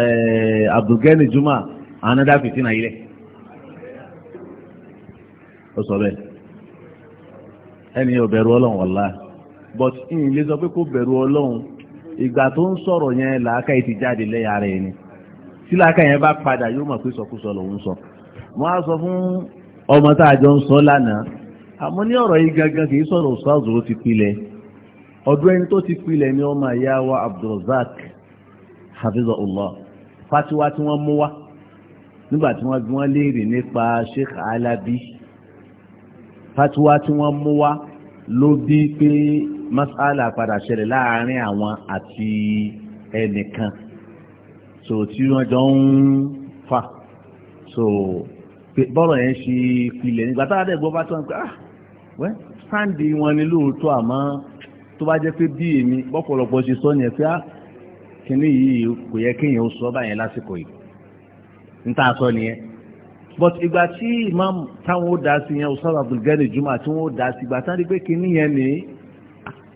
eh, eh, juma anada ilẹ̀ ó sọ bẹ́ẹ̀ ẹni but ìyìn lè sọ pé kó bẹ̀rù ọlọ́run ìgbà tó ń sọ̀rọ̀ yẹn làákà ti jáde lẹ́yà rẹ̀ ni tí làákà yẹn bá padà yóò mọ̀ pé sọkúsọ lòun sọ mo á sọ fún ọmọ tá a ń sọ lánàá àmọ́ ní ọ̀rọ̀ yìí gangan kì í sọ̀rọ̀ ṣáàzù ti pilẹ̀ ọdún ẹni tó ti pilẹ̀ ni ọmọ ìyá wa Abdulrazak hafizahullah fatiwa tí wọ́n mú wá nígbà tí wọ́n bí wọ́n léèrè nípa Sheikh Alabi fatiwa tí wọ́n mú wá ló bí pé mas'ala padà ṣẹlẹ̀ láàrin àwọn àti ẹnìkan so tí wọ́n jọ ń fà so bọ́ọ̀rọ̀ yẹn ṣe pilẹ̀ nígbà tá a dẹ̀ gbọ́ bá tó ń ah wẹ́ sáǹdì wọn ni lóòótọ́ àmọ́ tó bá jẹ́ pé bí èmi bọ́pọ̀lọpọ̀ ṣe sọ yẹn pé ah kíní yìí kò yẹ kéèyàn ó sọ báyẹn lásìkò yìí níta sọ nìyẹn but ìgbà tí imam táwọn ó dá sí yẹn ọsàn abdulgani juma tí wọn ó dá sí ìgbà táwọn rí pé kíní yẹn nìyí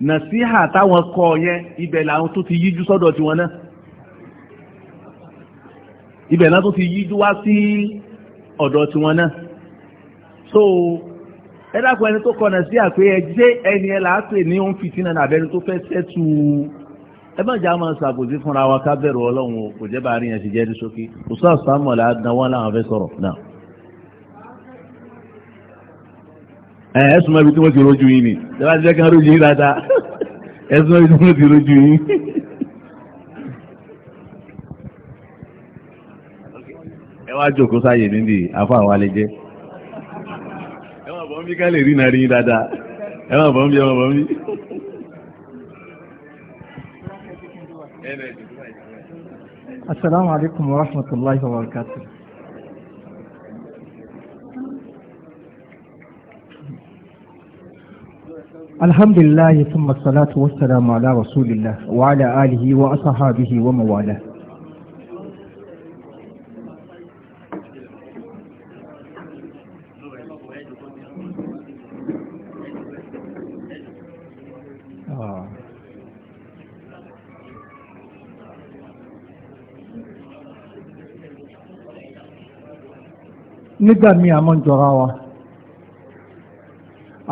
nàṣíhà táwọn kọ yẹn ibẹ̀ làwọn tó ti yíjú sọ́dọ̀ tiwọn náà ibẹ̀ náà tó ti yíjú wá sí ọ̀dọ̀ tiwọn náà so ẹ dákun ẹni tó kọ nàṣíhà pé ẹ jẹ́ ẹni ẹ làápè ní òun fìtínà nàbẹ́ni tó fẹ́ sẹ́tù ẹ má jà máa ṣàkóso fúnra wa ká bẹ̀rù ọlọ́run kò jẹ́ bá a rí yẹn ti jẹ́ ní ṣókí kò sọ àṣàmọ̀lá náà wọn làwọn fẹ́ sọ̀rọ̀ náà. Eh, ẹ̀sùn máa tí wọ́n ti rojú yìí ni tẹ́lá jẹ́ kan rojú yìí dáadáa ẹ̀sùn máa tí wọ́n ti rojú yìí ẹ jòkó sáyè níbi afọ àwọn alẹ́jẹ́ ẹ wọ́n ká lè rí náà rí الحمد لله ثم الصلاة والسلام على رسول الله وعلى آله وأصحابه وموالاه آه. نقدر مي امون máa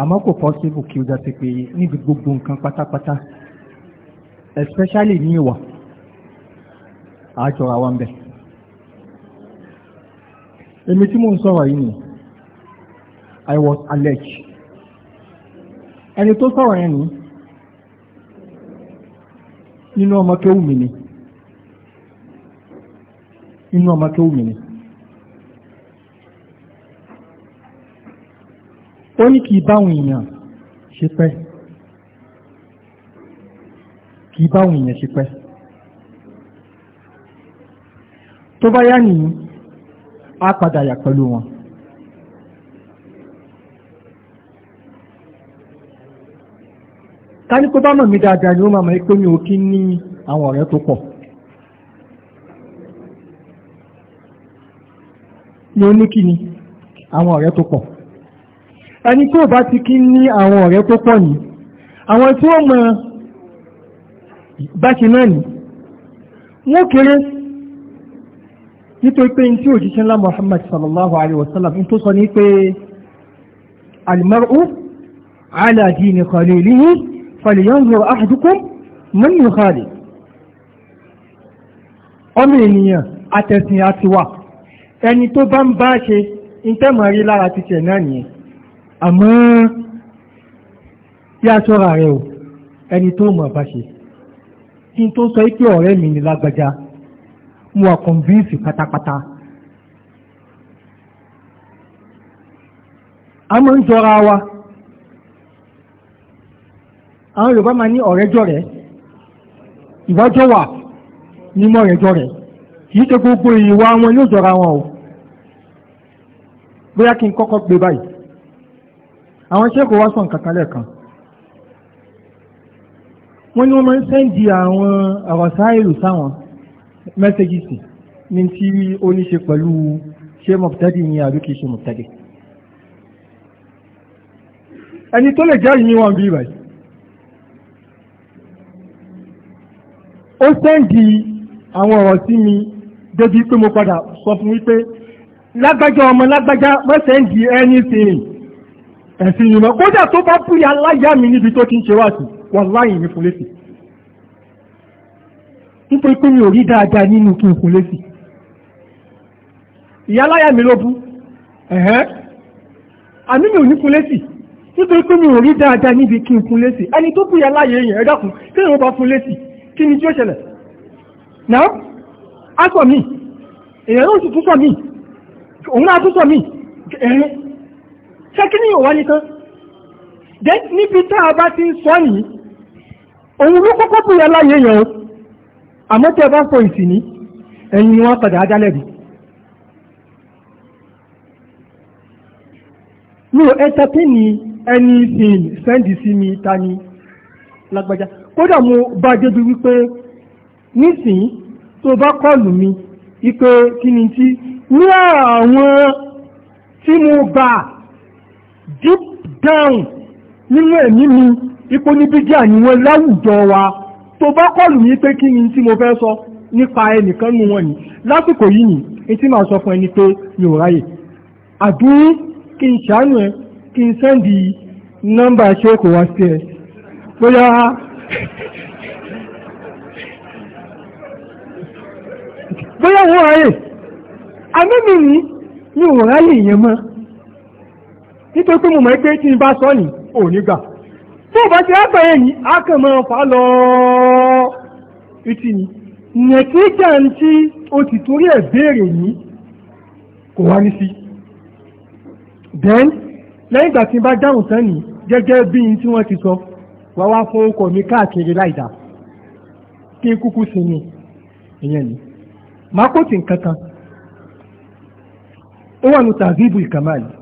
àmọ́ kò pọ́sibù kí o já sí pé níbi gbogbo nǹkan pátápátá especially ní ìwà àjọra wa ń bẹ̀. èmi tí mò ń sọ̀rọ̀ yìí ni I was alleged ẹni tó sọ̀rọ̀ yẹn ni nínú ọmọ kéwù mi ni nínú ọmọ kéwù mi ni. ó ní kì í báwọn èèyàn ṣe pẹ́ kì í báwọn èèyàn ṣe pẹ́ tó bá yá nìyí á padà yà pẹ̀lú wọn. ká ní kó bá mọ̀ mí dáadáa ni ó máa mọ̀ pé mi ò kí ní àwọn ọ̀rẹ́ tó ẹni tí ò bá ti kí ní àwọn ọ̀rẹ́ tó pọ̀ ní àwọn tí ó mọ báṣe náà ní wọ́n kéré nítorí pé tí òjíṣẹ́ ńlá Muhammad sallallahu alayhi wa sallam tó sọ ní pé al-mar'u ala dini khalilihi falyanzur ahadukum man yukhalil ọmọ ènìyàn àtẹ̀sìn àtiwà ẹni tó bá ń bá ṣe ìtẹ́mọ̀ rí lára ti tẹ̀ náà nìyẹn àmọ́ yá sọ́ra rẹ̀ o ẹni tó mọ̀ bá ṣe kí n tó sọ pé ọ̀rẹ́ mi ni lágbájá mo wà kọ̀ǹvíìsì pátápátá a máa ń jọra wa àwọn Yorùbá máa ní ọ̀rẹ́jọ́ rẹ̀ ìwájọ́ wà ní mọ́ ọ̀rẹ́jọ́ rẹ̀ kìí ṣe gbogbo ìwà wọn yóò jọra wọn o bóyá kí n kọ́kọ́ gbé báyìí àwọn ṣẹ́kù wá sàn kankan lẹ́ẹ̀kan wọ́n ní wọ́n máa ń sẹ́ǹdì àwọn àwọ̀sáìlù sáwọn mẹ́sẹ̀gìsì ní tí ó ní ṣe pẹ̀lú ṣé mọ̀tẹ́dì ni àbí kìí ṣe mọ̀tẹ́dì ẹni tó lè jẹ́rìí ní wọn bí báyìí ó sẹ́ǹdì àwọn ọ̀rọ̀ sí mi débi pé mo padà sọ fún wípé lágbájá ọmọ lágbájá mọ́sẹ̀ǹdì anything ẹ̀sìn ìmọ̀ kódà tó bá búyà láyà mi níbi tó ti ń ṣe wáàsí wàláhì ní fún lẹ́sìn nítorí pé mi ò rí dáadáa nínú kí n fún lẹ́sìn ìyá láyà mi ló bú ẹ̀hẹ́n àmì mi ò ní fún lẹ́sìn nítorí pé mi ò rí dáadáa níbi kí n fún lẹ́sìn ẹni tó búyà láyà èèyàn ẹ dákun kí ni wọ́n bá fún kí ni tí ó ṣẹlẹ̀ náà á sọ mí èèyàn náà tún sọ mí òun náà tún sọ mí ṣé kí ni yóò wá ní tán dé níbi tá a bá ti ń sọ yìí òun ló kọ́kọ́ bù yà láyé yẹn o àmọ́ tẹ́ ẹ bá fọ ìsìn ní ẹ̀yìn padà ajálẹ̀ bí. mi ò ẹtẹpínì ẹni sìn sẹ́ndì sí mi ta ni lágbájá kódà mo bá a débi wípé nísìnyí tó bá kọ́ọ̀lù mi wípé kí ni tí ní àwọn tí mo gbà deep down nínú ẹ̀mí mi ipò níbi díà ni wọ́n láwùjọ wa tó bá kọlù yí pé kí ni tí mo fẹ́ sọ nípa ẹnìkan nù wọn ni lásìkò yìí ni etí màá sọ fún ẹni pé mi ò ráyè àdúrí kí n ṣàánú ẹ kí n sẹ́ndì nọ́mbà ṣe kò wá sí ẹ bóyá *laughs* bóyá wọ́n ráyè àmì mi ni mi ò ráyè yẹn mọ́ nítorí pé mo mọ̀ pé tí n bá sọ ní òní gbà tó bá ti rágbà yẹn ní a kàn máa fà lọ etí ni nẹ̀tíjà ń o ti torí ẹ̀ béèrè yìí kò wá ní sí then lẹ́yìn ìgbà tí n bá dáhùn tán ní gẹ́gẹ́ bí n tí wọ́n ti sọ wá wá fún ọkọ̀ mi káàkiri láìdá kí n kúkú sí ni ìyẹn ni máa kó tì nǹkan kan ó wà ní tàbí ìbù ìkàmáàlì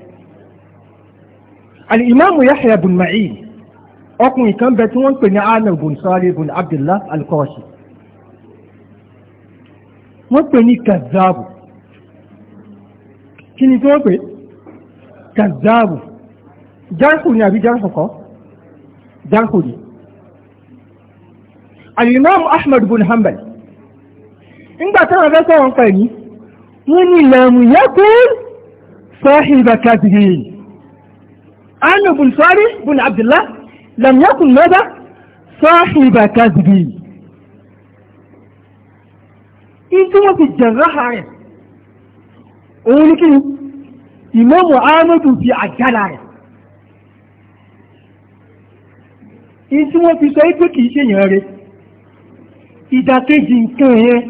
alimami yahya bun ma'in ọkùnrin kan bẹ tí wọ́n ń pè ní alam bun sari bun abdullah alqashi wọ́n pè ní kazabu kí ni tí wọ́n pè kazabu jarhu ni àbí jarhu kọ́ jarhu ni alimami ahmad bun hanbal ńgbà táwọn fẹ́ sọ̀rọ̀ nǹkan yìí wọ́n ní lẹ́mú yẹ́kùn sọ́hìbà kazibin أن بن صاري بن عبد الله لم يكن ماذا صاحب كذب إنتم في الجراحة ولكن إمام عامد في عجلة إنتم في صحيح كي شيء ìdàkejì nǹkan yẹn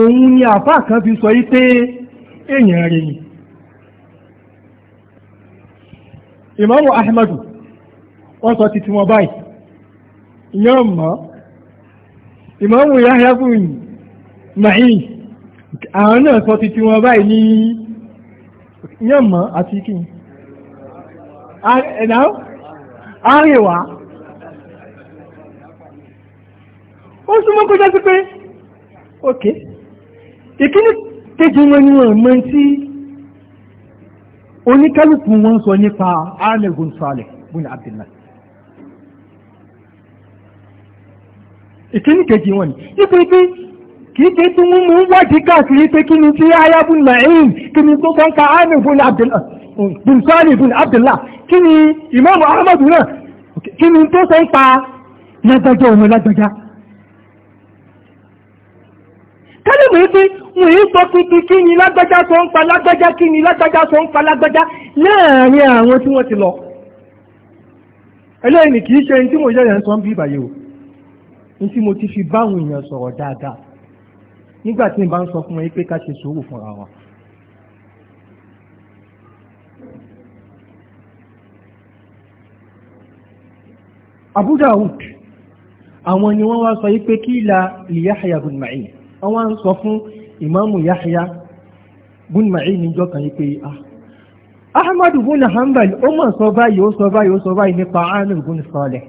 òun ni àfáà kan fi sọ yí pé èèyàn Imamu ahmadu wọ́n sọ titi wọn báyìí ìyẹn mọ́ ìmáàmù yahya bin ma'in àwọn náà sọ titi wọn báyìí ní ìyẹn mọ́ àti kí ẹ̀dá àríwá ó súnmọ́ kó sí pé òkè ìkíní kejì wọn ni wọn mọ tí oníkálùkù wọn sọ nípa ahmed gonsaleh bùnà abdullahi ìkíní kejì wọn ni nítorí pé kìí ṣe tí wọn mú un wádìí káàkiri pé kí ni tí ayabu na'im kí ni tó kàn ká ahmed gonsaleh bùnà abdullahi kí ni imam náà kí tó sọ ń pa lágbájá òun lágbájá kálẹ̀mù yìí pé wọ́n yìí sọ pípín kí ni lágbájá sọ ń pa lágbájá kí ni lágbájá sọ ń pa lágbájá láàárín àwọn tí wọ́n ti lọ. eléyìí ni kì í ṣe ní tí mo yẹ̀yẹ̀ ń sọ ń bí ìbàyẹ̀ o ní tí mo ti fi báwọn èèyàn sọ̀rọ̀ dáadáa nígbà tí n bá ń sọ fún wọn yìí pé ká ṣe sùúrù fúnra wa. Abu Dawud àwọn ni wọ́n wá sọ yìí pé kí la Yahya ibn àwọn à ń sọ fún ìmáàmù Yahya bùn Ma'in níjọ́ kan yìí pé ah Ahmadu bùn Hanbal ó mọ̀ sọ báyìí ó sọ báyìí ó sọ báyìí nípa Amir bùn Saleh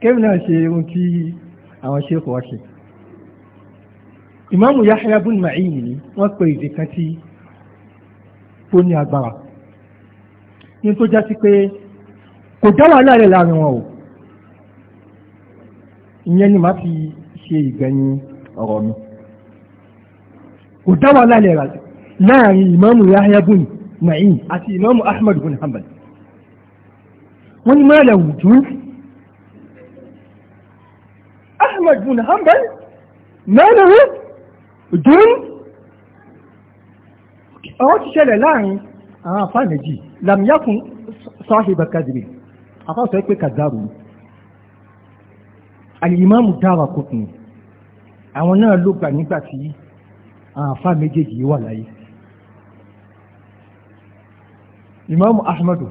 kẹ́mi náà ṣe ohun tí àwọn ṣéèkù wá ṣe ìmáàmù Yahya bùn Ma'in ni wọ́n pe ìdè kan tí tó ní agbára ní tó já sí pé kò dá wàhálà rẹ̀ láàrin wọn o ìyẹn ni màá fi ṣe ìgbẹ̀yìn ọ̀rọ̀ mi kò dá wà lálẹ́ rà láàrin ìmáàmù Yahya bùn Ma'in àti ìmáàmù Ahmad bùn Hanbal wọ́n ní mọ́lẹ̀ wùjú Ahmad bùn Hanbal mọ́lẹ̀ wùjú àwọn ti ṣẹlẹ̀ láàrin àwọn afá méjì làmìyàkùn sọ́ọ́hìbà kadìrì afá sọ pé kàdàrú al-Imam Daraqutni àwọn náà ló gbà nígbà tí àǹfà méjèèjì wà láyé Imam Ahmadu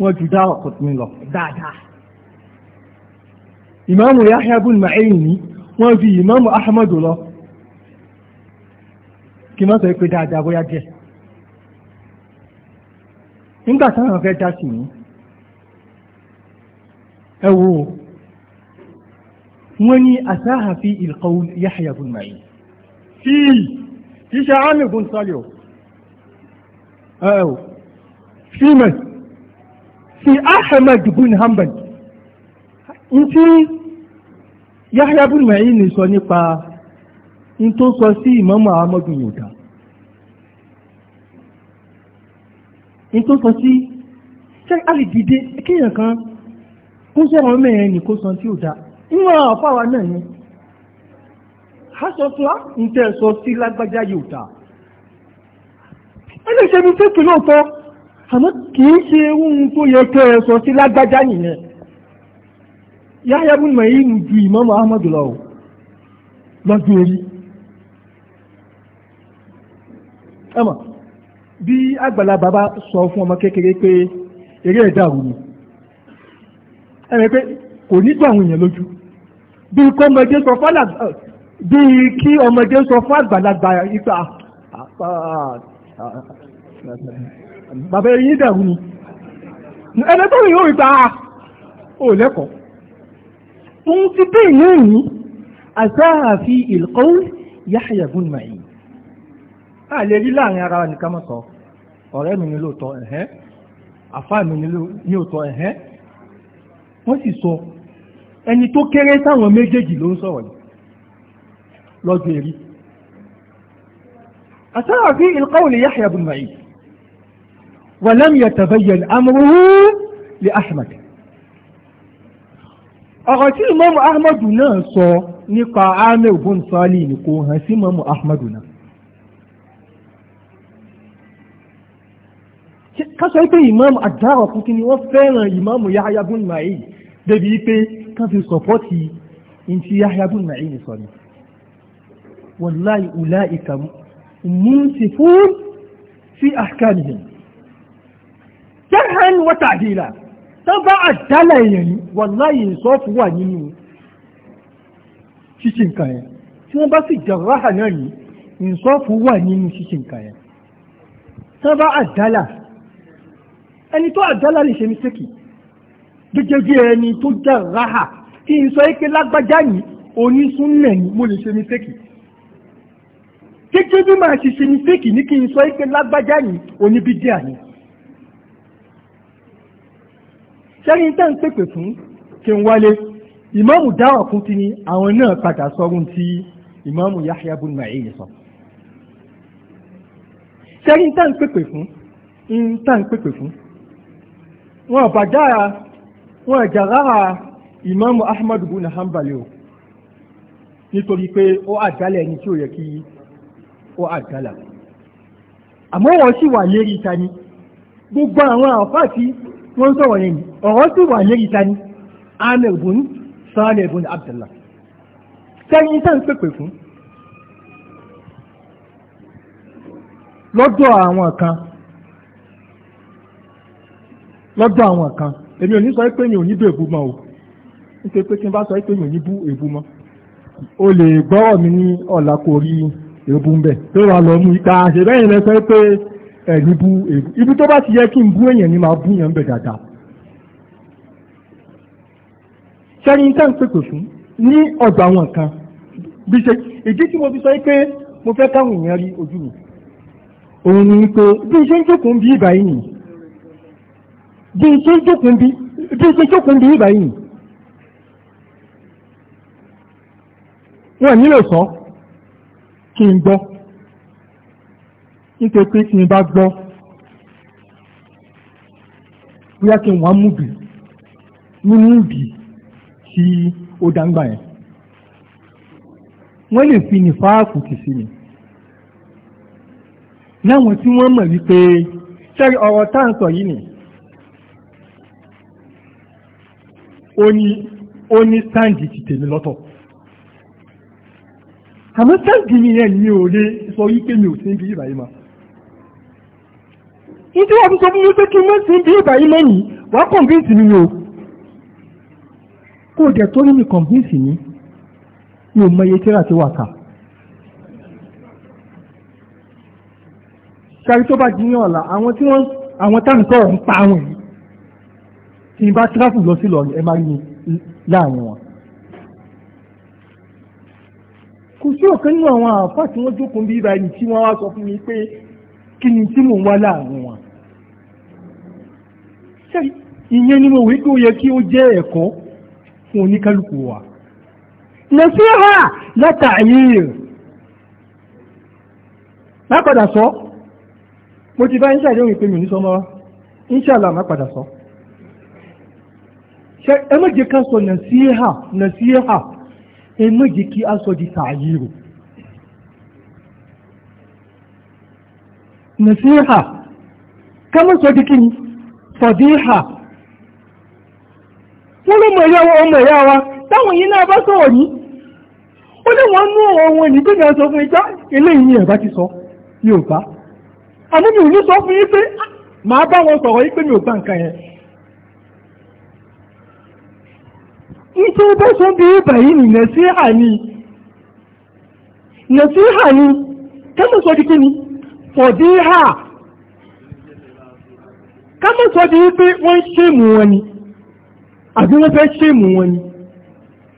wọ́n ju dáwà kùtùmí lọ dáadáa Imam Yahya bin Ma'in ni wọ́n ju Imam Ahmadu lọ kí má sọ pé dáadáa bóyá díẹ̀ nígbà táwọn fẹ́ dá sí ní ẹ wo wọ́n ní asáhà fi ìlkọ́wù Yahya bùn Ma'in fi kì í ṣe àmì bùn sálẹ̀ o fíìmẹ̀ fi Ahmad bùn Hanbal ntí Yahya bùn Ma'in ní sọ nípa ntó sọ sí ìmọ̀mọ̀ Ahmadu Yorùbá ntó sọ sí ṣé alìdìde kéèyàn kan kó sọ̀rọ̀ mẹ́rin ní kó sọ tí ò dáa níwọ̀n àfáwà náà ni aṣọ́fúlá ń tẹ́ sọ sí lágbájá yóò ta ẹlẹ́ṣẹ́ mi fẹ́kì lóòótọ́ àmọ́ kì í ṣe ohun tó yẹ kẹ́ ẹ sọ sí lágbájá nìyẹn Yahya ibn Ma'in ju Imam Ahmad lọ o lọ́jọ́ orí ẹmọ̀ bí àgbàlagbà bá sọ fún ọmọ kékeré pé eré ẹ̀dá òun ni ẹ̀rẹ́ pé kò ní gbà àwọn èèyàn lójú bí kó ọmọdé sọ fọ́lá bí kí ọmọdé sọ fún àgbàlagbà ipa ah, ah, ah, bàbá yìí dẹ̀rù ni ẹni tó yìí ó rí gbàá ó lẹ́kọ̀ọ́ òun ti bí ìyẹ́yìn àzáàfi ìlkọ́wù Yahya bun Ma'in a lè rí láàrin ara wa nìkan mọ́ sọ ọ̀rẹ́ mi ni lóòótọ́ ẹ̀hẹ́ àfáà mi ni lóòótọ́ ẹ̀hẹ́ wọ́n sì sọ ẹni tó kéré sáwọn méjèèjì ló ń sọ̀rọ̀ lọ́jọ́ èrí أثار في القول يحيى بن معين ولم يتبين أمره لأحمد ọ̀rọ̀ tí ìmọ̀mù ahmadu náà sọ nípa ahmed bin sali ni kò hàn sí ìmọ̀mù ahmadu náà. kásọ̀ pé ìmọ̀mù àdáwọ̀ kúkú ni wọ́n fẹ́ràn ìmọ̀mù yahya bin ma'in débi pé kán fi sọ̀pọ́tì ntí Yahya bin Ma'in sọ ni wallahi ulaika munsifun fi ahkamihim jarhan wa ta'dila tó bá àdálà èèyàn ni wallahi ìsọ́fù wà nínú ṣíṣe nǹkan yẹn tí wọ́n bá sì jarraha náà ni ìsọ́fù wà nínú ṣíṣe nǹkan yẹn tó bá àdálà ẹni tó àdálà lè ṣe mistake gẹ́gẹ́ bí ẹni tó já ráhà kí n sọ ike lágbájá yìí onísúnnà ni mo lè ṣe mistake gẹ́gẹ́ bí màá ṣe ṣe mistake ní kí n sọ ike lágbájá yìí oníbídíà ni sẹ́yìn tá ń pèpè fún kí n wálé ìmáàmù dáwà kún ti ní àwọn náà padà sọ́run tí ìmáàmù Yahya bun Ma'in sọ. sẹ́yìn tá ń pèpè fún ń tá ń pèpè fún wọn bàjá wọn àjàrà ìmáàmù ahmad bin hanbali o nítorí pé ó àjálẹ̀ ẹni tí ó yẹ kí ó àjálà àmọ́ wọ́n sì wà lérí ta ni gbogbo àwọn àfáà tí wọ́n sọ̀rọ̀ yẹn ni ọ̀rọ̀ sì wà lérí ta ni amir bin sani bin abdullah sẹ́yìn tá ń pèpè fún lọ́dọ̀ àwọn kan lọ́dọ̀ àwọn kan èmi ò ní sọ pé mi ò ní bú èbú mọ́ o nítorí pé kí n bá sọ pé mi ò ní bú èbú mọ́ o lè gbọ́rọ̀ mi ní ọ̀la kò rí èbú ń bẹ̀ tó wà lọ mú ìta àṣẹ bẹ́ẹ̀ yẹn lẹ sọ pé ẹ̀yin bú èbú ibi tó bá ti yẹ kí n bú èèyàn ni màá bú yẹn ń bẹ̀ dáadáa sẹ́yìn tá ń pèpè fún ní ọ̀dọ̀ àwọn kan bí ṣe ìdí tí mo fi sọ pé mo fẹ́ káwọn èèyàn rí ojú mi òun ni pé bí iṣẹ́ ń jókòó ń bí ìbáyìí nìyí bí n ṣe jókòó bí bí n ṣe jókòó bí ìgbà yìí wọn nílò sọ kí n gbọ́ nítorí pé kí n bá gbọ́ bóyá kí n wá mú bì nínú ìbì tí ó dáńgbà yẹn wọ́n lè fi ní fáàkù tì sí ni láwọn tí wọ́n mọ̀ wípé ṣé ọ̀rọ̀ tá yìí nìyí. ó ní ó ní sáǹdì ti tèmi lọ́tọ̀ àmọ́ sáǹdì mi yẹn mi ò lè sọ wípé mi ò sí bí ìbàyí ma ní tí wọ́n fi sọ fún mi pé kí n má sí bí ìbàyí mọ́ nìí wàá kọ̀ǹbíǹsì mi o kó o dẹ̀ tó ní mi kọ̀ǹbíǹsì mi mi ò mọ iye tíra ti wà ká ṣáà tó bá di ní ọ̀la àwọn tí wọ́n àwọn táǹkọ̀ ń pa àwọn yìí tí n bá tíráfù lọ sí lọ ẹ máa rí mi láàrin wọn. kò sí ọ̀kan nínú àwọn àáfàá tí wọ́n jókòó bí ibà yìí tí wọ́n wá sọ fún mi pé kí ni tí mò ń wá láàrin wọn. sẹ́yìn ìyẹn ni mo wí pé ó yẹ kí ó jẹ́ ẹ̀kọ́ fún oníkálukú wa. nàṣíhà látàyè má padà sọ mo ti bá ń ṣàdéhùn ìpè mi ní sọmọ ń ṣàlà má padà sọ. ẹ má jẹ́ ká sọ nàṣíhà nàṣíhà ẹ má jẹ́ kí a sọ di tààyèrò nàṣíhà ká má sọ di kí ni fọ̀díhà wọ́n ló wa ọmọ ẹ̀yà wa táwọn yìí náà bá sọ̀rọ̀ yìí ó ní wọ́n mú ohun ìdígbà sọ fún ìjá ah, eléyìí ẹ̀bá ti sọ yóò bá àmúbi ò ní sọ fún yí pé ah, màá bá wọn sọrọ iṣẹ́ bó ṣe ń bí ibà yìí ni nàṣíhà ni nàṣíhà ni kẹ́mọ̀ sọ di kíni fọ̀díhà kẹ́mọ̀ sọ di wípé wọ́n ń ṣèmù wọn ni àbí wọ́n fẹ́ ṣèmù wọn ni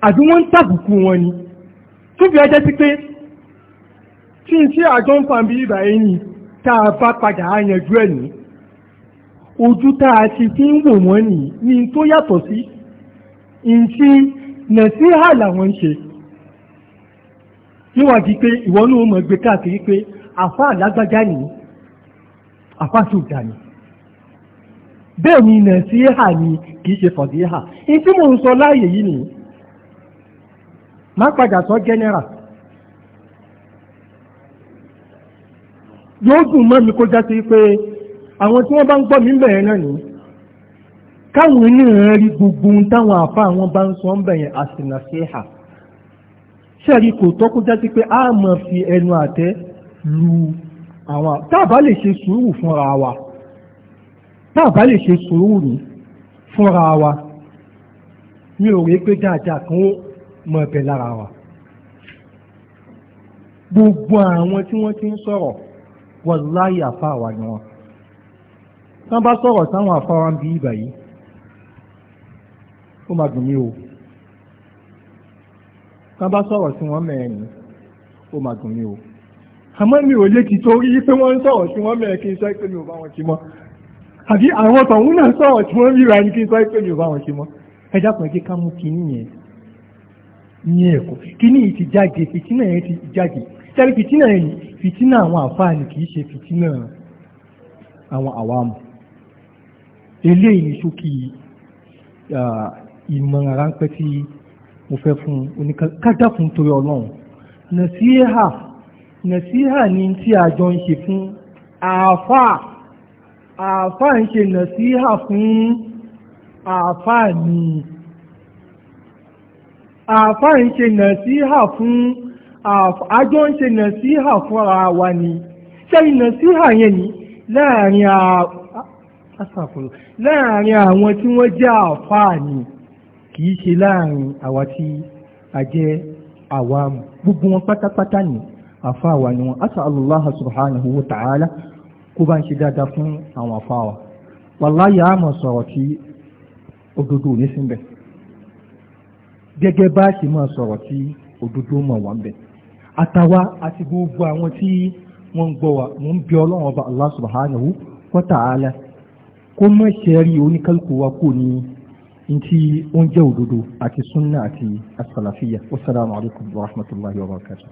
àbí wọ́n ń tàbùkù wọn ni tó fi ẹjẹ́ sí pé tí n ṣe àjọ ń fàmì ibà yìí ni tá a bá padà á yanjú ẹ̀ ní ojú tá a ti fi ń wò wọ́n nìyí ní tó yàtọ̀ sí ìṣe nàṣíhà làwọn ń ṣe níwọ̀n ti pé ìwọ náà mọ̀ gbé káàkiri pé àfa àlágbájá nìyí àfa sì ò dànù bẹ́ẹ̀ ni nàṣíhà ni kì í ṣe fọ̀díhà ìṣe mò ń sọ láàyè yìí nìyí má padà sọ general yóò dùn mọ́ mi kó já pé àwọn tí wọ́n bá ń gbọ́ mi bẹ̀rẹ̀ náà nìyí káwọn náà rí gbogbo táwọn àfa àwọn bá ń sọ ń bẹ̀yẹn àsìnàṣẹ́hà ṣẹ́ẹ̀rí kò tọ́kú jásí pé a máa fi ẹnu àtẹ́ lu àwọn táàbá lè ṣe sùúrù fúnra wa táàbá lè ṣe sùúrù fúnra wa mi ò rí pé dáadáa kan ó mọ ẹ̀bẹ̀ lára wa gbogbo àwọn tí wọ́n ti ń sọ̀rọ̀ wọ́n láyé àfa wa ni wọ́n tí wọ́n bá sọ̀rọ̀ sáwọn àfa wa ń bí ibà yìí ó máa dùn mí o tá bá sọ̀rọ̀ sí wọn mẹ́rin ó máa dùn mí o àmọ́ mi ò lè ti torí pé wọ́n ń sọ̀rọ̀ sí wọn mẹ́rin kí n sọ pé mi ò bá wọn ṣe mọ́ àbí àwọn tọ̀hún náà sọ̀rọ̀ tí wọ́n ríra ni kí n sọ pé mi ò bá wọn ṣe mọ́ ẹ dákun ẹ jẹ́ ká mú kinní yẹn ní ẹ̀kọ́ kinní yìí ti jáde fìtínà yẹn ti jáde sẹ́ni fìtínà yẹn fìtínà àwọn àfáàní kì í ṣe fìtínà àwọn àwàmù eléyìí ní ṣókí ìmọ̀ràn ráńpẹ́ tí mo fẹ́ fún oníkan kájà fún torí ọlọ́run nàṣíhà nàṣíhà ni tí a jọ ń ṣe fún àáfàá àáfàá ń ṣe nàṣíhà fún àáfàá ni àáfàá ń ṣe nàṣíhà fún àjọ ń ṣe nàṣíhà fúnra wa ni sẹ́yìn nàṣíhà yẹn ni láàrin àwọn tí wọ́n jẹ́ àáfàá ni. ka í ṣe láàrin àwa tí a jẹ́ àwa gbogbo wọn pátápátá ni àfáàwà ni wọn asa allah subhanahu wa ta'ala kó bá ń ṣe dáadáa fún àwọn àfáàwà wàláyé àmọ̀ sọ̀rọ̀ tí òdodo ò ní síbẹ̀ gẹ́gẹ́ bá ṣe máa sọ̀rọ̀ tí òdodo mọ̀ bẹ̀ àtàwa àti gbogbo àwọn tí wọ́n ń gbọ́ wa mò ń ọba allah wa ta'ala kó mọ̀ ṣẹ́rí oníkálukú wa kò انتي اون جو دودو اكي سنة اكي السلافية والسلام عليكم ورحمة الله وبركاته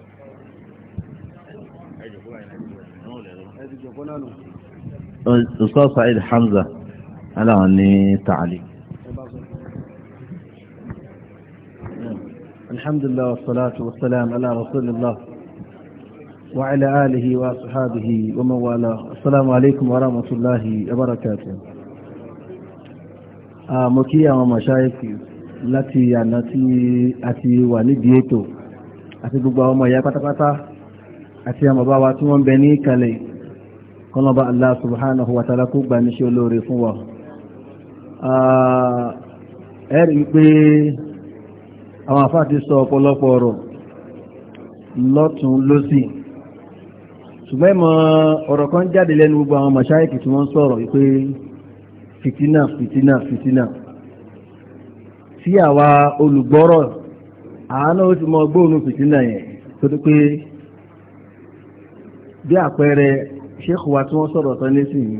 استاذ سعيد حمزة على اني تعليق الحمد لله والصلاة والسلام على رسول الله وعلى آله وصحابه ومن والاه السلام عليكم ورحمة الله وبركاته Ah, mo kí àwọn mọ̀ṣáìkì láti àná tí a ti wà nídìí ètò àti gbogbo àwọn ọmọ ìyá pátápátá àti àwọn bàbá wa tí wọ́n bẹ ní kalẹ̀ kọ́nàbà Allah subhanahu wa ta'ala kó gbà níṣẹ́ olóore fún wa ah, ẹ̀rí pé àwọn àfáà ti sọ ọ̀pọ̀lọpọ̀ ọ̀rọ̀ lọ́tún lọ́sì ṣùgbọ́n ọ̀rọ̀ kan jáde lẹ́nu gbogbo àwọn mọ̀ṣáìkì tí wọ́n sọ̀rọ̀ wípé fìtínà fìtínà fìtínà tí àwa olùgbọ́rọ̀ àánú ó ti mọ gbóòórùn fìtínà yẹn tó tó pé bí àpẹẹrẹ ṣéèkù wa tí wọ́n sọ̀rọ̀ tán nísìnyí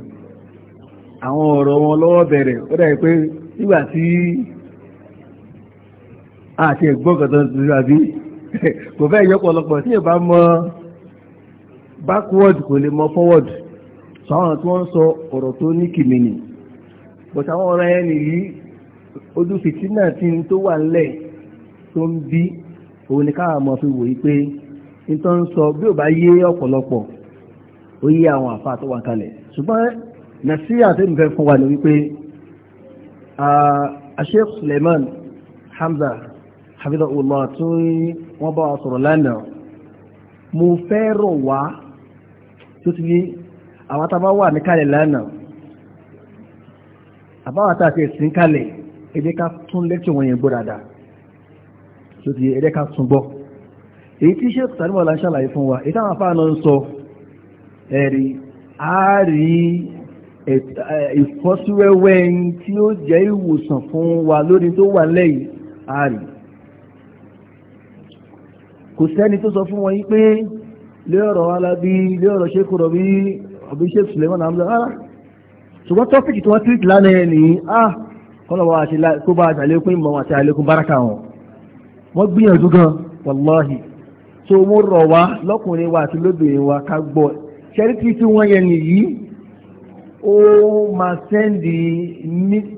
àwọn ọ̀rọ̀ wọn lọ́wọ́ bẹ̀rẹ̀ ó dàbí pé nígbà tí àti ẹ̀gbọ́n kan tó ń tuntun *laughs* kò fẹ́ yọ pọ̀lọpọ̀ tí ìbá mọ backward kò lè mọ forward sọ àwọn tí wọ́n sọ ọ̀rọ̀ tó ní kìmìnì but àwọn ọ̀rọ̀ ẹni yìí ojú fìtínà tí n tó wà ńlẹ̀ tó ń bí òun ni káwọn ọmọ fi wò yí pé n tó ń sọ bí ò bá yé ọ̀pọ̀lọpọ̀ ó yé àwọn àfa tó wà kalẹ̀ ṣùgbọ́n nàṣíyà tó fún wa ni wípé Sheikh Suleiman Hamza hafidhahullah tó wọ́n bá wa sọ̀rọ̀ lánàá mo fẹ́ rọ̀ wá tó ti ní àwọn tá a bá wà ní kalẹ̀ lánàá àbáwọn tá a ti sìn kalẹ̀ ẹ jẹ́ ká tún lẹ́kṣọ̀ wọn yẹn gbọ́ dáadáa tó ti ẹ tún gbọ́ èyí tí ṣe tàbíwọ̀ la ń ṣàlàyé fún wa èyí táwọn afáànà ń sọ ẹ̀rí àárí ìfọ́síwẹ́wẹ́ tí ó jẹ́ ìwòsàn fún wa lórí tó wà lẹ́yìn àárí kò sẹ́ni tó sọ fún wọn yí pé lé ọ̀rọ̀ alábí lé ọ̀rọ̀ ṣékùrọ̀ bí ọ̀bí ṣe ṣùgbọ́n tọ́pìkì tí wọ́n tíìtì lánàá yẹn nìyí ah kọ́lọ̀wọ́ àti kó bá àlékún ìmọ̀ àti àlékún báraka wọn wọ́n gbìyànjú gan wàláhì tó mú rọ̀ wá lọ́kùnrin wa àti lóbìnrin wa ká gbọ́ ṣẹ́rí tí tí wọ́n yẹn nìyí ó máa sẹ́ndì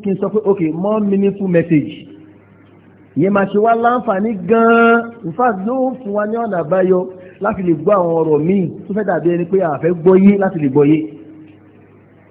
kí n sọ pé ok more meaningful message ìyẹn máa ṣe wá láǹfààní gan-an in fact yóò fún wa ní ọ̀nà àbáyọ láti lè gbọ́ àwọn ọ̀rọ̀ míì tó fẹ́ dàbí ẹni pé àfẹ́ gbọ́ yé láti lè gbọ́ yé.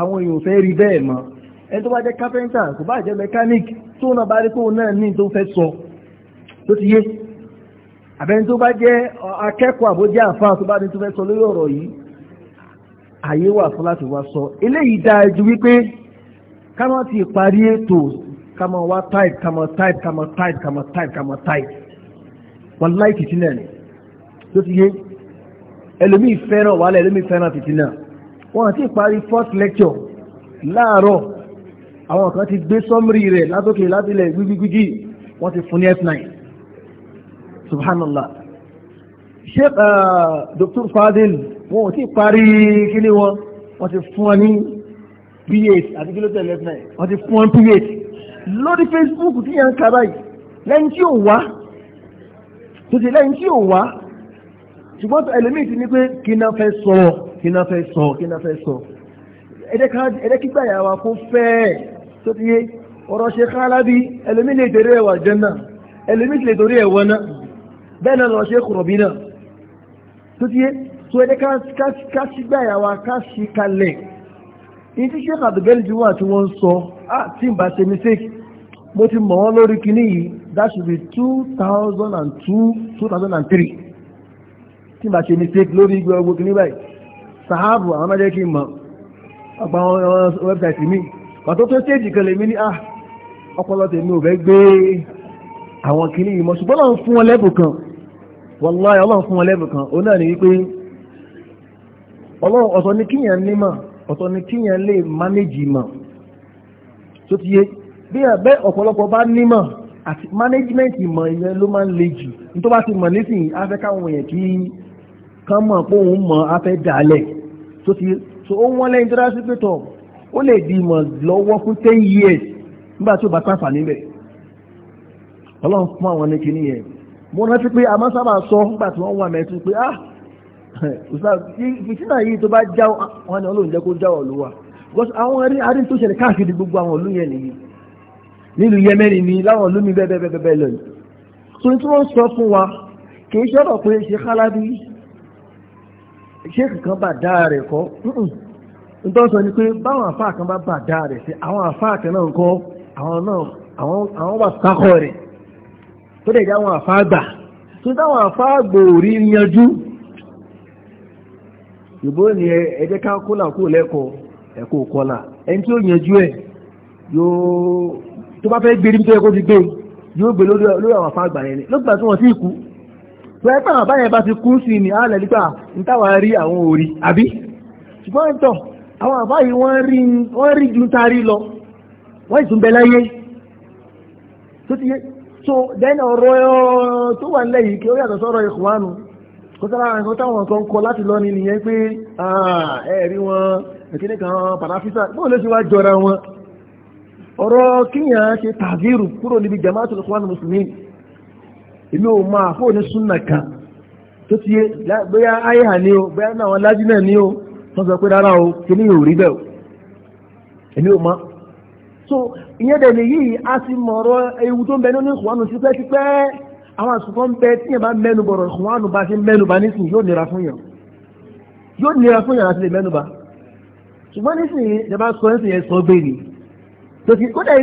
àwọn èèyàn fẹ́ rí bẹ́ẹ̀ mọ́ ẹni tó bá jẹ́ kápẹ́ńtà kò bá jẹ́ mẹkáníìkì tó náà bá rí kó náà ní tó fẹ́ sọ tó ti yé àbẹ́ni tó bá jẹ́ akẹ́kọ̀ọ́ àbójẹ́ àfáà tó bá ní tó fẹ́ sọ lórí ọ̀rọ̀ yìí àyè wà fún láti wá sọ eléyìí dáa ju wípé ká má ti parí ètò ká má wá type ká má type ká má type ká má type ká má type wàláì fìtínà ni tó ti yé ẹlòmíì fẹ́ràn wàhálà ẹlòmíì fẹ́ràn fìtínà wọn ti parí first lecture láàárọ̀ àwọn kan ti gbé sọ́mírì rẹ̀ látòkè látilẹ̀ gbígbígbígbí wọ́n ti fún ní f9 subhanallah sheikh uh, dr fadil wọn ò ti parí kíní wọn wọ́n ti fún ọ ní ph àti kí ló tẹ̀lé f9 wọ́n ti fún ọ ní ph lórí facebook tí yẹn ń kaba yìí lẹ́yìn tí ò wá tòtí lẹ́yìn tí ò wá ṣùgbọ́n ẹlòmíì ti ní pé kí náà fẹ́ sọ̀rọ̀ kí náà fẹ́ sọ kí náà fẹ́ sọ ẹ̀dẹ́ kígbà yà wá kó fẹ́ tó ti yé ọ̀rọ̀ ṣe kálábí ẹlòmí lè torí ẹ̀wà jẹ́nà ẹlòmí lè torí ẹ̀wọ́ náà bẹ́ẹ̀ náà lọ́ọ́ ṣe kùrọ̀bí náà tó ti yé tó ẹ̀dẹ́ kásígbà yà wá kásí kalẹ̀ ní tí ṣe kàdùgẹ́lì tí wọ́n àti wọ́n sọ ṣe mistake lórí kinní yìí that should be two thousand and two two thousand and three tí ń bá ṣe mistake lórí ìgbẹ́ ọgbọ́n sahabu àwọn máa jẹ́ kí n mọ̀ ọ̀pọ̀ àwọn wẹ́bsáìtì mi pàtó tó stéèjì kan lèmi ní ah ọpọlọ tèmi ò fẹ́ gbé àwọn kìíní yìí ṣùgbọ́n Ọlọ́run fún wọn lẹ́bùn kan wàláhì Ọlọ́run fún wọn kan òun náà ní wípé Ọlọ́run ọ̀tọ̀ ni kíyàn nímọ̀ ọ̀tọ̀ ni kíyàn lè mánéjì mọ̀ tó ti yé bí ẹ̀bẹ́ ọ̀pọ̀lọpọ̀ bá nímọ̀ àti mánéjìmẹ̀ntì mọ̀ ìyẹn ló máa ń le jù ní tó bá ti mọ̀ nísìnyí á fẹ́ káwọn èèyàn kí kán mọ̀ pé òun mọ̀ á fẹ́ dàálẹ̀ tó ti so ó wọ́n lẹ́yìn tó dá sí pé tọ̀ ó lè di ìmọ̀ lọ́wọ́ fún ten years nígbà tí ó bá pàfà níbẹ̀ ọlọ́run fún àwọn ní kìíní yẹn mo rántí pé a máa sábà sọ nígbà tí wọ́n wà mẹ́tún pé ah fìtínà yìí tó bá já wọn ni ọlọ́run jẹ́ kó já ọ̀lú wa because àwọn rí arí tó ṣẹlẹ̀ káàkiri gbogbo àwọn ìlú yẹn nìyí nílùú yẹmẹ́rin ni láwọn ìlú mi bẹ́ẹ̀ bẹ́ẹ̀ bẹ́ẹ̀ lọ yìí so tí wọ́n sọ fún wa kì í ṣọ́rọ̀ pé ṣe kálábí ṣéèkì kan bá dáa rẹ̀ kọ́ nítorí sọ ni pé báwọn àfáà kan bá bà dáa rẹ̀ sí àwọn àfáà kan náà kọ́ àwọn náà àwọn wà sákọ̀ rẹ̀ tó dẹ̀ jẹ́ àwọn àfáà gbà tó dáwọn àfáà gbòòrí yanjú ìbò ni ẹjẹ́ ká kólà kó lẹ́kọ̀ọ́ ẹ̀kọ́ kọlà ẹni tí ó yanjú ẹ̀ yóò tó bá fẹ́ gbé níbi tó yẹ kó ti gbé yóò gbé lórí àwọn àfáà gbà yẹn lọ́gbà tí wọ́n sì kú wẹ́n pẹ́ àwọn báyẹn bá ti kú sí ni àlẹ́ nípa nítawà rí àwọn òrì àbí ṣùgbọ́n ń tọ̀ àwọn àbáyé wọ́n rí ju tarí lọ wọ́n ìtún bẹ láyé tó ti yé so then ọ̀rọ̀ eh, tó wà nílẹ̀ yìí kí ó yàtọ̀ sọ́rọ̀ ìkùnwánu kó sára nǹkan táwọn nǹkan kọ láti lọ ní nìyẹn pé ẹ̀rí wọn ìkíní kan pàdáfísà bóun ló ṣe wá jọra wọn ọ̀rọ̀ kíyàn ṣe tàbírù kúrò níbi jamaatul ikhwanul muslimin èmi ò máa fóò ní súnà kan tó ti yé bóyá ayéhà ni o bóyá náà wọn lájú náà ni o wọ́n sọ pé rárá o kí ni yóò rí bẹ́ẹ̀ o èmi ò máa so ìyẹn dẹ̀ lè yìí a sì mọ̀rọ̀ ewu tó ń bẹ nínú ìkùnwánu sí pẹ́ẹ́pẹ́ àwọn àsùnkọ́ ń bẹ tíyẹn bá mẹ́nu bọ̀rọ̀ ìkùnwánu bá ṣe mẹ́nu bá nísìnyí yóò nira fún yàn yóò nira fún yàn láti lè mẹ́nu bá ṣùgbọ́n nísìnyí ìjọba sọ ẹ́ ni tòkì kódà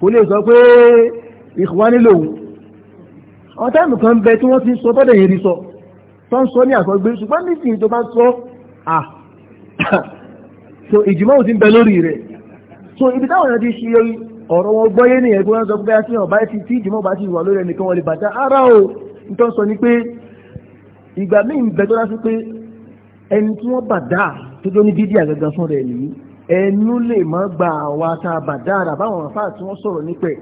kò lè sọ pé ìkùnwání lòun àwọn táìmù kan bẹ tí wọ́n ti sọ tọ́dẹ̀ yìí rí sọ tó ń sọ ní àsọgbé ṣùgbọ́n nísìnyí tó bá sọ à *coughs* so ìjìmọ̀ ò ti ń bẹ lórí rẹ̀ so ibi táwọn èèyàn ti ṣe ọ̀rọ̀ wọn gbọ́yé nìyẹn pé wọ́n sọ pé àti ọ̀bá ti tí ìjìmọ̀ bá ti wà lórí ẹnìkan wọn lè bàjá ara o n tó ń sọ ni pé ìgbà míì ń bẹ tó dá sí pé ẹni tí wọ́n bàdá tó tó ní dídí àgàgà fún rẹ̀ nìyí ẹnu lè mọ́ gba àwa tá a bà dára báwọn àfáà tí wọ́n sọ̀rọ̀ nípẹ̀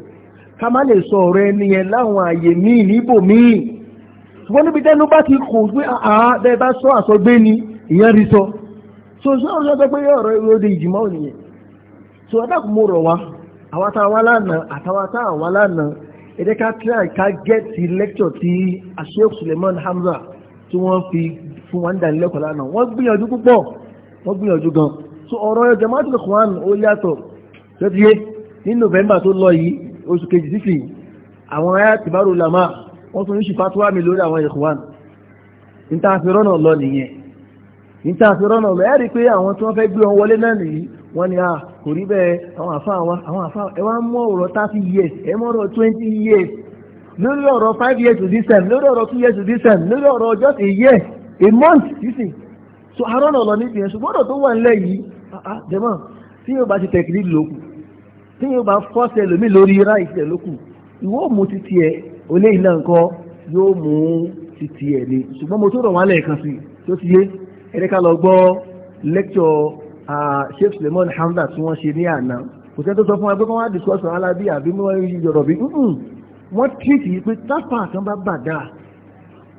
ká má lè sọ ọ̀rọ̀ ẹni yẹn láwọn àyè míì níbò míì ṣùgbọ́n níbi tẹ́nu bá ti kò pé àá bẹ́ẹ̀ bá sọ àsọgbé ni ìyẹn rí sọ so sọ̀rọ̀ sọ pé ọ̀rọ̀ ìròde ìjìmọ́ nìyẹn so adákùn mo rọ̀ wá àwa tá a wá lánàá àtàwa tá a wá lánàá èdè ká tíra ká gẹ́ẹ̀tì lẹ́kítọ̀ tí Sheikh Suleiman Hamza tí wọ́n fi fún wa ń dánilẹ́kọ̀ọ́ lánàá wọ́n gbìyànjú púpọ̀ wọ́n gbìyànjú gan-an so ọ̀rọ̀ jamaatul ikhwan ó yàtọ̀ tó ti yé ní november tó lọ yìí oṣù kejì sísì àwọn ayá tìbárò làmà wọ́n tún ní ṣì fatuwa mi lórí àwọn ikhwan níta fi rọ́nà lọ nìyẹn níta fi rọ́nà lọ ẹ́rí pé àwọn tí wọ́n fẹ́ gbé wọn wọlé náà nìyí wọ́n ni a kò rí bẹ́ẹ̀ àwọn àfáà wa àwọn àfáà ẹ wá mú ọ̀rọ̀ thirty years ẹ mú ọ̀rọ̀ twenty years lórí ọ̀rọ̀ five years to this time lórí ọ̀rọ̀ two years to this time lórí ọ̀rọ̀ just a year a month sísìn so arọ́nà lọ níbi yẹn ṣùgbọ́n ọ̀rọ̀ tó wà nílẹ̀ yìí Ah, ah, jẹ́mọ́ tí yóò bá ti tẹ̀kìlì lókù tí yóò bá fọ́sẹ̀ lómi lórí ráìsì lókù ìwọ mú títí ẹ̀ olé iná nǹkan yóò mú títí ẹ̀ ni ṣùgbọ́n mo tó rọ̀ wọ́n lẹ́ẹ̀kan sí tó ti yé ẹ̀rẹ́ ká lọ gbọ́ lẹ́kítọ̀ Sheikh Suleiman Hamza tí wọ́n ṣe ní àná kò sẹ́ni tó sọ fún wa pé wọ́n á discuss àwọn alábí àbí wọ́n yọ̀rọ̀ bí wọ́n tírìtì pé tápà kan bá bàdá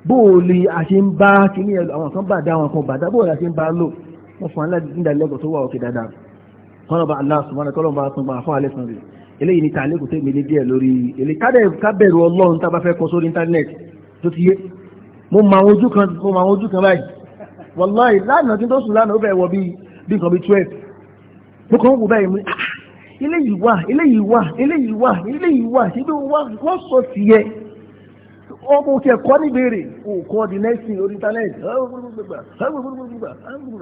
bóòlì àṣẹ ń bá kíní àwọn kan bàdá àwọn kan bàdá bóòlì àṣẹ ń bá lò wọ́n fún aláàdì nídàlẹ́gọ̀ tó wà òkè dáadáa kọ́nà bá aláàsùn wọn kọ́nà bá tún bá fún alẹ́sùn rẹ̀ eléyìí ni tààlẹ́kùn tẹ́ mi lé díẹ̀ lórí èlé kábẹ̀rù ọlọ́run tá fẹ́ sórí íńtánẹ́ẹ̀tì tó ti yé mo ma àwọn ojú kan mo ma àwọn ojú kan báyìí wàláì lánàá tí tó sùn lánàá ó fẹ́ wọ bí bí nǹkan bí twelve mo kàn ń báyìí mo ah, eléyìí wà eléyìí wà eléyìí wà eléyìí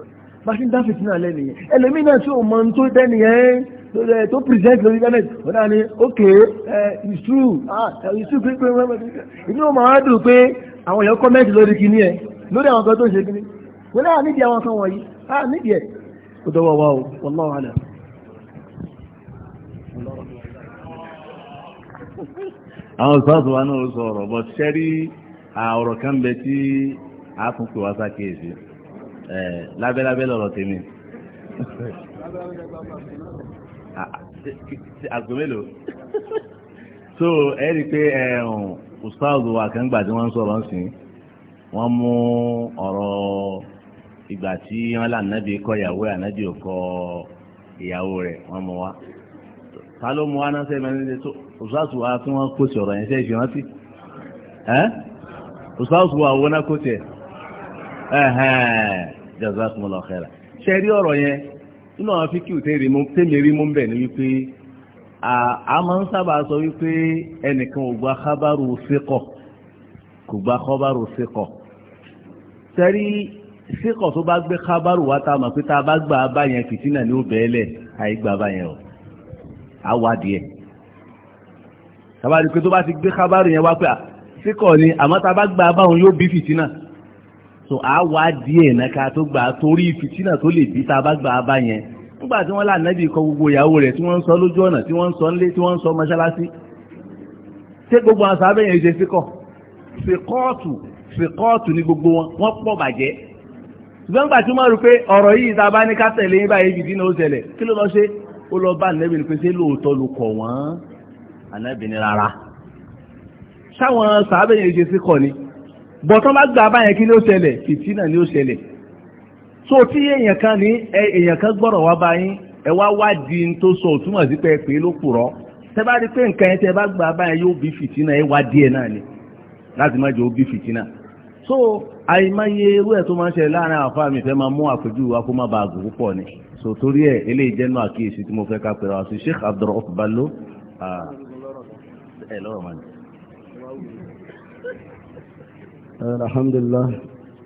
wà bá ṣe ń dá fìtí náà lẹ́nu yẹn ẹlòmíì náà tí ò mọ tó dẹ́nu yẹn tó present lórí internet ó dáa ní ok it's true ah, it's true pé inú ọmọ wa dùn pé àwọn èèyàn comment lórí kíní ẹ lórí àwọn kan tó ń ṣe kíní wọn náà nídìí àwọn kan wọ̀nyí ah nídìí ẹ̀ ó dọ́wọ́ wa o wallahu alam. àwọn ìsáàtù wa náà sọ ọ̀rọ̀ bọ̀ ṣẹ́rí ah, ọ̀rọ̀ kan bẹ tí a tún pè wá sákèèsí lábẹ́lábẹ́ lọ́rọ̀ tèmi. àgbò *laughs* ah, mélòó *laughs* so ẹ rí i pé ustaz wa gbà tí wọ́n ń sọ̀rọ̀ sí wọ́n mú ọ̀rọ̀ ìgbà tí wọ́n là nábì kọ́ ìyàwó ẹ̀ ànábì ò kọ́ ìyàwó rẹ̀ wọ́n mú wa ta ló mú wa náà sẹ́yìn mẹ́rin ustaz wa tí wọ́n kó yẹn sẹ́yìn fi ustaz wa náà kó jazakumullahu khairan ṣe rí ọ̀rọ̀ yẹn nínú àwọn fíkìú tẹ́lẹ̀ rí mú bẹ̀ ni wípé a máa ń sábà sọ wípé ẹnìkan ò gba kábàrù síkọ̀ kò gba kábàrù síkọ̀ sẹ́rí síkọ̀ tó bá gbé kábàrù wá tá a mọ̀ pé tá a bá gbà á báyẹn fìtínà ní òbẹ́ẹ̀lẹ̀ àìgbà báyẹn o á wá díẹ̀ sábà pé tó bá ti gbé kábàrù yẹn wá pé síkọ̀ ni àmọ́ tá a bá gbà á báwọn yóò bí fìtínà so a wá díẹ̀ náà ká tó gbà torí fìtínà tó lè bí tá a bá gbà á bá yẹn nígbà tí wọ́n lá nábì kọ gbogbo ìyàwó rẹ̀ tí wọ́n ń sọ lójú ọ̀nà tí wọ́n ń sọ nílé tí wọ́n ń sọ mọ́ṣáláṣí ṣé gbogbo àwọn sábẹ́ yẹn ṣe síkọ̀ fìkọ́ọ̀tù fìkọ́ọ̀tù ni gbogbo wọn wọ́n pọ̀ bàjẹ́ ṣùgbọ́n gbà tí wọ́n rú pé ọ̀rọ̀ yìí tá a bá ní ká tẹ̀lé yín báyìí fìdí náà ó ṣẹlẹ̀ kí ló lọ ṣe ó lọ bá ànábì ni pé ṣé lóòótọ́ ló kọ̀ wọ́n ànábì ni rárá ṣáwọn sábẹ́ ṣe síkọ̀ ni bọ̀tán bá gbà báyẹn kí ni ó ṣẹlẹ̀ fìtínà ni ó ṣẹlẹ̀ so tí èèyàn kan ní èèyàn kan gbọ́dọ̀ wá bá yín ẹ wá wádìí tó sọ òtúmọ̀ sí pé ẹ é ló purọ́ tẹ bá rí pé nǹkan yẹn tẹ bá gbà báyẹn yóò bí fìtínà ẹ wá díẹ̀ náà ni láti má jẹ́ ó bí fìtínà so àìmáyé irú ẹ̀ tó máa ń ṣẹlẹ̀ láàrin àwọn afáàmì fẹ́ máa mú àpèjúwe wa kó má bàa gùn púpọ̀ ni so torí ẹ̀ eléyìí jẹ́ nù àkíyèsí tí mo fẹ́ ká pẹ̀lú àwọn sí Sheikh Abdulrauf Ballo ah, ẹ lọ́rọ̀ mọ́ni. الحمد لله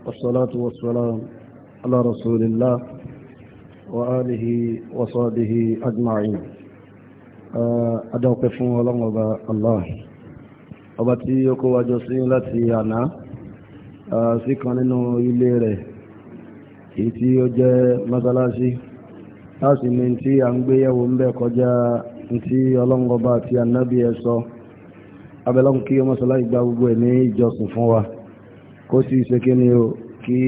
والصلاة والسلام على رسول الله وآله وصحبه أجمعين أدوك فون ولن الله أبتي يكو وجسين لتي أنا سيكون إنه يليري ìtí ó jẹ́ mọ́sálásí láti ní tí a ń gbéyẹ̀wò ń bẹ̀ kọjá tí ọlọ́ngọba àti ànábì ẹ̀ sọ abẹ́lọ́nkí mọ́sálá ìgbà kó sì ṣe kí ni o kí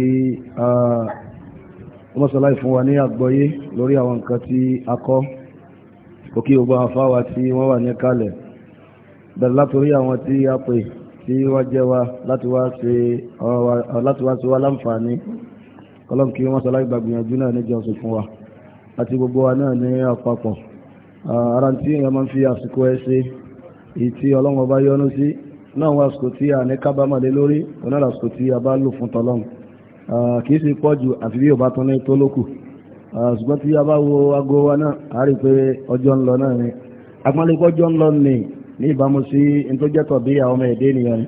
mọ́sálàì fún wa ní àgbọ́yé lórí àwọn nǹkan tí a kọ́ kò kí gbogbo àfáwà tí wọ́n wà ní kalẹ̀ bẹ̀rẹ̀ látòrí àwọn tí a pè tí wọ́n jẹ́ wa láti wá sí wa láǹfààní kọlọ́m kí wọ́n ìgbàgbìyànjú náà ní jọsùn fún wa àti gbogbo wa náà ní àpapọ̀ ara tí èèyàn máa ń fi àsìkò ẹ ṣe èyí ọlọ́run ọba yọ́nú sí náà wá sùkò tí a ní kábàámàdé lórí òun náà sùkò tí a bá lò fún tọlọ́run kì í sì pọ̀ jù àfi bí òbá tán ní tó lókù ṣùgbọ́n tí a bá wo aago wa náà a rí i pé ọjọ́ ń lọ náà ni agbálẹ́gbọ́ ọjọ́ ń lọ ni ní ìbámu sí ntójẹ́tọ̀ bí àwọn ọmọ ẹ̀dẹ́ ènìyàn ni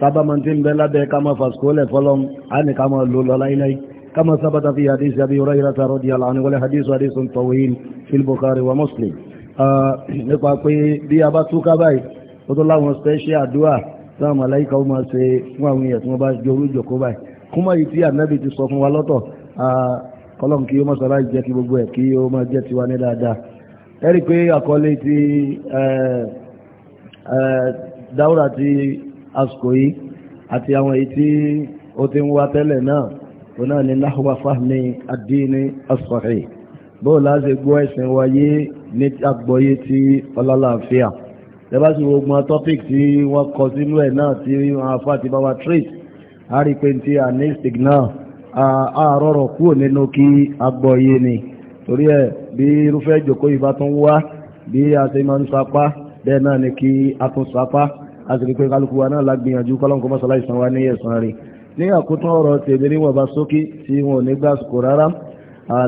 tábà máa ti ń bẹ lábẹ́ ká máa fàṣkò lẹ̀ fọlọ́m á ní ká máa lò lọ láíláí ká máa sábàtà fi hadith Abi Hurayrah radiyallahu anhu wọlé hadith hadith tawil fil wa Muslim nípa pé bí a bá túká báyìí ó tó láwọn special àdúrà táwọn màláìka ó máa ṣe fún àwọn èèyàn tí wọ́n bá jọ orújọ kó báyìí kún mọ́ yìí tí ànábì ti sọ fún wa lọ́tọ̀ kọlọ́n kí ó mọ̀ sára jẹ́ kí gbogbo ẹ̀ kí ó máa jẹ́ tiwa ní dáadáa ẹ rí i pé àkọlé ti dáúrà ti àsìkò yìí àti àwọn èyí tí ó ti ń wá tẹ́lẹ̀ náà òun náà ni nahwa fahmi ad-dini as-sahih bóòlù á gbọ́ ẹ̀sìn wáyé ní àgbọ́yé tí ọlọ́láàfíà lẹ́bá sì wo gbọ́n topic tí wọ́n kọ sínú ẹ̀ náà tí wọ́n afá ti bá wa trace a rí pé tí a ní signal àárọ̀rọ̀ kúrò nínú kí agbọ́yé ni torí ẹ̀ bí irúfẹ́ ìjòkó ìbá tún wá bí a ṣe máa ń sapá bẹ́ẹ̀ náà ni kí a tún sapá a sì rí pé kálukú wa náà lágbìyànjú kọ́lọ́nkọ́ mọ́sálá ìsan wa ní ẹ̀san rẹ̀ ní àkótán ọ̀rọ̀ tèmi níwọ̀n bá sókè tí wọn ò ní gbàsùkò rárá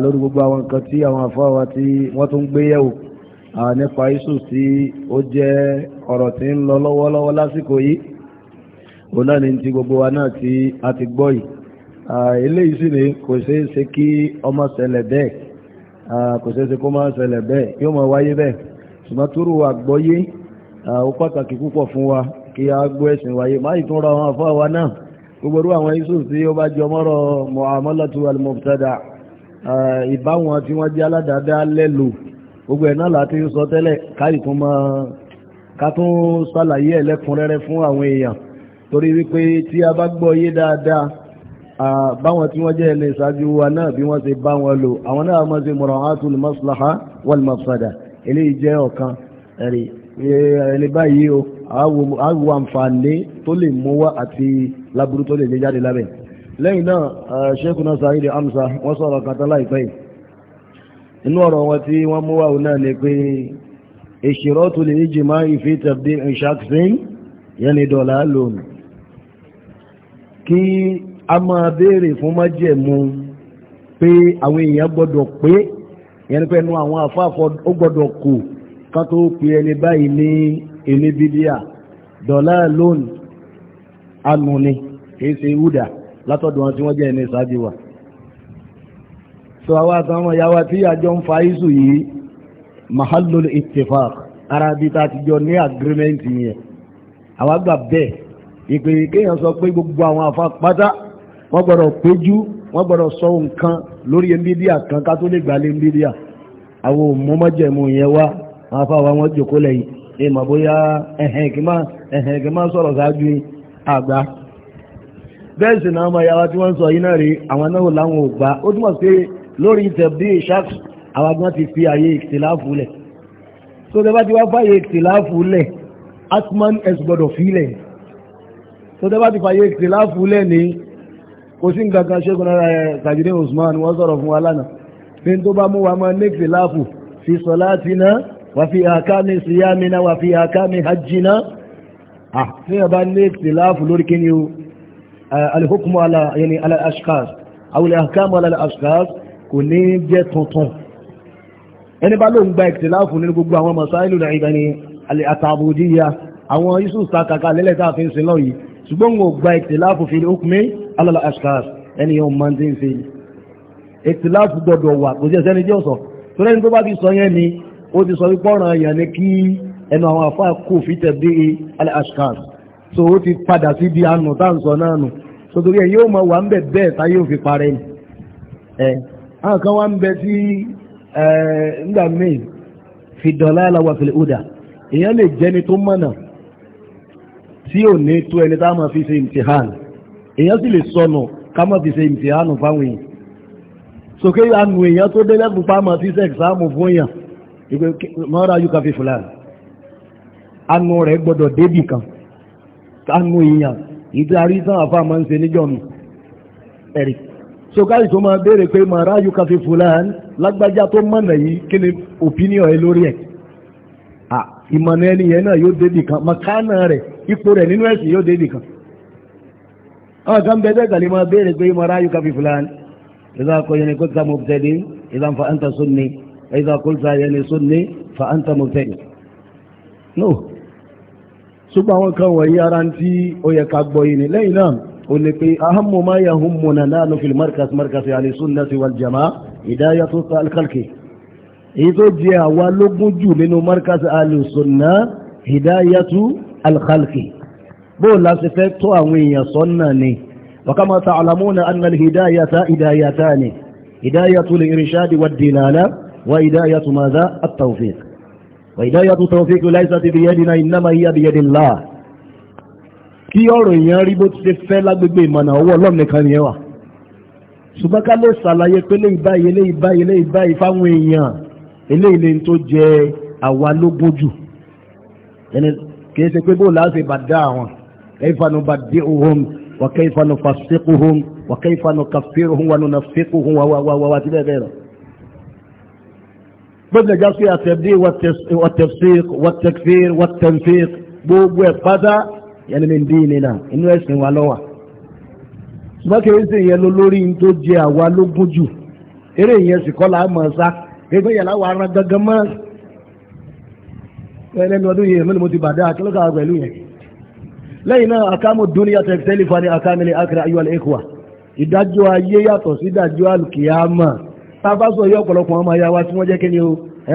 lórí gbogbo àwọn nǹkan tí àwọn àfáà nípa iṣu tí ó jẹ́ ọ̀rọ̀ tí ń lọ lọ́wọ́lọ́wọ́ lásìkò yìí òun náà ni ti gbogbo wa náà tí a ti gbọ́ yìí eléyìí sì ni kò ṣeé ṣe kí ọmọ ṣẹlẹ̀ bẹ́ẹ̀ kò ṣeé ṣe kó máa ṣẹlẹ̀ bẹ́ẹ̀ yóò máa wáyé bẹ́ẹ̀ ṣùgbọ́n túrú àgbọ́yé ó pàtàkì púpọ̀ fún wa kí a gbọ́ ẹ̀sìn wáyé má ì tún ra àwọn àfọ́ àwa náà gbogbo orú àwọn iṣu tí ó bá jọ mọ́rọ̀ mu'amalatu al-mubtada ìbáwọn tí wọ́n jẹ́ aládàáda lẹ́lò gbogbo ẹ̀ náà láti sọ tẹ́lẹ̀ káyì tún mọ́ ká tún ṣàlàyé ẹ̀lẹ́kùnrẹ́rẹ́ fún àwọn èèyàn torí wípé tí a bá gbọ́ yé dáadáa báwọn tí wọ́n jẹ́ ẹni ìṣáájú wa náà bí wọ́n ṣe bá wọn lò àwọn náà mọ́ sí mura'atul maslaha wal mafsada eléyìí jẹ́ ọ̀kan ẹ̀rí ẹni báyìí o àwọ àǹfààní tó lè mú wá àti láburú tó lè lè jáde lábẹ́ lẹ́yìn náà Sheikhuna Saidi Amsa wọ́n sọ̀rọ̀ kàtàlá ìpẹ́yìí inú ọ̀rọ̀ wọn tí wọ́n mú wà náà ni pé ìṣirọ́tù lè jìmá ìfẹ́ tàbí ìṣàkíṣẹ́yìn yẹni dọ̀là lónìí kí a máa béèrè fún májẹ̀mú pé àwọn èèyàn gbọ́dọ̀ pé yẹni pé nu àwọn afáfọ́ ó gbọ́dọ̀ kù ká tó pe ẹni báyìí ní elébídíà dọ̀là lónìí anù ni ṣe húdà látọ̀dọ̀ wọn tí wọ́n jẹ́ ẹni sáájú wa so àwọn àtàwọn ìyàwó tí àjọ ń fa iṣu yìí mahallul ittifaq ara bí ta ti jọ ní agreement yẹn àwọn àgbà bẹ́ẹ̀ ìpèrè kéèyàn sọ pé gbogbo àwọn àfa pátá wọ́n gbọ́dọ̀ péjú wọ́n gbọ́dọ̀ sọ nǹkan lórí ẹ̀mídíà kan ká tó lè gbà lé ẹ̀mídíà àwọn òmùmọ́jẹ̀mú yẹn wá àwọn afáwa wọn jòkó lẹ́yìn ní ìmọ̀ bóyá ẹ̀hẹ̀n kí máa sọ̀rọ̀ sáájú àgbà bẹ́ẹ̀ sì náà ọmọ ìyá tí wọ́n sọ yìí náà rí àwọn náà láwọn ò gbà ó túmọ̀ sí lórí tẹ̀bí ìṣàkì àwàgbọ́n ti fi àyè ìtìláàfù lẹ̀ tó tẹ́ bá ti wá fàyè ìtìláàfù lẹ̀ atman s gbọ́dọ̀ fílẹ̀ tó tẹ́ bá ti fàyè ìtìláàfù lẹ̀ ní kò sí nǹkan kan ṣẹ́gun náà eh, tàjídé Usman wọ́n sọ̀rọ̀ fún wa lánàá fi tó bá mú wa máa ní ìtìláàfù fi sọ̀láàtina wà fi àkámi síyámina wà fi àkámi hajjina àfihàn ah, bá ní ìtìláàfù lórí kí ni o eh, alhukumu ala yani ala ashkaz awul ahkamu ala ashkaz kò ní jẹ́ tuntun ẹni bá lóun gba ìtìláàfù nínú gbogbo àwọn masáìlú náà ìgbà ni àtàbòdíyà àwọn isu sàkàkà lẹ́lẹ̀ tá a fi ń sin lọ́yìn ṣùgbọ́n wọn gba ìtìláàfù fi ókùnmí alala ashkas ẹni yóò máa ń dín sí ìtìláàfù gbọdọ̀ wà kò jẹ́ sẹ́ni jẹ́ ọ̀sọ̀ tó lẹ́ni tó bá ti sọ yẹn ni ó ti sọ wípé ọ̀ràn èèyàn ni kí ẹnu àwọn afá kò fi tẹ̀bí alala ashkas so ó ti padà sí di àánú tá à ń sọ náà nù sotori àwọn kan wá ń bẹ tí ńgbà míì fi dalala wa fil huda èèyàn lè jẹ́ni tó mọ̀nà tí ò ní tó ẹni tá máa fi ṣe imtihan èèyàn sì lè sọnù ká máa fi ṣe imtihan fáwọn èèyàn sókè ànù èèyàn tó dé lẹ́bùn pa máa fi ṣe ẹ̀sáàmù fún èèyàn ìpè mọ́ra yóò ká fi fúlàn ànù rẹ̀ gbọ́dọ̀ débì kan ànù èèyàn ìdarí sáà fáwọn máa ń ṣe níjọ́ mi ẹ̀rí sokáyì tó máa béèrè pé màrá yóò kàfi fúlàn lágbájá tó mọ̀nà yìí kí ni opinion ẹ lórí ẹ̀ ìmọ̀nà ẹni yẹn náà yóò débì kan makana rẹ̀ ipò rẹ̀ nínú ẹ̀sìn yóò débì kan àwọn kan bẹ́ẹ̀ tẹ̀lé máa béèrè pé màrá yóò kàfi fúlàn ìdá akọyẹ ni kóta mọ̀tẹ́lì ìdá fa anta sunni ìdá kóta yẹ ni sunni fa anta mọ̀tẹ́lì no ṣùgbọ́n àwọn kan wọ̀nyí ara ń tí ó yẹ ká gbọ́ yìí ni lẹ́yìn náà ó lè pé ahammu ma yahummuna nanu fil markas markas ahli sunnati wal jamaa hidayatu al-khalqi èyí tó jẹ àwa lógún jù nínú markas ahli sunna hidayatu al-khalqi bóò láti fẹ́ tó àwọn èèyàn sọ́nà ni wa kama ta'lamuna anna al-hidayata hidayatani hidayatu al-irshad wad-dilala wa hidayatu madha at-tawfiq wa hidayatu at-tawfiq laysat biyadina innama hiya biyadillah kí ọ̀rọ̀ èèyàn rí bó ti ṣe fẹ́ lágbègbè ìmọ̀nà ọwọ́ ọlọ́run nìkan nìyẹn wà ṣùgbọ́n ká lè ṣàlàyé pé léyìí báyìí léyìí báyìí léyìí báyìí fáwọn èèyàn eléyìí lè tó jẹ àwa lógún jù ẹni kìí ṣe pé bóòlù àti ìbàdá àwọn kayfa nubaddi'uhum wa kayfa nufassikhuhum wa kayfa nukaffiruhum wa nunaffiquhum wàwàwàwà ti bẹ́ẹ̀ bẹ́ẹ̀ lọ. gbọ́dọ̀ já sí àtẹ̀bí wàtẹ̀fsík wàtẹ̀kfír wàtẹ̀nfík gbogbo ẹ̀ pátá yẹnìmí ń dín nínà inú ẹ̀sìn wa lọ́wà ṣùgbọ́n kì í sì yẹn ló lórí ń tó jẹ àwa lógún jù eré yẹn sì kọ́ làá mọ̀ sá gbégbé yàrá wa ara gangan mọ́ ẹlẹ́nu ọdún yìí mẹ́lẹ̀ mo ti bàdá akẹ́lọ́kà pẹ̀lú yẹn lẹ́yìn náà akámu dúnìyà tẹ̀sílẹ̀ fani akámẹ́lẹ̀ akẹ́rẹ́ ayọ́lá ẹ̀kọ́ ìdájọ́ ayé yàtọ̀ sí ìdájọ́ alùkìyàmà tábàsọ̀ yọ ọ̀pọ̀lọpọ̀ ọmọ ayáwa tí wọ́n jẹ́ kí ni o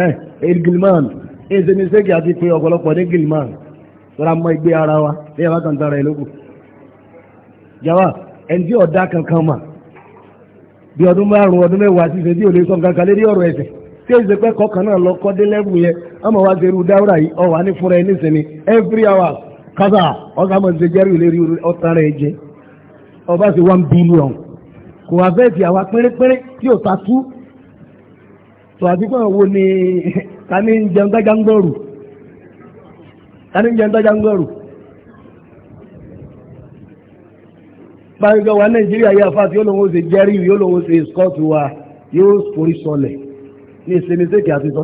ẹ̀ ẹ̀ gilman ẹ̀ ṣe ní sẹ́kì àti pé ọ̀pọ̀lọpọ̀ ní gilman tọ́ra mọ́ ìgbé ara wa lẹ́yìn bá kàn tara ẹ̀ lókù jàwá ẹni tí kankan mà bí ọdún márùn ọdún mẹ́wàá sí ìṣẹ́jú òde sọ̀kan kan náà lọ wa yi ọ every hour jẹ ọba one billion kò wá àwa pérépéré tí ta tú fún àwọn wo ni *laughs* ta n'i jẹun tani jẹ́ tọ́já ń gọ́rù báyọ̀ wa nàìjíríà yà fà tí ó lóun ó ṣe jẹ́rí yóò lóun ó ṣe scott wa yóò forí sọlẹ̀ ní ìsinmisẹ́kì àti sọ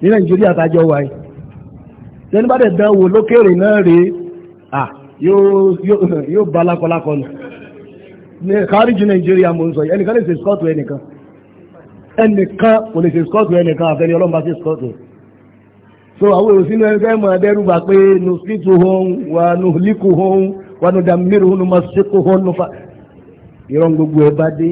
ní nàìjíríà tájọ́ wa yìí tẹni bá dẹ̀ dán wò lókèrè náà rèé à yóò bá lákọlákọ nù ní kárìjì nàìjíríà mo ń sọ ẹnìkan lè ṣe scott ẹnìkan ẹnìkan kò lè ṣe scott ẹnìkan àfẹ́ni ọlọ́mọba ṣe scott ẹnìkan so àwọn èrò sínú ẹni fẹ́ mọ̀ ẹdẹ́rùbà pé nùsítù hàn wà nùlíkù hàn wà nùdàmírù hàn nùmọ̀síkù hàn nùfà ìrọ̀n gbogbo ẹ̀ bá dé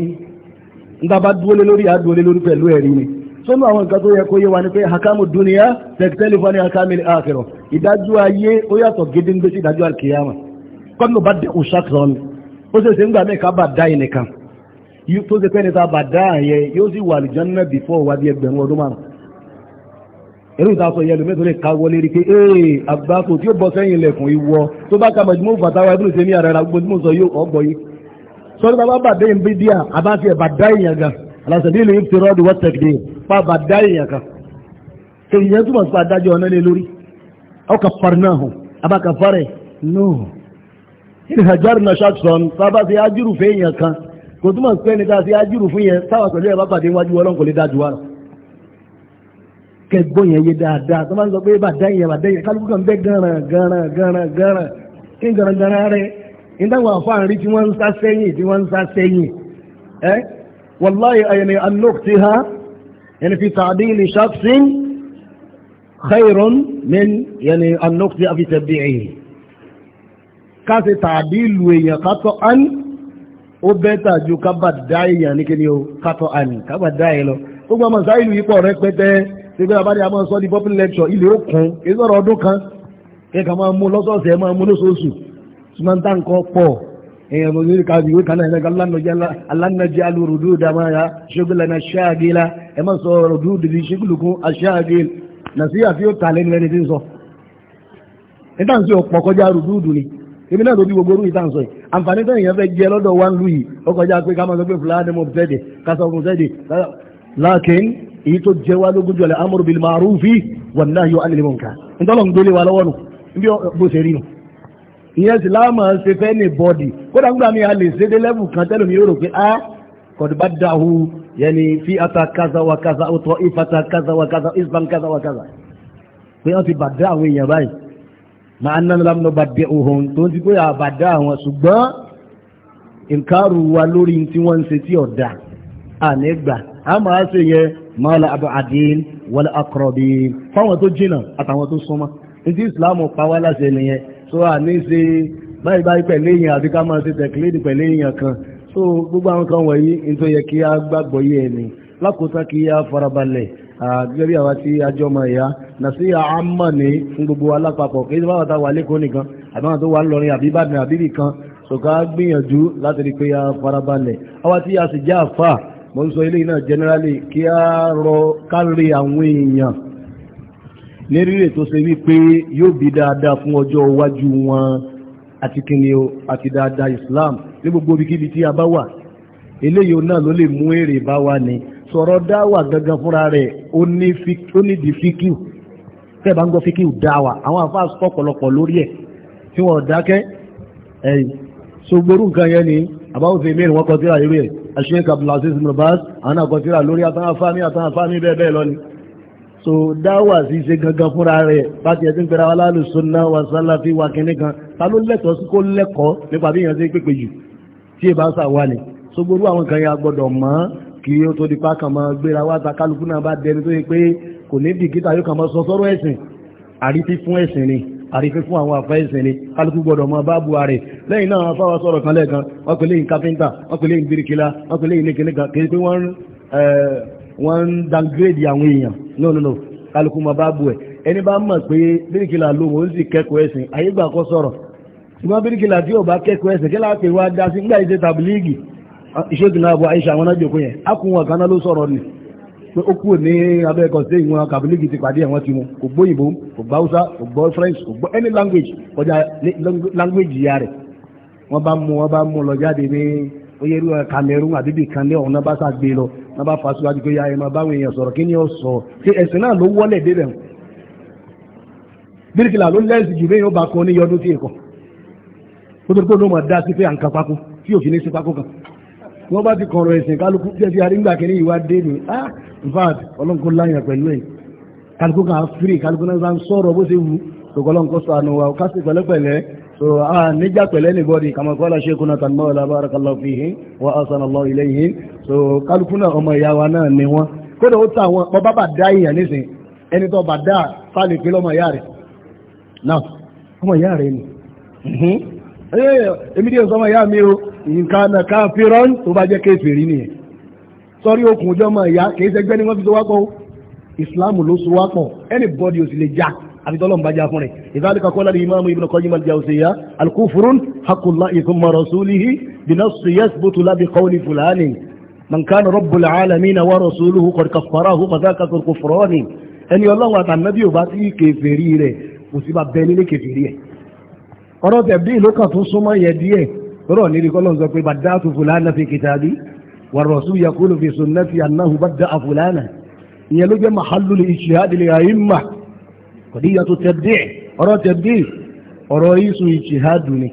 nígbà bá dúólé lórí àdúólé lórí pẹ̀lú ẹ̀rí ni sọ́nù àwọn nǹkan tó yẹ kó yé wa ni pé hakamu duniya tẹ̀kítẹ́lì fún ni hakamu àkẹrọ ìdájọ́ ayé ó yàtọ̀ gédéńgbé sí ìdájọ́ àkìyàmà kọ́nù bá dẹ̀kù ṣàkìrọ̀ ni ó ṣe ṣe ń gbà mí ká bá dá ìnìkan tó ṣe pẹ́ni ta bá dá àyẹ yóò sì wà àlùjánnà before wà bí ẹgbẹ̀rún ọdún márùn-ún irú ìtàsọ yẹlò mẹ́tò lè ka wọlé rí pé ee àgbákò tí ó bọ́ sẹ́yìn ilẹ̀kùn ìwọ tó bá ka mọ̀júmọ́ fàtàwà ẹbí lùsẹ̀ ní ara rà gbogbo tí mo sọ yóò ọgbọ̀ yìí sọ́dọ̀ bàbá bàdé ń bí díà àbáṣe bàdá èèyàn gan alásàdé ilé ìfẹ́ rọ́ọ̀dù wọ́tẹ̀kì pa bàdá èèyàn kan èèyàn túmọ̀ sí adájọ́ ọ̀nà lé lórí ọkà farná no ìrìnàjárì náà ṣàtúnṣan bàbá ti ájúrù fẹ́ èèyàn kan kò túmọ̀ sí pé níta ti ájúrù fún yẹn kẹgbọ́n yẹn yé dáadáa tó máa ń sọ pé bàdá yẹn bàdá yẹn kálukú kan bẹ́ gánran gánran gánran gánran kí n gánran gánran rẹ nítawọn àfáàrí tí wọ́n ń sá sẹ́yìn tí wọ́n ń sá sẹ́yìn ẹ́ wàláyé ayẹni anọ́kùtì ha ẹni fi tàbí ní ṣáfsìn khairun min yẹni anọ́kùtì afitẹ́bí káṣe tàbí ìlú èèyàn kátọ́ án ó bẹ́tà ju kábàdá èèyàn ní kí ni ó kátọ́ án kábàdá ẹ̀ lọ gbogbo àmọ́ sáyìlú yìí pọ̀ rẹpẹtẹ ṣe pé abáde a máa sọ ní public lecture ilé ó kún kí sọ̀rọ̀ ọdún kan kẹkà máa mú lọ́sọ̀ọ̀sẹ̀ ẹ máa mú lóṣooṣù ṣùgbọ́n tá nǹkan pọ̀ èèyàn mo lórí káàdì ìwé kan náà alánàjẹ alùrùdú dàmáyà ṣégúlà náà ṣáàgìlà ẹ máa sọ rùdú dìdí ṣégúlùkún aṣáàgìl nàṣíyà tí ó tà lẹ́nu ẹni tí ń sọ nígbà tí ó pọ̀ kọjá rùdú dùn ni èmi náà lóbi gbogbo orúkọ ìtàn sọ yìí àǹfààní tó èèyàn fẹ́ jẹ lọ́dọ̀ wa ń lù yìí ó kọjá pé ká máa sọ pé fúlàní mo fẹ́ dé ká èyí tó jẹ́ wá lógún jọlẹ̀ amúrú bil ma'rufi wan nahyu anil munkar ntọ́lọ̀ ń gbélé wa lọ́wọ́ nù bí bó ṣe rí nù ìyẹn sì láàmà ṣe fẹ́ ní bọ́ọ̀dì kódà ńgbà mi a lè ṣe dé lẹ́bù kan tẹ́lẹ̀ mi yóò rò pé a ah, qad baddahu yẹni fi ata kaza wa kaza ó tọ́ ifata kaza wa kaza islam kaza wa kaza pé wọ́n ti bàdá àwọn èèyàn báyìí máa ná lámúnà bàdé òhun tó ń ti pé àbàdá àwọn ṣùgbọ́n nǹkan rù wa lórí tí wọ́n ń ṣe tí ọ̀dà ànígbà a máa ṣe yẹn mọ́lá abúadín wọlé akọrọ̀bí fáwọn tó jìnà àtàwọn tó súnmọ́ ìdí ìsìláàmù pàwọ́ aláṣẹ nìyẹn so à ní ṣe báyìí báyìí pẹ̀lú èèyàn àti ká máa ṣe tẹ̀kílẹ́dì pẹ̀lú èèyàn kan so gbogbo àwọn kan wọ̀nyí nítorí yẹ kí a gbàgbọ́ yé ẹni lákòótá kí a farabalẹ̀ gẹ́gẹ́ bí àwa tí a jọ mọ̀ ẹ̀yà nàṣí àmọ́ ní fún gbogbo alápapọ̀ kí ní báwọn tá wà lẹ́kọ̀ọ́ nìkan àbáwọn tó wà lọ́rin àbí Ìbàdàn àbí nìkan so gbìyànjú láti rí pé a farabalẹ̀ àwa tí a sì jẹ́ àfáà mo ń sọ ilé náà generally kí a rọ kárí àwọn èèyàn ní rírè tó ṣe wípé yóò bí dáadáa fún ọjọ́ iwájú wọn àti kíni àti dáadáa Islam ní gbogbo ibikíbi tí a bá wà eléyìí náà ló lè mú èrè bá wa ni sọ̀rọ̀ dáwà gangan fúnra rẹ̀ ó ní di fíkíù tẹ́ bá ń gbọ́ fíkíù dáwà àwọn àfáà sọ lórí ẹ̀ tí wọ́n dákẹ́ ẹ̀yìn so gbórú yẹn ni àbáwò fi mìíràn wọ́n kọ tíra irú ẹ̀ aṣíkà abdulaziz mubaz àwọn àkọ tíra lórí àtàwọn afáàmì àtàwọn afáàmì bẹ́ẹ̀ bẹ́ẹ̀ lọ ni so dáwà sí ṣe gangan fúnra rẹ̀ bá ti ẹ̀sìn pẹ̀lú aláàlú sunna wa sálàfí wa kìnní kan ta ló lẹ́tọ̀ọ́ sí kó lẹ́kọ̀ọ́ nípa bí ìyànjẹ́ pépè jù tí ìbá sà wà ní so gbogbo àwọn kan ya gbọ́dọ̀ mọ̀ kí ó tó di pákà mọ́ gbéra wá ta kálukú náà bá dẹni tó yẹ pé kò ní bìkítà yóò kàn mọ́ sọ sọ́rọ̀ ẹ̀sìn àrífí fún ẹ̀sìn ni àrífẹ́ fún àwọn àfẹ́ ìsìn ni kálukú gbọ́dọ̀ mọ báàbù na lẹ́yìn náà afáwa sọ̀rọ̀ kan lẹ́ẹ̀kan wọ́n pèlè yìí kápẹ́ńtà wọ́n pèlè yìí bíríkìlá wọ́n pèlè yìí nìkìníkà kìí pé wọ́n ń downgrade àwọn èèyàn no no no kálukú mọ báàbù ẹ̀ ẹni bá mọ̀ pé bíríkìlá ló mọ̀ ó sì kẹ́kọ̀ọ́ ẹ̀sìn ayé gbà kọ́ sọ̀rọ̀ ṣùgbọ́n bíríkìlá pé ó kúrò ní abẹ́ ẹ̀kọ́ sí ìwọ̀n kàbílíkì ti pàdé ẹ̀wọ̀n ti mu kò gbọ́ ìbò kò gbọ́ haúsá kò gbọ́ french kò gbọ́ any language kọjá language ìyá rẹ̀ wọ́n bá mú wọ́n bá mú lọ jáde ní oyèrú Cameroon àbíbí kan ní ọ̀hún bá sá gbé lọ náà bá fa síwájú pé yáa ẹ máa báwọn èèyàn sọ̀rọ̀ kí ni ó sọ ṣe ẹ̀sìn náà ló wọ́lẹ̀ débẹ̀ wọn bíríkìlà ló lẹ́sì jù bẹ́ẹ̀ yóò bá kọ ní yọdún tí èkó tó tó tó ló mọ̀ dá sí pé à ń kan tí òfin ní sí pákó kan wọ́n bá ti kọ̀rọ̀ ẹ̀sìn kálukú jẹ́ sí àrígbà kìíní ìwà dé ní ah in fact ọlọ́nkó láyàn pẹ̀lú ẹ̀ kálukú kan fírì kálukú náà sá ń sọ̀rọ̀ bó ṣe wù ṣòkò sọ àánú wa kásì pẹ̀lẹ́pẹ̀lẹ́ so ah níjà pẹ̀lẹ́ ní bọ́dì kàmọ́kọ́lá ṣe kúnná tàn mọ́ọ̀lá barakallahu fihim wa wa náà ni wọ́n kódà ó ta àwọn ọmọ bá bà dá èèyàn nísìn ẹni tó bà dá fáàlì pé lọ́mọ ìyá rẹ̀ Eh, èmi díẹ̀ sọmọ ìyá mi o nǹkan náà káfíràn tó bá jẹ́ kéèsì rí nìyẹn sọ́rí okùn ọjọ́ mọ̀ ìyá kìí ṣẹgbẹ́ ni wọ́n fi so wápọ̀ ìsìláàmù ló so wápọ̀ anybody ò sì lè já àti tọ́lọ́mù bá já fún rẹ̀ ìdáríkà kọ́lá ní imáàmù Ibn Qayyim al-Jawziyya al-kufrun haqqullahi thumma rasulihi binassi yathbutu la biqawli fulanin man kana alamina wa rasuluhu qad kaffarahu fadhaka kufrani ẹni ọlọ́run àtànàbí ọ̀rọ̀ tẹ̀bí ìlú kan tó súnmọ́ yẹ díẹ̀ lọ́rọ̀ nírí kọ́lọ́n sọ pé bada'tu fulana fi kitabi war-rasul yaqulu fi sunnati annahu bada'a fulana ìyẹn ló jẹ́ mahallul ijtihad lil a'imma qadiyatu tẹ̀bí ọ̀rọ̀ tẹ̀bí ọ̀rọ̀ isu ijtihad ni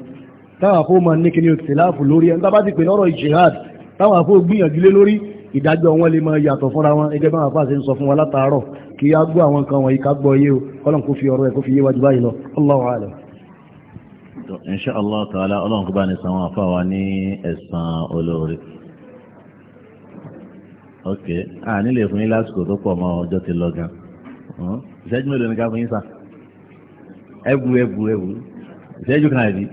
táwọn afọ máa ní kíní òtìláàfù lórí ẹni tábà ti pè lọ́rọ̀ ijtihad táwọn afọ gbìyànjú lé lórí ìdájọ́ wọn lè máa yàtọ̀ fúnra wọn ẹgbẹ́ bá wọn fà sí ń sọ fún wa látàárọ̀ kí á gbọ́ àwọn kan wọ̀nyí ká gbọ́ yé o kọ́lọ́n kó fi ọ̀rọ̀ ẹ̀ kó fi yé wájú báyìí lọ Allahu a'lam insha Allah ta'ala ọlọ́run kó bá ní sanwó àfa wa ní ẹ̀sán olóore ok a nílè fún yín lásìkò tó pọ̀ mọ́ ọjọ́ ti lọ gan hm? ìṣẹ́jú mélòó ni ká fún yín sá ẹ̀bù ẹ̀bù ẹ̀bù ìṣẹ́jú kan àbí.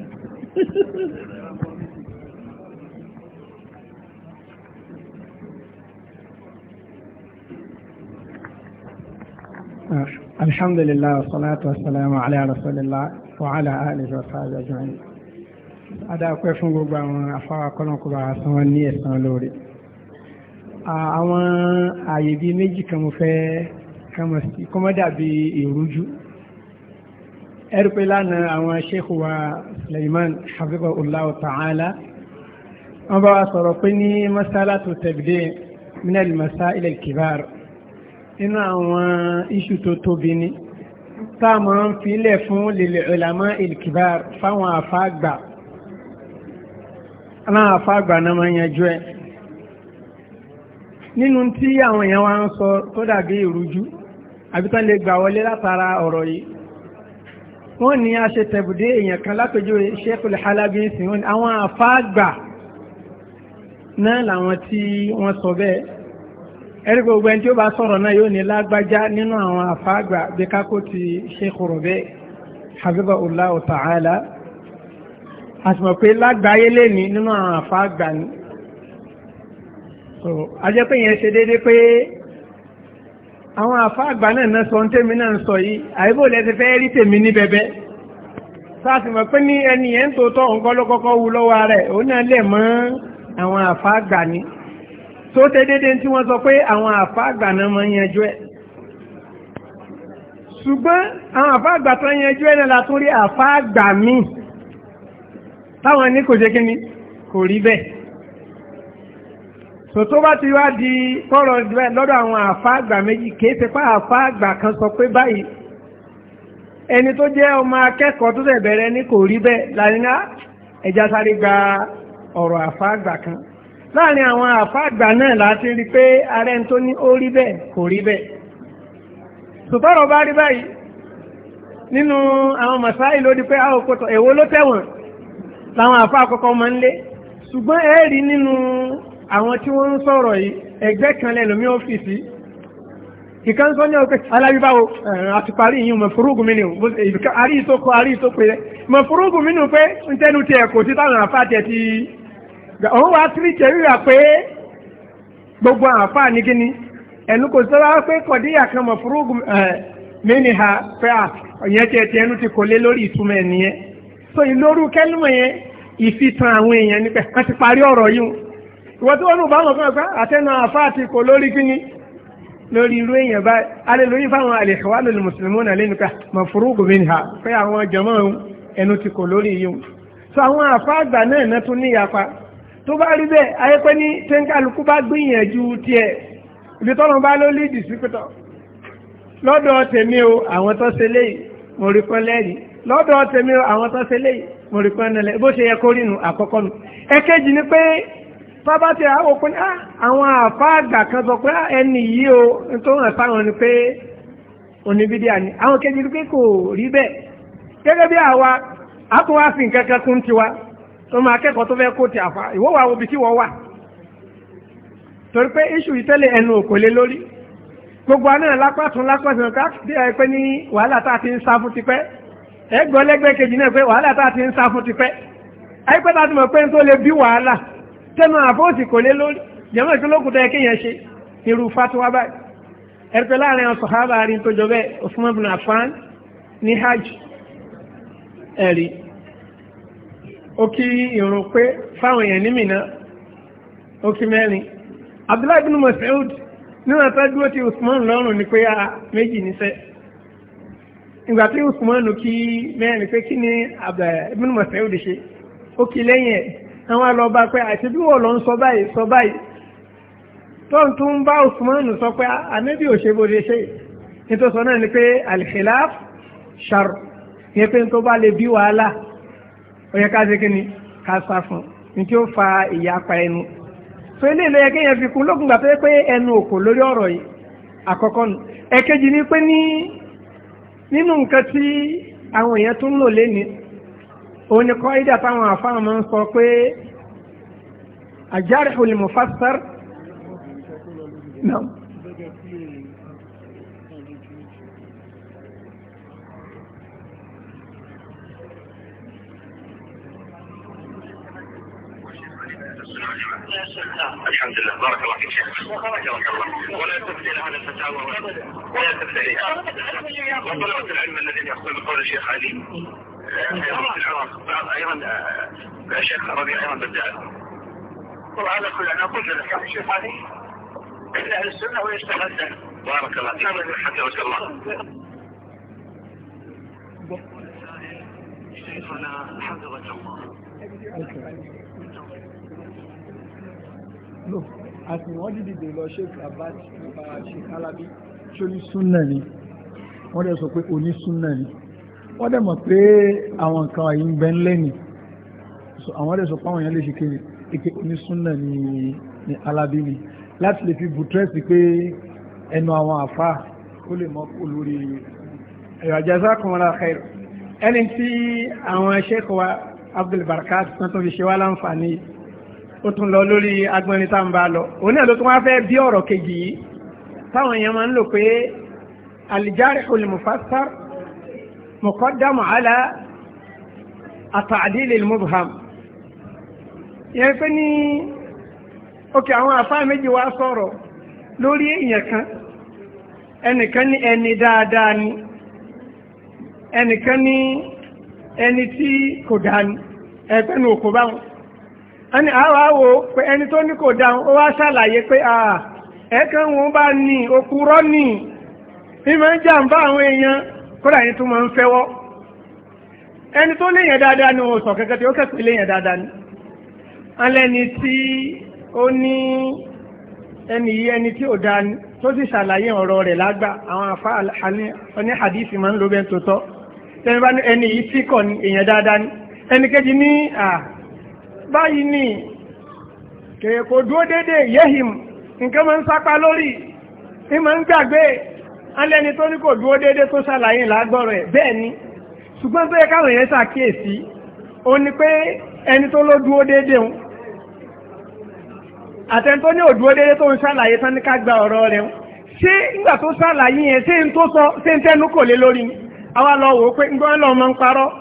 alhamdulillah wa salatu wa salamu ala rasulillah wàhálà àlejò sáájú ọjọ́ yìí adápẹ́ fún gbogbo àwọn afárá kọ́lọ́kọ́lọ́ àsán ní ẹ̀sán lórí àwọn ààyè bíi méjì kan mo fẹ́ kọmọ sí kọmọ dàbí ìrújú ẹ̀rù pé lánàá àwọn sheikh wa Suleiman hafizahullah ta'ala wọ́n bá wa sọ̀rọ̀ pé ní masalatu tabdil minal masail al-kibar nínú àwọn iṣu tó tóbi ni táàmù ń filẹ̀ fún lil ulama ilkibar fáwọn àfáàgbà aláwọn àfáàgbà náà máa ń yanjú ẹ nínú tí àwọn èèyàn wa ń sọ tó dàbí ìrújú àbí tán lè gbà wọlé látara ọ̀rọ̀ yìí wọ́n ní a ṣe tẹ̀bùdé èèyàn kan lápèjúwe Sheikhul Halabi ń sìn wọ́n ní àwọn àfáàgbà náà làwọn tí wọ́n sọ bẹ́ẹ̀ ẹ̀rí gbogbo ẹni tí ó bá sọ̀rọ̀ náà yóò ní lágbájá nínú àwọn àfáàgbà bí kákó ti Sheikh Rabi' hafizahullahu ta'ala àtìmọ̀ pé lágbáyé lẹ́ni nínú àwọn àfáàgbà ni ajẹ́ pé yẹn ṣe déédé pé àwọn àfáàgbà náà náà sọ tèmi náà sọ yìí àyíbò lẹ́ti fẹ́ rí tèmi ní bẹ̀bẹ̀ sáàtìmọ̀ pé ní ẹni yẹn tó tọ́ nǹkan ló wu lọ́wọ́ rẹ̀ òun náà lẹ̀ mọ́ àwọn àfáàgbà ni tó tẹ́ dédé tí wọ́n sọ pé àwọn àfá àgbà náà mọ́ yanjú ẹ̀ ṣùgbọ́n àwọn àfá àgbà tó yanjú ẹ̀ náà látún rí àfá àgbà táwọn ní kò ṣe kí ni kò rí bẹ́ẹ̀ so tó bá ti wá di tọ́rọ̀ lọ́dọ̀ àwọn àfá àgbà méjì kìí ṣe pá àfá àgbà kan sọ pé báyìí ẹni tó jẹ́ ọmọ akẹ́kọ̀ọ́ tó tẹ̀ bẹ̀rẹ̀ ní kò rí bẹ́ẹ̀ lánàá ẹja sáré gba ọ̀rọ̀ àfá kan láàrin àwọn àfáàgbà náà láti rí pé ààrẹ tó ní ó rí bẹ́ẹ̀ kò rí bẹ́ẹ̀ sùtọ́rọ̀ bá rí báyìí nínú àwọn màsáì ló di pé a ò kòtò èwo ló tẹ̀wọ̀n làwọn àfáà àkọ́kọ́ máa ń lé ṣùgbọ́n ẹ rí nínú àwọn tí wọ́n ń sọ̀rọ̀ yìí ẹgbẹ́ kan lẹ́lòmí ọ́fíìsì ìkan sọ ní ọ̀pẹ́ alábíbáwo àti parí ìyún mọ̀fúrúgùn mi ni àrí ìtókò àrí ìtókò rẹ̀ mọ̀fúrúgùn mi ni pé ń tẹ́nu tiẹ̀ kò sí táwọn àfáà tiẹ̀ ti òun wá tíríkì ríra pé gbogbo àǹfà ní gíní ẹnu kò sọ́wọ́ pé kọ̀díyà kan mọ̀ fúrúgù mẹ́ni ha pé à ọ̀yẹ́ tiẹ̀ tiẹ̀ ti kò lé lórí ìtumọ̀ ẹ̀ nìyẹn so ìlórú kẹ́lùmọ̀ yẹn ìfitan àwọn èèyàn nípa wọ́n ti parí ọ̀rọ̀ yìí ìwọ́n tí wọ́n nù bá wọn fún ẹ̀kọ́ àtẹnu àǹfà ti kò lórí gíní lórí irú èèyàn báyìí alẹ́lórí fáwọn àlèkọ́wà lórí mùsùlùmí náà lẹ́nu ká mọ̀ fúrúgù so àwọn àfáàgbà náà náà tún tó bá rí bẹ́ẹ̀ ayẹ́pẹ́ ní bá gbìyànjú tiẹ̀ ibi bá ló lè lọ́dọ̀ o àwọn tó ṣe léyìí mo o àwọn tó ṣe léyìí mo rí pọ́n lẹ́rìí bó ṣe yẹ kó rí nu àkọ́kọ́ nu ni pé ti o tó hàn ni pé oníbídíà ni àwọn kejì ni pé kò rí bẹ́ẹ̀ gẹ́gẹ́ bí àwa ọmọ akẹ́kọ̀ọ́ tó fẹ́ kó ti àfa ìwọ wà wo bí kí wọ́n wà torí pé iṣu ìtẹ́lẹ̀ ẹnu òkò lé lórí gbogbo aná lápá tún lápá tún ká dé ẹ pé ní wàhálà tá a ti ń sá fún tipẹ́ ẹ gbọ́ lẹ́gbẹ́ kejì náà pé wàhálà tá a ti ń sá fún tipẹ́ ẹ pé tá a ti mọ̀ pé n tó lè bí wàhálà tẹnu àfọ́sì kò lé lórí jẹ́mọ̀ ìpínlẹ̀ tẹ́ kéèyàn ṣe irú fatiwa báyìí ẹ ó kí ìrun pé fáwọn èèyàn ní Mínà ó kí mẹ́rin Abdullahi bin Mas'ud nínú àtàdúró ti Usman lọ́rùn ni pé a méjì níṣẹ́ ìgbà tí Usman kí mẹ́rin pé kí ni Abdullahi bin Mas'ud ṣe ó kí lẹ́yìn ẹ̀ àwọn alọ́ba pé àti bí wọ́n lọ ń sọ báyìí sọ báyìí tọ́n tún bá Usman sọ pé anábì ò ṣe bóde ṣe nítorí sọ náà ni pé al-khilaf shar ìyẹn pé tó bá lè bí wàhálà onye ka ká ni ká sá fún ní tí ó fa ìyapa ẹnu so ilé ìlú ẹgbẹ́ yẹn fi lókun gbà pé ẹnu òkò lórí ọrọ yìí àkọ́kọ́ nù ẹ̀kejì ni pé ní nínú nǹkan tí àwọn èèyàn tún lò òun ni kọ́ ìdá táwọn àfáàn máa ń sọ pé àjárihul mufassar náà. نعم. الحمد لله بارك الله فيك بارك الله ولا تفتي هذا الفتاوى ولا تفتي وطلبة العلم الذين يقول بقول الشيخ علي آه، في العراق بعض ايضا الشيخ آه، آه، ربيع ايضا بدأ وعلى كل انا قلت لك يعني الشيخ علي اهل السنه ويستحسن بارك الله فيك حتى الله شيخنا حفظك الله no àti wọ́n dìde lọ sheik abat nípa sheik alabi ṣóní súnà ni wọ́n dẹ̀ sọ pé oní súnà ni wọ́n dẹ̀ mọ̀ pé àwọn nǹkan yìí ń bẹ ńlẹ̀ ni àwọn dẹ̀ sọ pé àwọn èèyàn lè ṣe kiri ike oní súnà ni ni alabi ni láti lè fi bùtírẹ́sì pé ẹnu àwọn àfa ó lè mọ́ kó lórí ẹ̀rọ àjàzá kan ra khair ẹni tí àwọn sheik wa Abdul Barakat fi ṣe wá láǹfààní yìí ó tún lọ lórí agbọ́nrin tá ń bá lọ òun náà ló tún wá fẹ́ bí ọ̀rọ̀ kejì yìí táwọn èèyàn máa ń lò pé al-jarihul mufassar muqaddamu ala at-ta'dilil mubham yẹn pé ní òkè àwọn àfáà méjì wá sọ̀rọ̀ lórí èèyàn kan ẹnìkan ní ẹni dáadáa ni ẹnìkan ní ẹni tí kò dáa ni ẹgbẹ́ nu òkú báwọn. ẹni àwọ̀ àwọ̀ pé ẹni tó ní kò dáhùn ó wá ṣàlàyé pé àà ẹ̀kan wọn bá ní òkúrọ́ ní ìmọ̀ ń àwọn èèyàn kódà ẹni tó máa ń fẹ́wọ́ ẹni tó léèyàn dáadáa ni òun kẹ́kẹ́ tí ó kẹ́kẹ́ léèyàn dáadáa ni alẹ́ni tí ó ní ni tó sì ṣàlàyé ọ̀rọ̀ rẹ̀ lágbà àwọn afá ní hadisi ẹni yìí ní à báyìí ni kèyè kò dúó dédé yéhìm nǹkan máa ń sápá lórí ní ń gbàgbé alẹ́ni tó ní kò dúó dédé tó ṣàlàyé lágbọ́rọ̀ ẹ̀ bẹ́ẹ̀ ni ṣùgbọ́n tó yẹ káwọn èèyàn ṣàkíyèsí ó ní pé ẹni tó ló dúó dédé tó ní òdúó dédé tó ń gba ọ̀rọ̀ rẹ̀ ń ṣé nígbà tó ṣàlàyé yẹn ṣé ń tó sọ lọ pé ń gbọ́n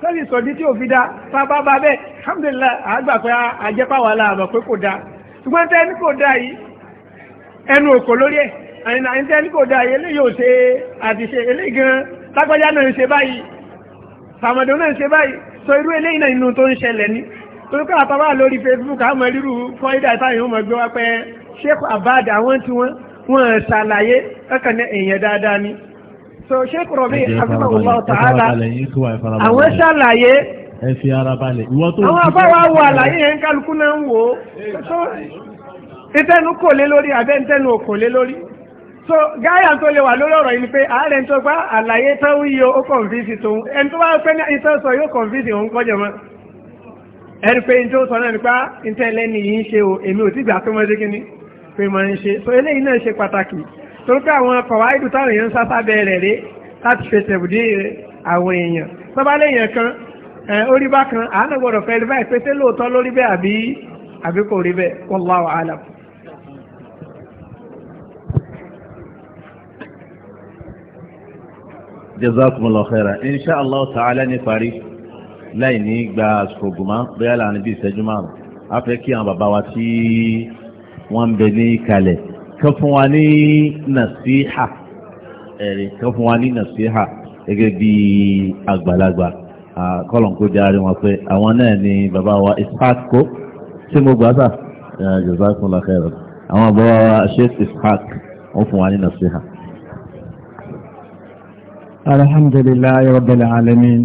sọ́ọ̀sì sọ̀dí tí ò fi dá bàbá bá bẹ́ẹ̀ alhamdulillah àgbà pé àjẹpáwà láàmọ̀ pé kò dá ṣùgbọ́n tẹ́ ní kò dá yìí ẹnu òkò lórí ẹ̀ àyìnà àyìntẹ́ ẹni kò dáa ilé yóò ṣe àdìṣe ilé gan lágbàjá náà ń ṣe báyìí sàmọ̀dọ̀ náà ń Facebook àmọ́ rírú fọ́ídà táyìn ó mọ̀ gbé wá pé Sheikh Abad àwọn tí wọ́n so sheikh rabi abdullah ta'ala àwọn ṣàlàyé ẹ fi ara balẹ̀ ìwọ tó àwọn afáwa wo àlàyé yẹn kálukú náà ń wò so ìtẹnu kò lé lórí àbẹ́ ìtẹnu ò kò lé so gáyà tó lè wà lórí ọ̀rọ̀ yìí ni pé ààrẹ tó gbá àlàyé tó ń yọ ó kọ̀nfíìsì tó ń ẹni tó bá pẹ́ ní ìtọ́ sọ yóò kọ̀nfíìsì òun kọjọ mọ́ ẹni pé ní tó sọ náà nípa ah, ìtẹ́lẹ́ni yìí ń ṣe o èmi ò tí gbà pé mọ́ sí kíní pé mọ́ ń ṣe so eléyìí náà ṣe pàtàkì torí pé àwọn ọkọ̀ àìdù táwọn èèyàn ń sá sábẹ́ rẹ̀ rí láti fi tẹ̀bùdí àwọn èèyàn sọ́bá léèyàn kan orí bá kan àánú gbọ́dọ̀ fẹ́ rí báyìí pé ṣé lóòótọ́ lórí bẹ́ẹ̀ àbí àbí kò rí bẹ́ẹ̀ wallahu a'lam. jazakumullahu khairan insha allah ta'ala ní parí láì ní gba àsìkò gùnmá bóyá láàrin bí ìṣẹ́jú márùn-ún a fẹ́ kí àwọn bàbá wa tí wọ́n ń bẹ ní kalẹ̀ kan fún wa ní nàṣíhà ẹ̀rì kan fún wa ní nàṣíhà gẹ́gẹ́ bí àgbàlagbà kọ́lọ̀ kó járe wọn pé àwọn náà ni bàbá wa ishaq kó tí mo gbà sà jazakumullahu khairan àwọn bàbá wa sheikh ishaq wọ́n fún wa ní nàṣíhà. alhamdulillahi rabbil alamin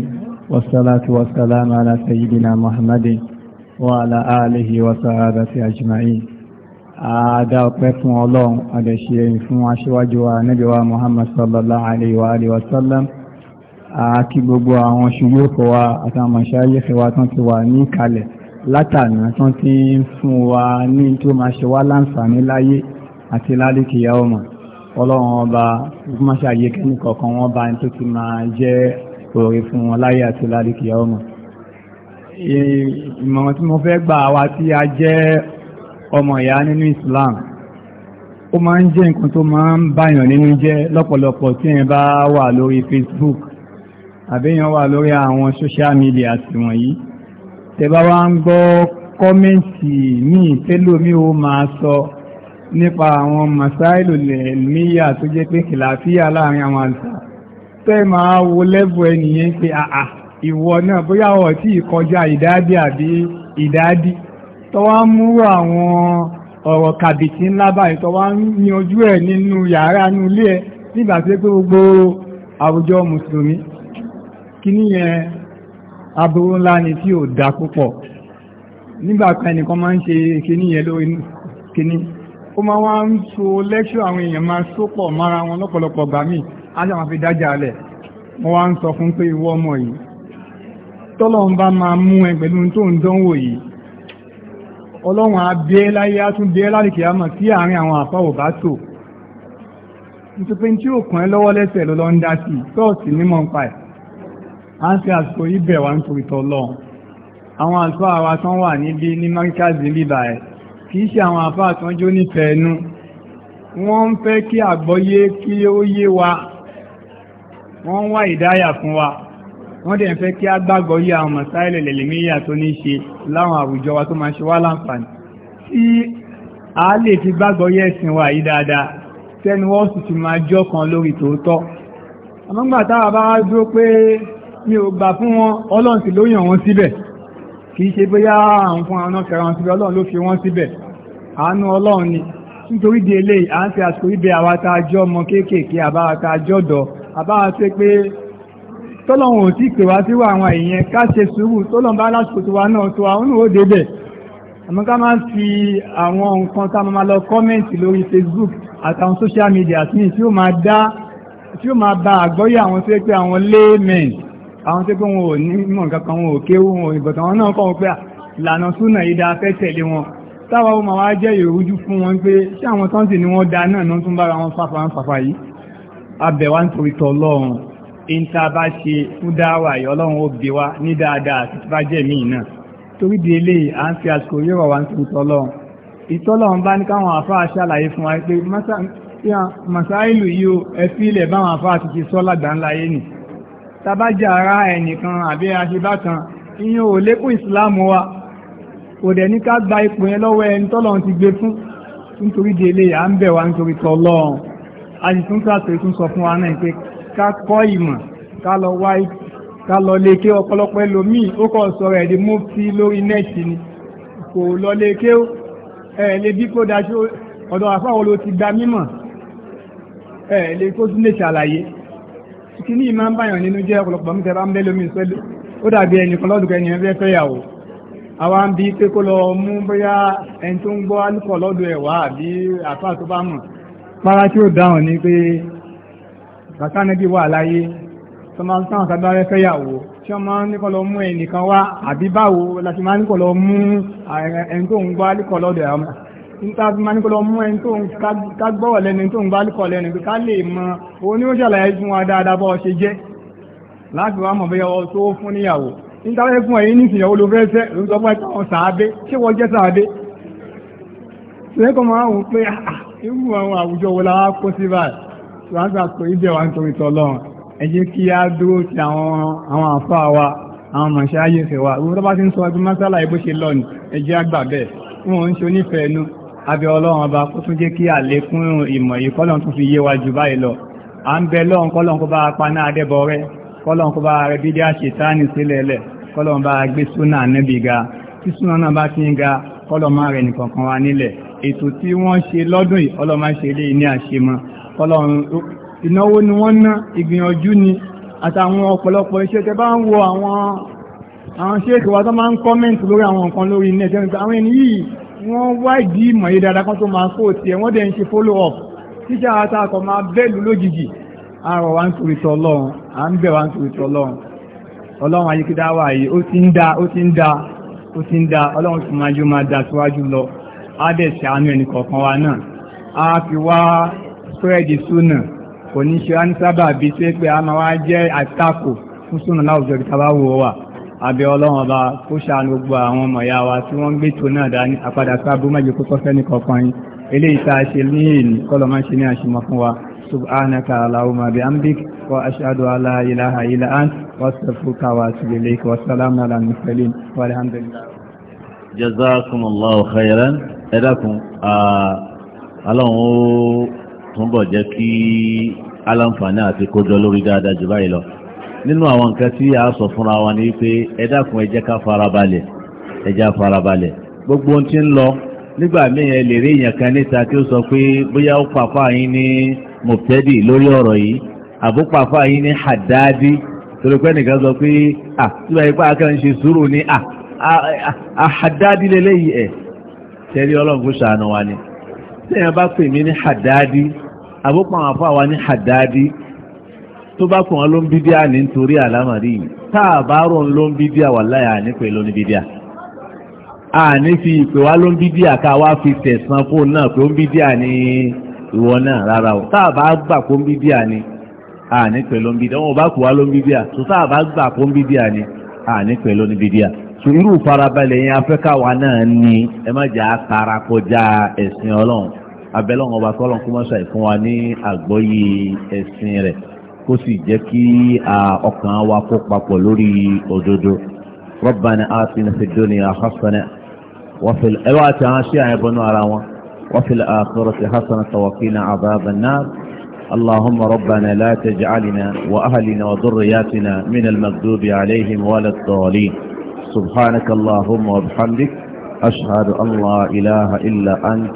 wasalaatu wasalaamu ala sayyidina muhammadin wa ala alihi wa sahabati ajma'in àádá ọpẹ́ fún ọlọ́run àdẹ̀ṣe ẹ̀yìn fún aṣíwájú wa Ànábì wa Muhammad sallallahu alayhi wa alihi wa sallam àti gbogbo àwọn ṣùgbọ́n wa àtàwọn ṣáyẹ̀fẹ́ wa tán ti wà ní kalẹ̀ látàná tán ti ń fún wa ní tó máa ṣe wá láǹfààní láyé àti lálẹ́kìyà ọmọ ọlọ́run ọba máa ṣàyẹ kẹ́ni kọ̀ọ̀kan wọn bá ní tó ti máa jẹ́ òòrè fún wọn láyé àti lálẹ́kìyà ọmọ ìmọ̀ràn tí mo fẹ́ gbà wá tí a jẹ́ ọmọ ìyá nínú Islam ó máa ń jẹ́ nǹkan tó máa ń báyàn nínú jẹ́ lọ́pọ̀lọpọ̀ tí ẹ bá wà lórí Facebook àbíyàn wà lórí àwọn social media ti wọ̀nyí tẹ bá wá ń gbọ́ kọ́mẹ́ǹtì míì tẹ́lómi ó máa sọ nípa àwọn masáìlò lẹ́ẹ̀míyà tó jẹ́ pé kìláfíà láàrin àwọn àlùfà tẹ́ máa wo lẹ́bù ẹnìyẹn pé àà ìwọ náà bóyá ọ̀ tí ìkọjá ìdádì àbí ìdádì tó wá ń mú àwọn ọ̀rọ̀ kàbìtì ńlá báyìí tó wá ń yanjú ẹ̀ nínú yàrá inú ilé ẹ̀ nígbà tí pé gbogbo àwùjọ mùsùlùmí kí níyẹn aburú ńlá ni tí ò dá púpọ̀ nígbà kan ẹnìkan máa ń ṣe kíní yẹn lórí kíní ó máa wá ń so lẹ́ṣọ́ àwọn èèyàn máa sópọ̀ mára wọn lọ́pọ̀lọpọ̀ gbà míì á máa fi dájà alẹ̀ wọ́n wá ń sọ fún pé ìwọ ọmọ yìí tọ́lọ́run bá máa mú ẹ pẹ̀lú tó ń dánwò yìí ọlọ́run abẹ́ láyé á tún bẹ́ẹ́ láti kìámọ̀ sí àárín àwọn àpá ò bá tò nítorí tí ó kàn ẹ́ lọ́wọ́ lẹ́sẹ̀ ló lọ ń dá sí tọ́ọ̀sì nímọ̀ ń pa ẹ̀ à ń fi àsìkò yìí bẹ̀ wá nítorí tọ́lọ́run àwọn àlùfáà wa tán wà níbi ní mákíkàzì bíbà ẹ̀ kì í ṣe àwọn àfáà tán jó nífẹ̀ẹ́ ẹnu wọ́n ń fẹ́ kí àgbọ́yé kí ó yé wa wọ́n ń wá ìdáyà fún wa wọ́n dẹ̀ fẹ́ kí a gbàgbọ́ yí àwọn mọ̀sáìlẹ̀ lẹ̀lẹ̀míyà tó ní ṣe láwọn àwùjọ wa tó máa ṣe wá láǹfààní tí a lè fi gbàgbọ́ yí ẹ̀sìn wa yìí dáadáa tẹ́nu wọ́n sì ti máa jọ́ kan lórí tòótọ́ àmọ́gbà táwa bá wá dúró pé mi ò gbà fún wọn ọlọ́run sì ló yàn wọ́n síbẹ̀ kì í ṣe bóyá àwọn fún àwọn fẹ́ràn síbẹ̀ ọlọ́run ló fi wọ́n síbẹ̀ àánú ọlọ́run ni nítorí di eléyìí à ń fi àsìkò ibẹ̀ àwa tá a jọ ọmọ kéékèèké àbára tá a jọ́dọ̀ àbára ṣe pé tọ́lọ́hun ò tí pè wá sí wà àwọn èèyàn ká ṣe sùúrù tọ́lọ́hun bá lásìkò tó wá náà tó àwọn òun ò débẹ̀ àmọ́ ká máa ń fi àwọn nǹkan tá a máa lọ kọ́mẹ̀ntì lórí Facebook àtàwọn social media sí tí ó máa dá tí ó máa ba àgbọ́yé àwọn tó pé àwọn laymen àwọn tó pé wọn ò ní mọ̀ nǹkan kan wọn ò kéwú wọn ìbọ̀tọ̀ wọn náà kọ́ wọn pé ìlànà súnà yìí dáa fẹ́ tẹ̀lé wọn táwa ó máa wá jẹ́ ìrújú fún wọn pé ṣé àwọn tọ́ǹtì ni wọ́n da náà ní wọ́n tún bára wọn fàfà ń fàfà yìí abẹ̀ wá ń torí tọ́ lọ́rùn ìta bá ṣe fún dáwà yìí ọlọ́run ó bí wa ní dáadáa àti tí bá jẹ́ míì náà torí di eléyìí à ń fi àsìkò yọ̀rọ̀ wa ń tún tọ́lọ́run ìtọ́lọ́run bá ní káwọn àfáà ṣàlàyé fún wa pé masáìlù yìí ó ẹ fi ilẹ̀ báwọn àfáà ti ti sọ lágbàńláyé nì tabájà ara ẹnìkan àbí aṣebákan ìyẹn ò lékún ìsìláàmù wa kò dẹ̀ ní ká gba ipò yẹn lọ́wọ́ ẹni tọ́lọ́run ti gbé fún nítorí di eléyìí à ń bẹ̀ wá nítorí tọ́lọ́run a sì tún sàtò ìtún fún wa náà pé ká kọ́ ìmọ̀ ká lọ wá ká lọ lè ó kọ́ sọ̀rọ̀ ẹ̀ di mufti lórí nẹ́ẹ̀tì ni kò lọ lè ké ẹ̀ lè bí kó dájú ọ̀dọ̀ àfáwọn ló ti gba mímọ̀ ẹ̀ lè kó tún lè ṣàlàyé kí ní ìmá ń báyàn nínú jẹ́ ọ̀pọ̀lọpọ̀ mú tẹ́lá ń bẹ́ lómi ìṣẹ́lú ó dàbí ẹnìkan lọ́dún ẹni ẹgbẹ́ fẹ́yàwó àwa ń bi pé kó lọ mú bóyá ẹni tó ń gbọ́ alùpọ̀ lọ́dún ẹ̀wà àbí àfáà tó bá mọ̀ para tí ó dáhùn ni pé bàtà níbi wà láyé tó máa ń sáwọn sábà rẹ fẹ́yàwó tí wọ́n máa ń ní kọ́ lọ mú ẹnìkan wá àbí báwo la ti máa ń kọ́ lọ mú ẹni tó ń gbọ́ alíkọ̀ lọ́dọ̀ ẹ̀ níta fi máa ń mú ẹni tó ń kágbọ́wọ̀ lẹ́nu tó ń gbọ́ alíkọ̀ lẹ́nu pé ká lè mọ òun ni ó ṣàlàyé fún wa dáadáa bọ́ ọ ṣe jẹ́ láti wá mọ̀ bẹ́yọ tó fún níyàwó níta fẹ́ fún ẹ̀yìn nísìnyàwó ló fẹ́ fẹ́ lóun sọ fún wàá gbà pé ibẹ̀ wà nítorí tọ́lọ́run ẹ jẹ́ kí á dúró ti àwọn àwọn àfa wa àwọn màṣẹ ayéfẹ wa gbogbo tó bá ti ń sọ ọdún mọ́sálà ìbò ṣe lọ ní ẹ jẹ́ àgbà bẹ́ẹ̀ wọn ò ń ṣe onífẹ̀ẹ́ nu abẹ ọlọ́run ọba kó tún jẹ́ kí àlékún ìmọ̀ yìí kọ́lọ́n tún fi yé wa jù báyìí lọ à ń tí wọ́n ṣe lọ́dún yìí ṣe lé ní àṣemọ́ ọlọ́run ìnáwó ni wọ́n ná ìgbìyànjú ni àtàwọn ọ̀pọ̀lọpọ̀ iṣẹ́ tẹ bá ń wo àwọn àwọn ṣéèkì wa tó máa ń kọ́mẹ́ǹtì lórí àwọn nǹkan lórí ilẹ̀ tẹ́lẹ̀ pé àwọn ẹni yìí wọ́n wádìí ìmọ̀ yìí dáadáa kan tó máa kó tiẹ̀ wọ́n dẹ̀ ń ṣe follow up títí àwọn atakọ̀ máa bẹ́ẹ̀lú lójijì àrọ̀ wa ń torí tọ́ ọlọ́run à ń bẹ̀ wa ń torí tọ́ ọlọ́run ọlọ́run ayíkídá wà yìí ó ti ń spreadi súnà kò ní ṣe á ń sábà bí ṣe pé a máa wá jẹ́ àtakò fún súnà láwùjọ bí tábà wò wà abẹ́ ọlọ́run ọba kó ṣàánú gbogbo àwọn ọmọ ìyá wa tí wọ́n ń gbé tó náà dání àpadà sábú má jẹ́ kó tọ́fẹ́ ní kọ̀ọ̀kan yín eléyìí tá a ṣe ní èyí kọ́lọ̀ máa ṣe ní àṣìmọ́ fún wa subhanaka allahumma bihamdik wa ashhadu an ilaha illa ant wa astaghfiruka wa atubu wa salamu ala mursalin wa alhamdulillah jazakumullahu khairan ẹ dákun ọlọ́run ó túnbọ̀ jẹ́ kí aláǹfààní àti kójọ lórí dáadáa jù báyìí lọ nínú àwọn nǹkan tí a sọ fúnra wa ni pé ẹ dákun ẹ jẹ́ ká farabalẹ̀ ẹ jẹ́ farabalẹ̀ gbogbo ohun tí ń lọ nígbà míì ẹ lè rí èèyàn kan níta tí ó sọ pé bóyá ó pàfà yín ní mọ̀tẹ́dì lórí ọ̀rọ̀ yìí àbó pàfà yín ní hàdáàdì torí pé nìkan sọ pé à tí wàá ipá akẹ́rin ṣe sùúrù ní à lélẹ́yìí ẹ̀ tẹ́rí ọlọ́run kó ṣàánú wa ni tí bá pè mí ní hàdáàdì àbúkọ àwọn afọ àwa ní haddadi tó bá kàn án ló ń bí díà ní nítorí àlámàrí yìí tá a bá rò ń ló ń bí díà wàláhì àní pé ló ní bí díà àní fi ìpè wá ló ń bí díà ká wá fi tẹ̀sán fóònù náà pé ó ń bí díà ní ìwọ náà rárá o tá a bá gbà kó ń bí díà ní àní pé ló ń bí díà wọn ò bá kù wá ló ń bí díà tó tá bá gbà kó ń bí díà ní àní pé ló ní bí díà tó irú farabalẹ̀ yẹn afẹ́káwa náà ní ẹ má jà á kọjá ẹ̀sìn ọlọ́run abẹ́lọ́wọ́n ọba kọ́lọ́n kó mọ́ṣá ìfún wa ní àgbọ́yé ẹ̀sìn rẹ̀ kó sì jẹ́ kí ọkàn wa kó papọ̀ lórí òdodo rabbana atina fid dunya hasana wafil ẹwà àti àwọn ṣé àyẹ̀bọnú ara wọn wafil akhirati hasana tawakina adhaban nar اللهم ربنا لا تجعلنا وأهلنا وذرياتنا من المغضوب عليهم ولا الضالين سبحانك اللهم وبحمدك أشهد أن لا إله إلا أنت